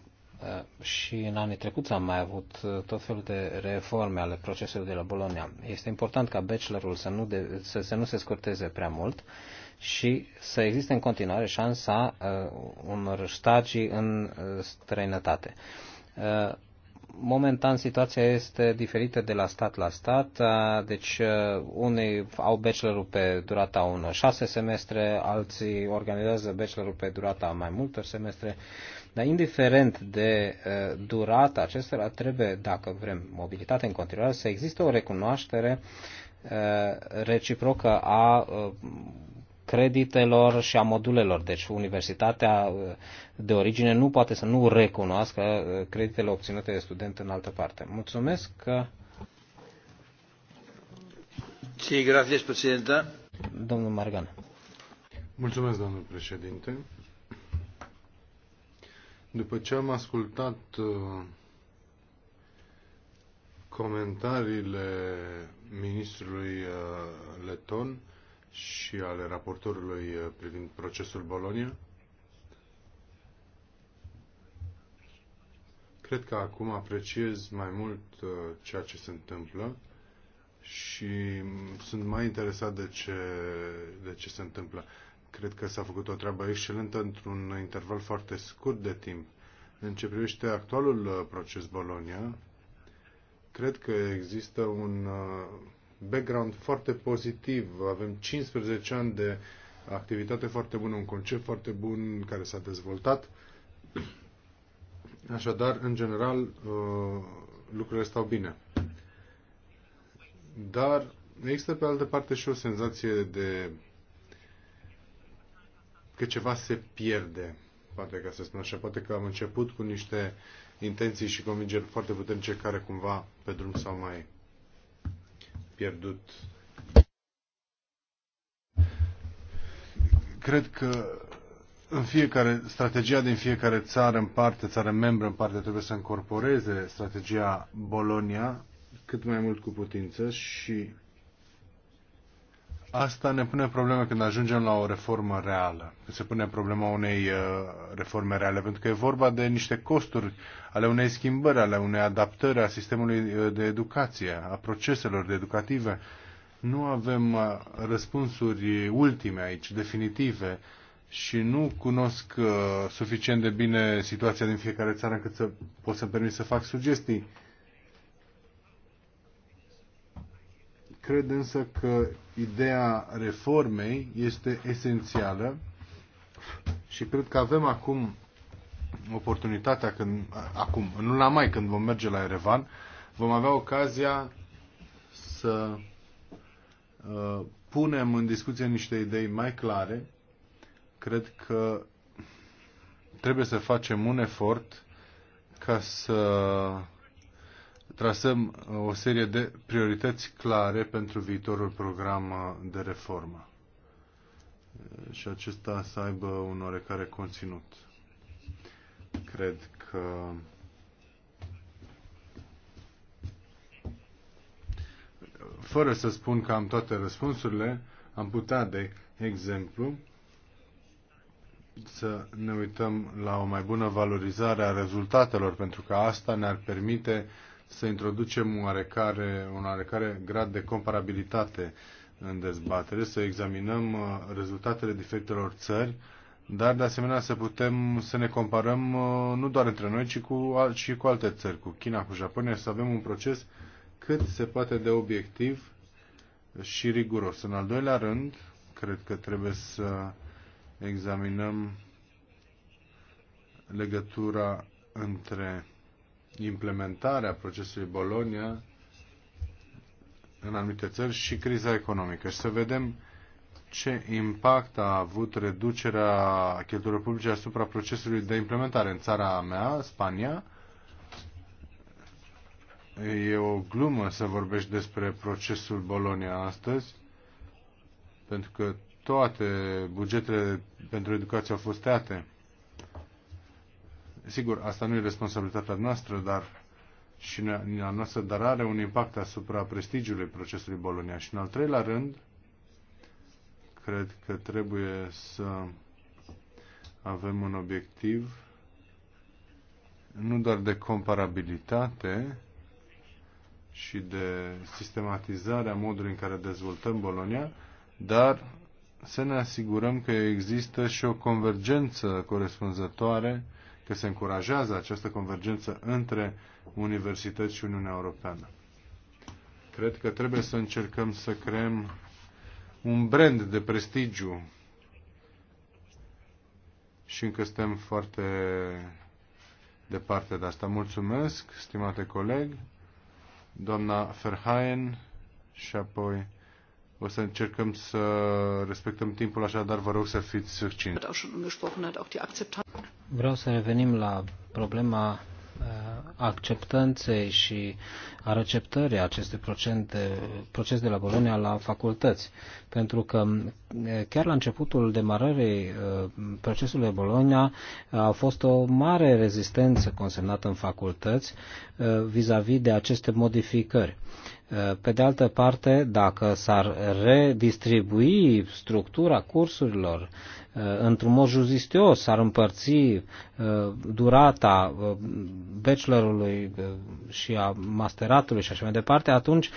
și în anii trecuți am mai avut tot felul de reforme ale procesului de la Bologna. Este important ca bachelorul să nu, de, să, să nu se scurteze prea mult și să existe în continuare șansa uh, unor stagii în uh, străinătate. Uh, Uh, momentan situația este diferită de la stat la stat, uh, deci uh, unii au bachelorul pe durata unor șase semestre, alții organizează bachelorul pe durata mai multor semestre, dar indiferent de durata acestora, trebuie, dacă vrem mobilitate în continuare, să existe o recunoaștere reciprocă a creditelor și a modulelor. Deci universitatea uh, de origine nu poate să nu recunoască uh, creditele obținute de student în altă parte. Mulțumesc că... Sí, gracias, presidenta. Domnul Margan. Mulțumesc, domnul președinte. După ce am ascultat uh, comentariile ministrului leton, și ale raportorului eh, privind procesul Bologna. Cred că acum apreciez mai mult eh, ceea ce se întâmplă și sunt mai interesat de ce, de ce se întâmplă. Cred că s-a făcut o treabă excelentă într-un interval foarte scurt de timp. În ce privește actualul eh, proces Bologna, cred că există un background foarte pozitiv. Avem 15 ani de activitate foarte bună, un concept foarte bun care s-a dezvoltat. Așadar, în general, uh, lucrurile stau bine. Dar există pe altă parte și o senzație de că ceva se pierde, poate ca să spun așa, poate că am început cu niște intenții și convingeri foarte puternice care cumva pe drum s-au mai pierdut. Cred că în fiecare, strategia din fiecare țară în parte, țară membră în parte, trebuie să încorporeze strategia Bolonia cât mai mult cu putință și Asta ne pune probleme când ajungem la o reformă reală. Se pune problema unei uh, reforme reale, pentru că e vorba de niște costuri ale unei schimbări, ale unei adaptări a sistemului uh, de educație, a proceselor de educative. Nu avem uh, răspunsuri ultime aici, definitive, și nu cunosc suficient de bine situația din fiecare țară încât să pot să-mi permit să fac sugestii Cred însă că ideea reformei este esențială și cred că avem acum oportunitatea când, acum, nu la mai când vom merge la Erevan, vom avea ocazia să uh, punem în discuție niște idei mai clare. Cred că trebuie să facem un efort ca să trasăm uh, o serie de priorități clare pentru viitorul program uh, de reformă uh, și acesta să aibă un oarecare conținut. Cred că fără să spun că am toate răspunsurile, am putea, de exemplu, să ne uităm la o mai bună valorizare a rezultatelor, pentru că asta ne-ar permite uh, să introducem oarecare, un oarecare grad de comparabilitate în dezbatere, să examinăm uh, rezultatele diferitelor țări, dar de asemenea să putem să ne comparăm uh, nu doar între noi, ci cu, și cu alte țări, cu China, cu Japonia, să avem un proces cât se poate de obiectiv și riguros. În al doilea rând, cred că trebuie să examinăm legătura între implementarea procesului Bologna în anumite țări și criza economică și să vedem ce impact a avut reducerea cheltuielor publice asupra procesului de implementare în țara mea, Spania. E o glumă să vorbești despre procesul Bologna astăzi, pentru că toate bugetele pentru educație au fost tăiate. Sigur, asta nu e responsabilitatea noastră, dar și la noastră, dar are un impact asupra prestigiului procesului Bolonia. Și în al treilea rând, cred că trebuie să avem un obiectiv nu doar de comparabilitate și de sistematizarea modului în care dezvoltăm Bolonia, dar să ne asigurăm că există și o convergență corespunzătoare că se încurajează această convergență între universități și Uniunea Europeană. Cred că trebuie să încercăm să creăm un brand de prestigiu și încă suntem foarte departe de asta. Mulțumesc, stimate coleg, doamna Ferhaen și apoi o să încercăm să respectăm timpul așa, dar vă rog să fiți succinți. Vreau să revenim la problema uh, acceptanței și a receptării acestui proces de la Bolonia la facultăți. Pentru că uh, chiar la începutul demarării uh, procesului de Bolonia a fost o mare rezistență consemnată în facultăți vis-a-vis -vis de aceste modificări. Eh, pe de altă parte, dacă s-ar redistribui structura cursurilor eh, într-un mod justițios, s-ar împărți eh, durata bachelorului și a masteratului și așa mai departe, atunci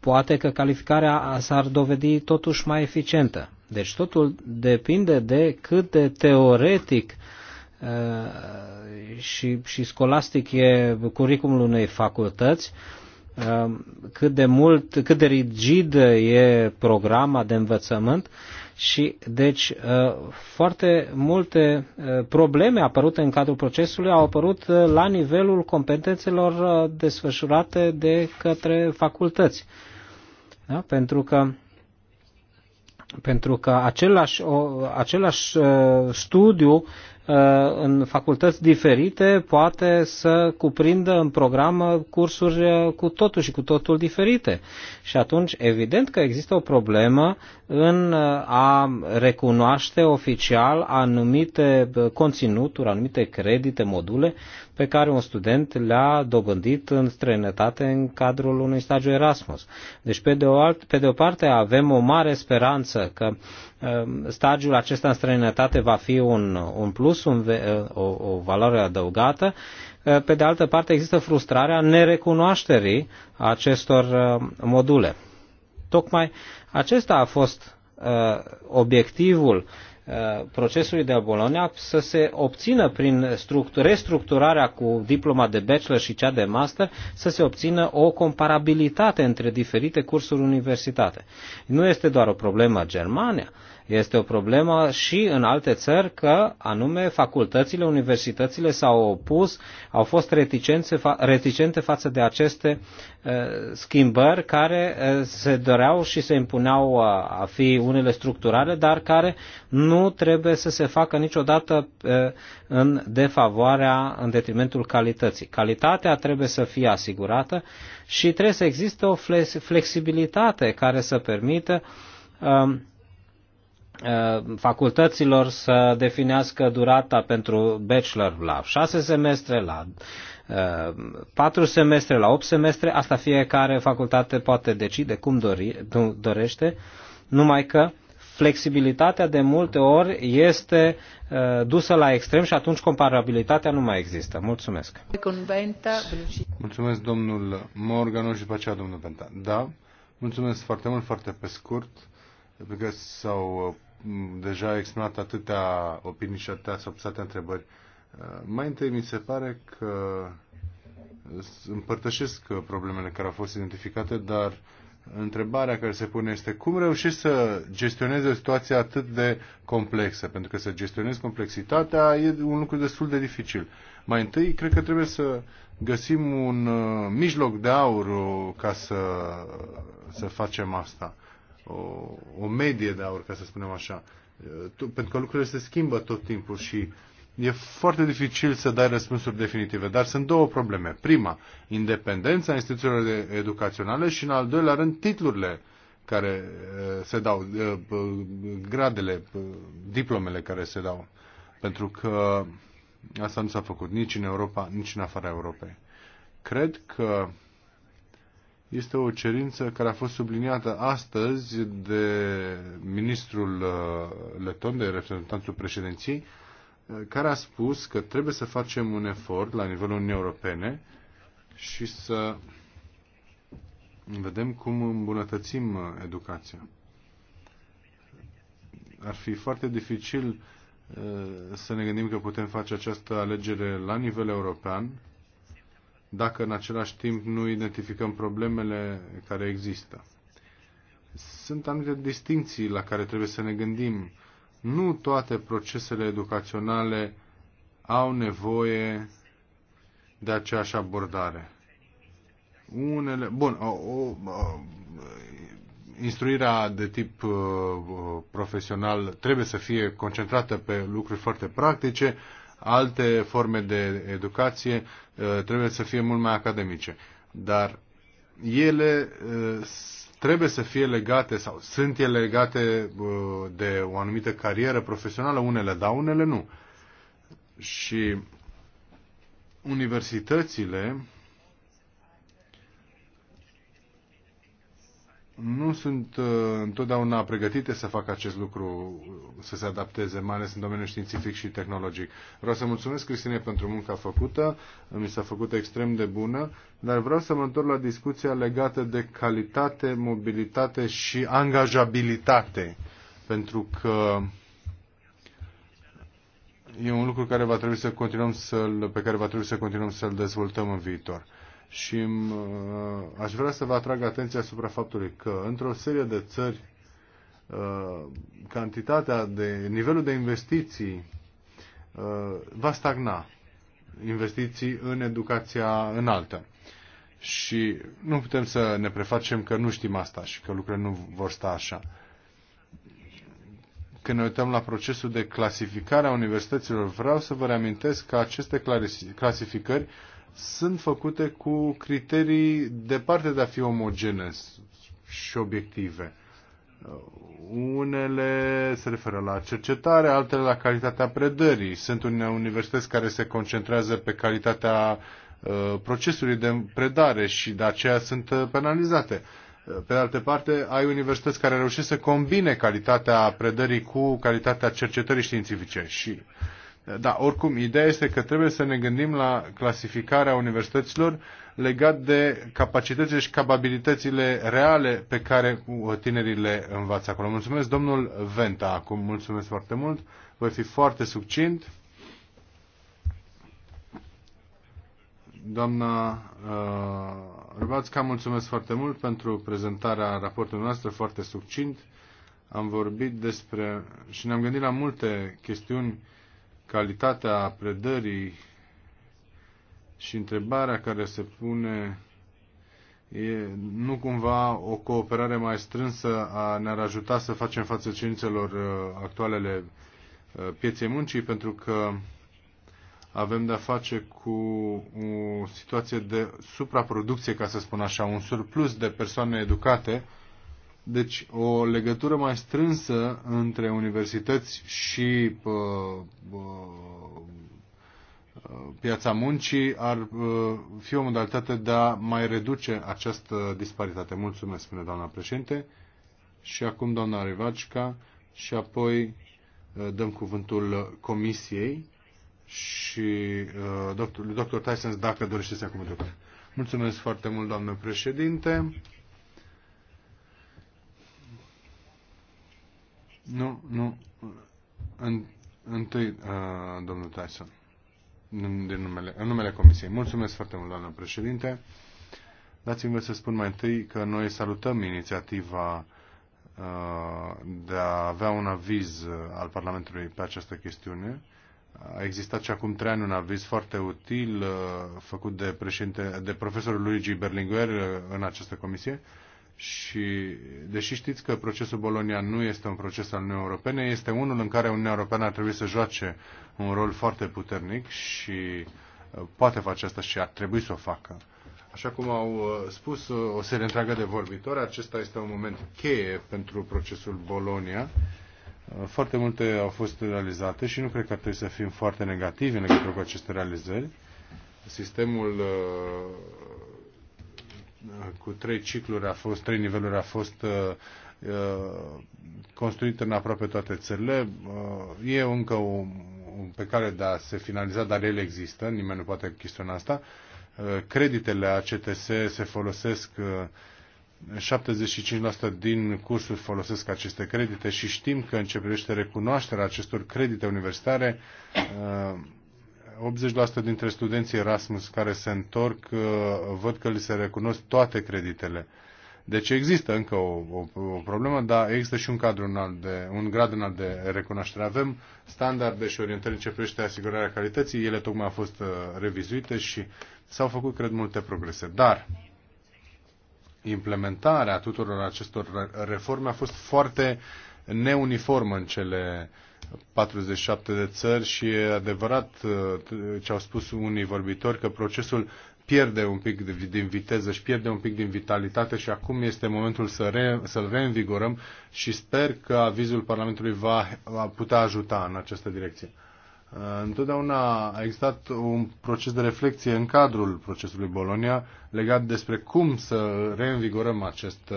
poate că calificarea s-ar dovedi totuși mai eficientă. Deci totul depinde de cât de teoretic și, și scolastic e curriculumul unei facultăți, um, cât de mult, cât de rigid e programa de învățământ și deci uh, foarte multe uh, probleme apărute în cadrul procesului au apărut uh, la nivelul competențelor desfășurate de către facultăți. Da? Pentru că pentru că același, o, același studiu Uh, în facultăți diferite poate să cuprindă în program cursuri cu totul și cu totul diferite. Și atunci, evident că există o problemă în a recunoaște oficial anumite conținuturi, anumite credite, module pe care un student le-a dobândit în străinătate în cadrul unui stagiu Erasmus. Deci, pe de o, alt, pe de o parte, avem o mare speranță că uh, Ehm, stagiul acesta în străinătate va fi un, un plus, un, o, o valoare adăugată. Pe de altă parte, există frustrarea nerecunoașterii acestor module. Tocmai acesta a fost obiectivul uh, Uh, procesului de Bologna să se obțină prin restructurarea cu diploma de bachelor și cea de master să se obțină o comparabilitate între diferite cursuri universitate. Nu este doar o problemă Germania, este o problemă și în alte țări că anume facultățile, universitățile s-au opus, au fost reticente, fa- reticente față de aceste uh, schimbări care uh, se doreau și se impuneau uh, a fi unele structurale, dar care nu trebuie să se facă niciodată uh, în defavoarea, în detrimentul calității. Calitatea trebuie să fie asigurată și trebuie să existe o flexibilitate care să permită uh, Uh, facultăților să definească durata pentru bachelor la 6 semestre, la 4 uh, semestre, la 8 semestre, asta fiecare facultate poate decide cum dorește, numai că flexibilitatea de multe ori este uh, dusă la extrem și atunci comparabilitatea nu mai există. Mulțumesc. Mulțumesc domnul Morgano și după aceea domnul Benta. Da, mulțumesc foarte mult, foarte pe scurt, pentru că s-au deja exprimat atâtea opinii și atâtea subsate întrebări. Uh, mai întâi mi se pare că împărtășesc problemele care au fost identificate, dar întrebarea care se pune este cum reușești să gestionezi o situație atât de complexă? Pentru că să gestionezi complexitatea e un lucru destul de dificil. Mai întâi, cred că trebuie să găsim un uh, mijloc de aur ca să, să facem asta o, o medie de aur, ca să spunem așa. Pentru că lucrurile se schimbă tot timpul și e foarte dificil să dai răspunsuri definitive. Dar sunt două probleme. Prima, independența instituțiilor educaționale și, în al doilea rând, titlurile care se dau, gradele, diplomele care se dau. Pentru că asta nu s-a făcut nici în Europa, nici în afara Europei. Cred că este o cerință care a fost subliniată astăzi de ministrul uh, leton, de reprezentantul președinției, uh, care a spus că trebuie să facem un efort la nivelul Uniunii Europene și să vedem cum îmbunătățim uh, educația. Ar fi foarte dificil să ne gândim că putem face această alegere la nivel european, dacă în același timp nu identificăm problemele care există. Sunt anumite distinții la care trebuie să ne gândim. Nu toate procesele educaționale au nevoie de aceeași abordare. Unele, bun, o, o, o, instruirea de tip uh, profesional trebuie să fie concentrată pe lucruri foarte practice, alte forme de educație uh, trebuie să fie mult mai academice. Dar ele uh, trebuie să fie legate sau sunt ele legate uh, de o anumită carieră profesională, unele da, unele nu. Și universitățile nu sunt uh, întotdeauna pregătite să facă acest lucru, uh, să se adapteze, mai ales în domeniul științific și tehnologic. Vreau să mulțumesc Cristine pentru munca făcută, mi s-a făcut extrem de bună, dar vreau să mă întorc la discuția legată de calitate, mobilitate și angajabilitate, pentru că e un lucru care va trebui să continuăm să pe care va trebui să continuăm să-l dezvoltăm în viitor și uh, aș vrea să vă atrag atenția asupra faptului că într-o serie de țări uh, cantitatea de nivelul de investiții uh, va stagna investiții în educația înaltă. Și nu putem să ne prefacem că nu știm asta și că lucrurile nu vor sta așa. Când ne uităm la procesul de clasificare a universităților, vreau să vă reamintesc că aceste clasificări sunt făcute cu criterii departe de a fi omogene și obiective. Unele se referă la cercetare, altele la calitatea predării. Sunt unele universități care se concentrează pe calitatea uh, procesului de predare și de aceea sunt uh, penalizate. Uh, pe de altă parte, ai universități care reușesc să combine calitatea predării cu calitatea cercetării științifice și uh, da, oricum, ideea este că trebuie să ne gândim la clasificarea universităților legat de capacitățile și capabilitățile reale pe care tinerii le învață acolo. Mulțumesc, domnul Venta, acum mulțumesc foarte mult. Voi fi foarte succint. Doamna uh, Răbațca, mulțumesc foarte mult pentru prezentarea raportului noastră, foarte succint. Am vorbit despre și ne-am gândit la multe chestiuni calitatea predării și întrebarea care se pune e nu cumva o cooperare mai strânsă a, ne-ar ajuta să facem față cerințelor uh, actualele uh, pieței muncii, pentru că avem de-a face cu o situație de supraproducție, ca să spun așa, un surplus de persoane educate deci o legătură mai strânsă între universități și uh, uh, piața muncii ar uh, fi o modalitate de a mai reduce această disparitate. Mulțumesc, spune doamna președinte. Și acum doamna Rivacica și apoi dăm cuvântul comisiei și doctor, doctor Tyson, dacă dorește să acum Mulțumesc foarte mult, doamnă președinte. Nu, nu. În, întâi, uh, domnul Tyson, din numele, în numele Comisiei. Mulțumesc foarte mult, doamnă președinte. Dați-mi să spun mai întâi că noi salutăm inițiativa uh, de a avea un aviz al Parlamentului pe această chestiune. A existat și acum trei ani un aviz foarte util uh, făcut de, președinte, de profesorul Luigi Berlinguer uh, în această comisie. Uh, și deși știți că procesul Bolonia nu este un proces al Uniunii Europene, este unul în care Uniunea Europeană ar trebui să joace un rol foarte puternic și uh, poate face asta și ar trebui să o facă. Așa cum au uh, spus uh, o serie întreagă de vorbitori, acesta este un moment cheie pentru procesul Bolonia. Foarte multe au fost realizate și nu cred că ar trebui să fim foarte negativi în legătură cu aceste realizări. Sistemul cu trei cicluri a fost, trei niveluri a fost uh, uh, construit în aproape toate țările. Uh, e încă o, pe care de a se finaliza, dar el există, nimeni nu poate chestiona asta. Creditele ACTS se folosesc 75% din cursuri folosesc aceste credite și știm că în ce privește recunoașterea acestor credite universitare 80% dintre studenții Erasmus care se întorc uh, văd că li se recunosc toate creditele. Deci există încă o, o, o problemă, dar există și un cadru înalt de, un grad înalt de recunoaștere. Avem standarde și orientări în ce privește asigurarea calității, ele tocmai au fost uh, revizuite și s-au făcut, cred, multe progrese. Dar implementarea tuturor acestor reforme a fost foarte neuniformă în cele 47 de țări și e adevărat uh, ce au spus unii vorbitori că procesul pierde un pic din viteză, și pierde un pic din vitalitate și acum este momentul să re, să-l reînvigorăm și sper că avizul Parlamentului va, va putea ajuta în această direcție. Uh, întotdeauna a existat un proces de reflexie în cadrul procesului Bolonia legat despre cum să reînvigorăm acest uh,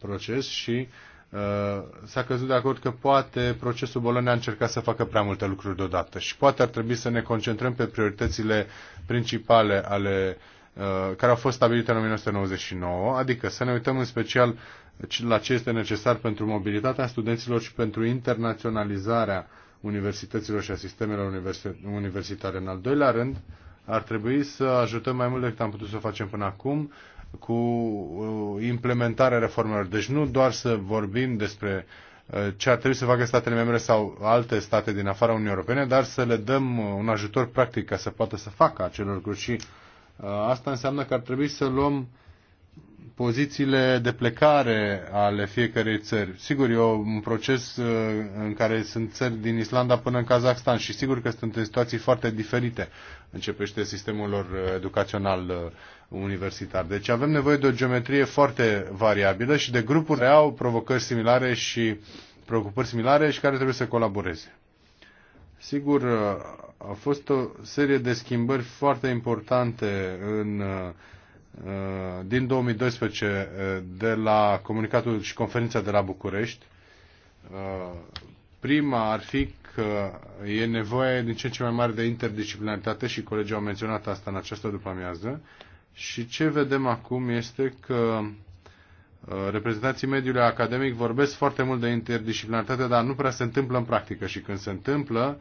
proces și uh, Uh, s-a căzut de acord că poate procesul Bolonia a încercat să facă prea multe lucruri deodată și poate ar trebui să ne concentrăm pe prioritățile principale ale uh, care au fost stabilite în 1999, adică să ne uităm în special la ce este necesar pentru mobilitatea studenților și pentru internaționalizarea universităților și a sistemelor universitare. În al doilea rând, ar trebui să ajutăm mai mult decât am putut să o facem până acum cu uh, implementarea reformelor. Deci nu doar să vorbim despre uh, ce ar trebui să facă statele membre sau alte state din afara Uniunii Europene, dar să le dăm uh, un ajutor practic ca să poată să facă acel lucru. Și asta înseamnă că ar trebui să luăm uh, pozițiile de plecare ale fiecărei țări. Sigur, e un proces uh, în care sunt țări din Islanda până în Kazakhstan și sigur că sunt în situații foarte diferite. Începește sistemul lor uh, educațional uh, universitar. Deci avem nevoie de o geometrie foarte variabilă și de grupuri care au provocări similare și preocupări similare și care trebuie să colaboreze. Sigur, a fost o serie de schimbări foarte importante în uh, Uh, din 2012 uh, de la comunicatul și conferința de la București. Uh, prima ar fi că e nevoie din ce în ce mai mare de interdisciplinaritate și colegii au menționat asta în această după-amiază. Și ce vedem acum este că reprezentanții mediului academic vorbesc foarte mult de interdisciplinaritate, dar nu prea se întâmplă în practică și când se întâmplă,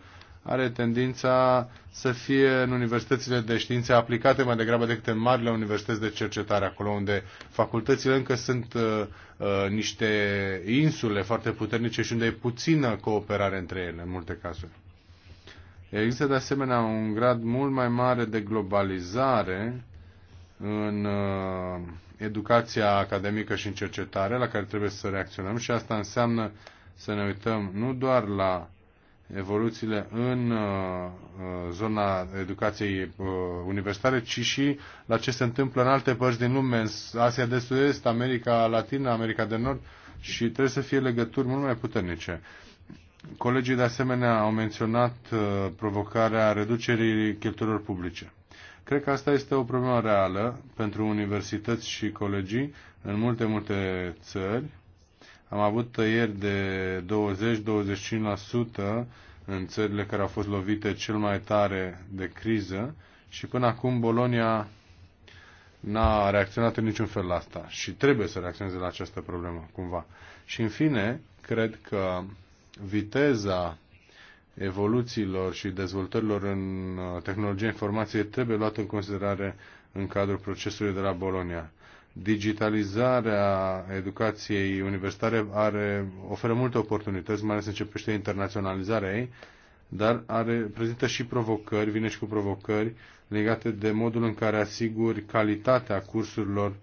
are tendința să fie în universitățile de științe aplicate mai degrabă decât în marile universități de cercetare, acolo unde facultățile încă sunt uh, uh, niște insule foarte puternice și unde e puțină cooperare între ele, în multe cazuri. Există de asemenea un grad mult mai mare de globalizare în uh, educația academică și în cercetare, la care trebuie să reacționăm și asta înseamnă să ne uităm nu doar la evoluțiile în uh, uh, zona educației uh, universitare, ci și la ce se întâmplă în alte părți din lume, în Asia de Sud-Est, America Latină, America de Nord și trebuie să fie legături mult mai puternice. Colegii de asemenea au menționat provocarea reducerii cheltuielor publice. Cred că asta este o problemă reală pentru universități și colegii în multe, multe țări am avut tăieri de 20-25% în țările care au fost lovite cel mai tare de criză și până acum Bolonia n-a reacționat în niciun fel la asta și trebuie să reacționeze la această problemă cumva. Și în fine, cred că viteza evoluțiilor și dezvoltărilor în uh, tehnologia informației trebuie luată în considerare în cadrul procesului de la Bolonia digitalizarea educației universitare are, oferă multe oportunități, mai ales începește internaționalizarea ei, dar are, prezintă și provocări, vine și cu provocări legate de modul în care asiguri calitatea cursurilor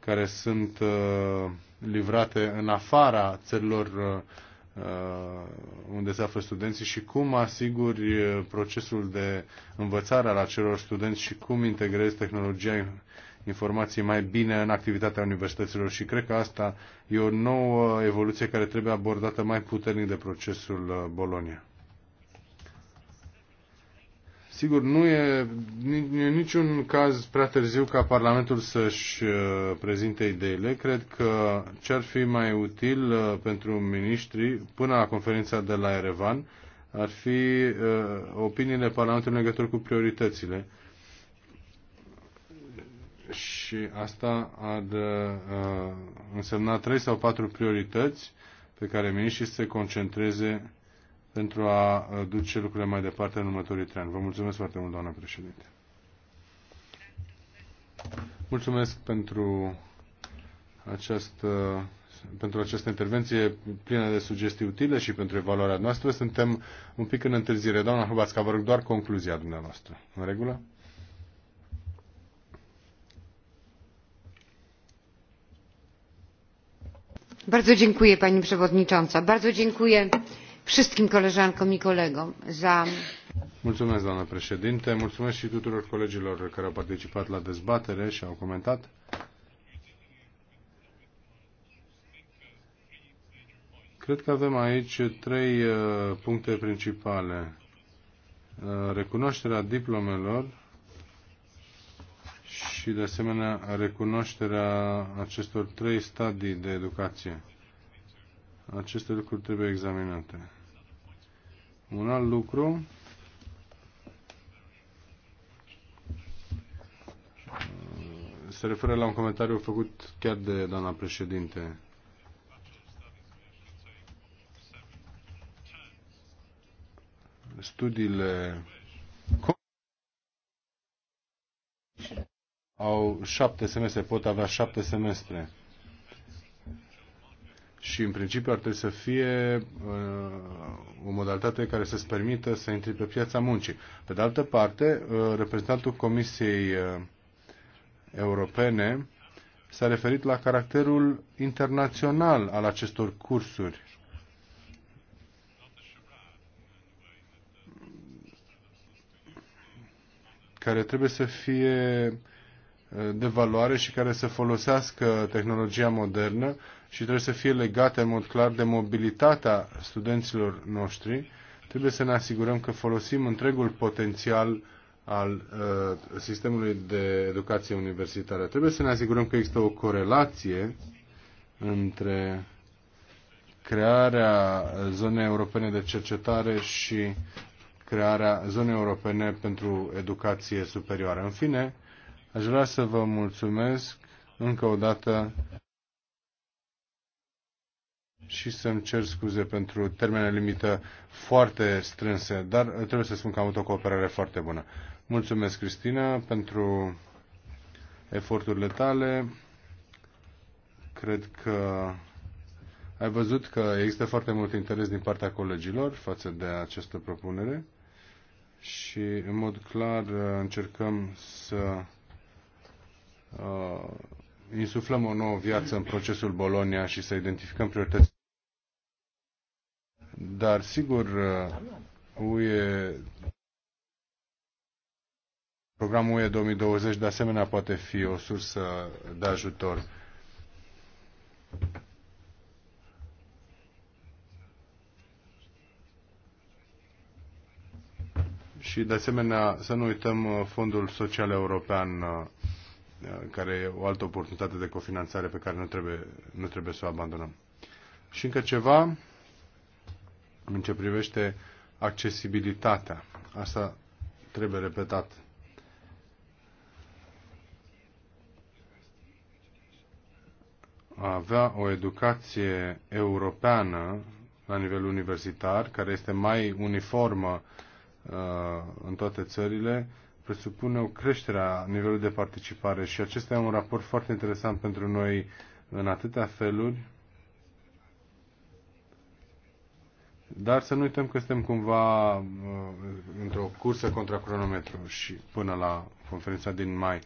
care sunt uh, livrate în afara țărilor uh, uh unde se află studenții și cum asiguri uh, procesul de învățare al acelor studenți și cum integrezi tehnologia informații mai bine în activitatea universităților și cred că asta e o nouă evoluție care trebuie abordată mai puternic de procesul uh, Bolonia. Sigur, nu e, e niciun caz prea târziu ca Parlamentul să-și uh, prezinte ideile. Cred că ce-ar fi mai util uh, pentru miniștri până la conferința de la Erevan ar fi opiniile Parlamentului în legătură cu prioritățile și asta ar uh, însemna trei sau patru priorități pe care miniștrii se concentreze pentru a uh, duce lucrurile mai departe în următorii trei ani. Vă mulțumesc foarte mult, doamna președinte. Mulțumesc pentru această, pentru această intervenție plină de sugestii utile și pentru evaluarea noastră. Suntem un pic în întârziere. Doamna Hăbațca, vă rog doar concluzia dumneavoastră. În regulă? pani przewodnicząca. Bardzo dziękuję wszystkim koleżankom i kolegom za Mulțumesc, doamnă președinte. Mulțumesc și tuturor colegilor care au participat la dezbatere și au comentat. Cred că avem aici trei uh, puncte principale. Uh, recunoașterea diplomelor, și, de asemenea, recunoașterea acestor trei stadii de educație. Aceste lucruri trebuie examinate. Un alt lucru se referă la un comentariu făcut chiar de doamna președinte. Studiile au șapte semestre, pot avea șapte semestre. Și în principiu ar trebui să fie uh, o modalitate care să-ți permită să intri pe piața muncii. Pe de altă parte, uh, reprezentantul Comisiei uh, Europene s-a referit la caracterul internațional al acestor cursuri. care trebuie să fie de valoare și care să folosească tehnologia modernă și trebuie să fie legate în mod clar de mobilitatea studenților noștri. Trebuie să ne asigurăm că folosim întregul potențial al uh, sistemului de educație universitară. Trebuie să ne asigurăm că există o corelație între crearea zonei europene de cercetare și crearea zonei europene pentru educație superioară. În fine, Aș vrea să vă mulțumesc încă o dată și să-mi cer scuze pentru termene limită foarte strânse, dar trebuie să spun că am avut o cooperare foarte bună. Mulțumesc, Cristina, pentru eforturile tale. Cred că ai văzut că există foarte mult interes din partea colegilor față de această propunere și, în mod clar, încercăm să uh, insuflăm o nouă viață în procesul Bolonia și să identificăm priorități. Dar, sigur, uh, UE, programul UE 2020 de asemenea poate fi o sursă de ajutor. Și, de asemenea, să nu uităm uh, Fondul Social European uh, care e o altă oportunitate de cofinanțare pe care nu trebuie, nu trebuie să o abandonăm. Și încă ceva în ce privește accesibilitatea. Asta trebuie repetat. A avea o educație europeană la nivel universitar, care este mai uniformă uh, în toate țările, uh, presupune o creștere a nivelului de participare și acesta e un raport foarte interesant pentru noi în atâtea feluri. Dar să nu uităm că suntem cumva uh, într-o cursă contra cronometru și până la conferința din mai.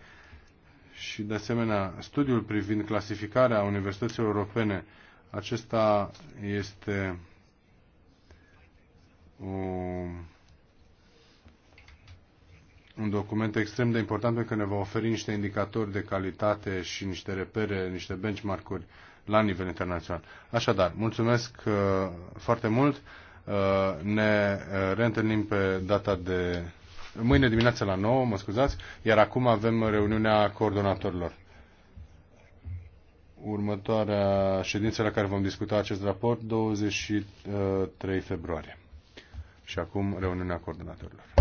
Și de asemenea, studiul privind clasificarea universităților europene, acesta este o un document extrem de important pentru că ne va oferi niște indicatori de calitate și niște repere, niște benchmark-uri la nivel internațional. Așadar, mulțumesc uh, foarte mult. Uh, ne uh, reîntâlnim pe data de mâine dimineața la 9, mă scuzați, iar acum avem reuniunea coordonatorilor. Următoarea ședință la care vom discuta acest raport, 23 februarie. Și acum reuniunea coordonatorilor.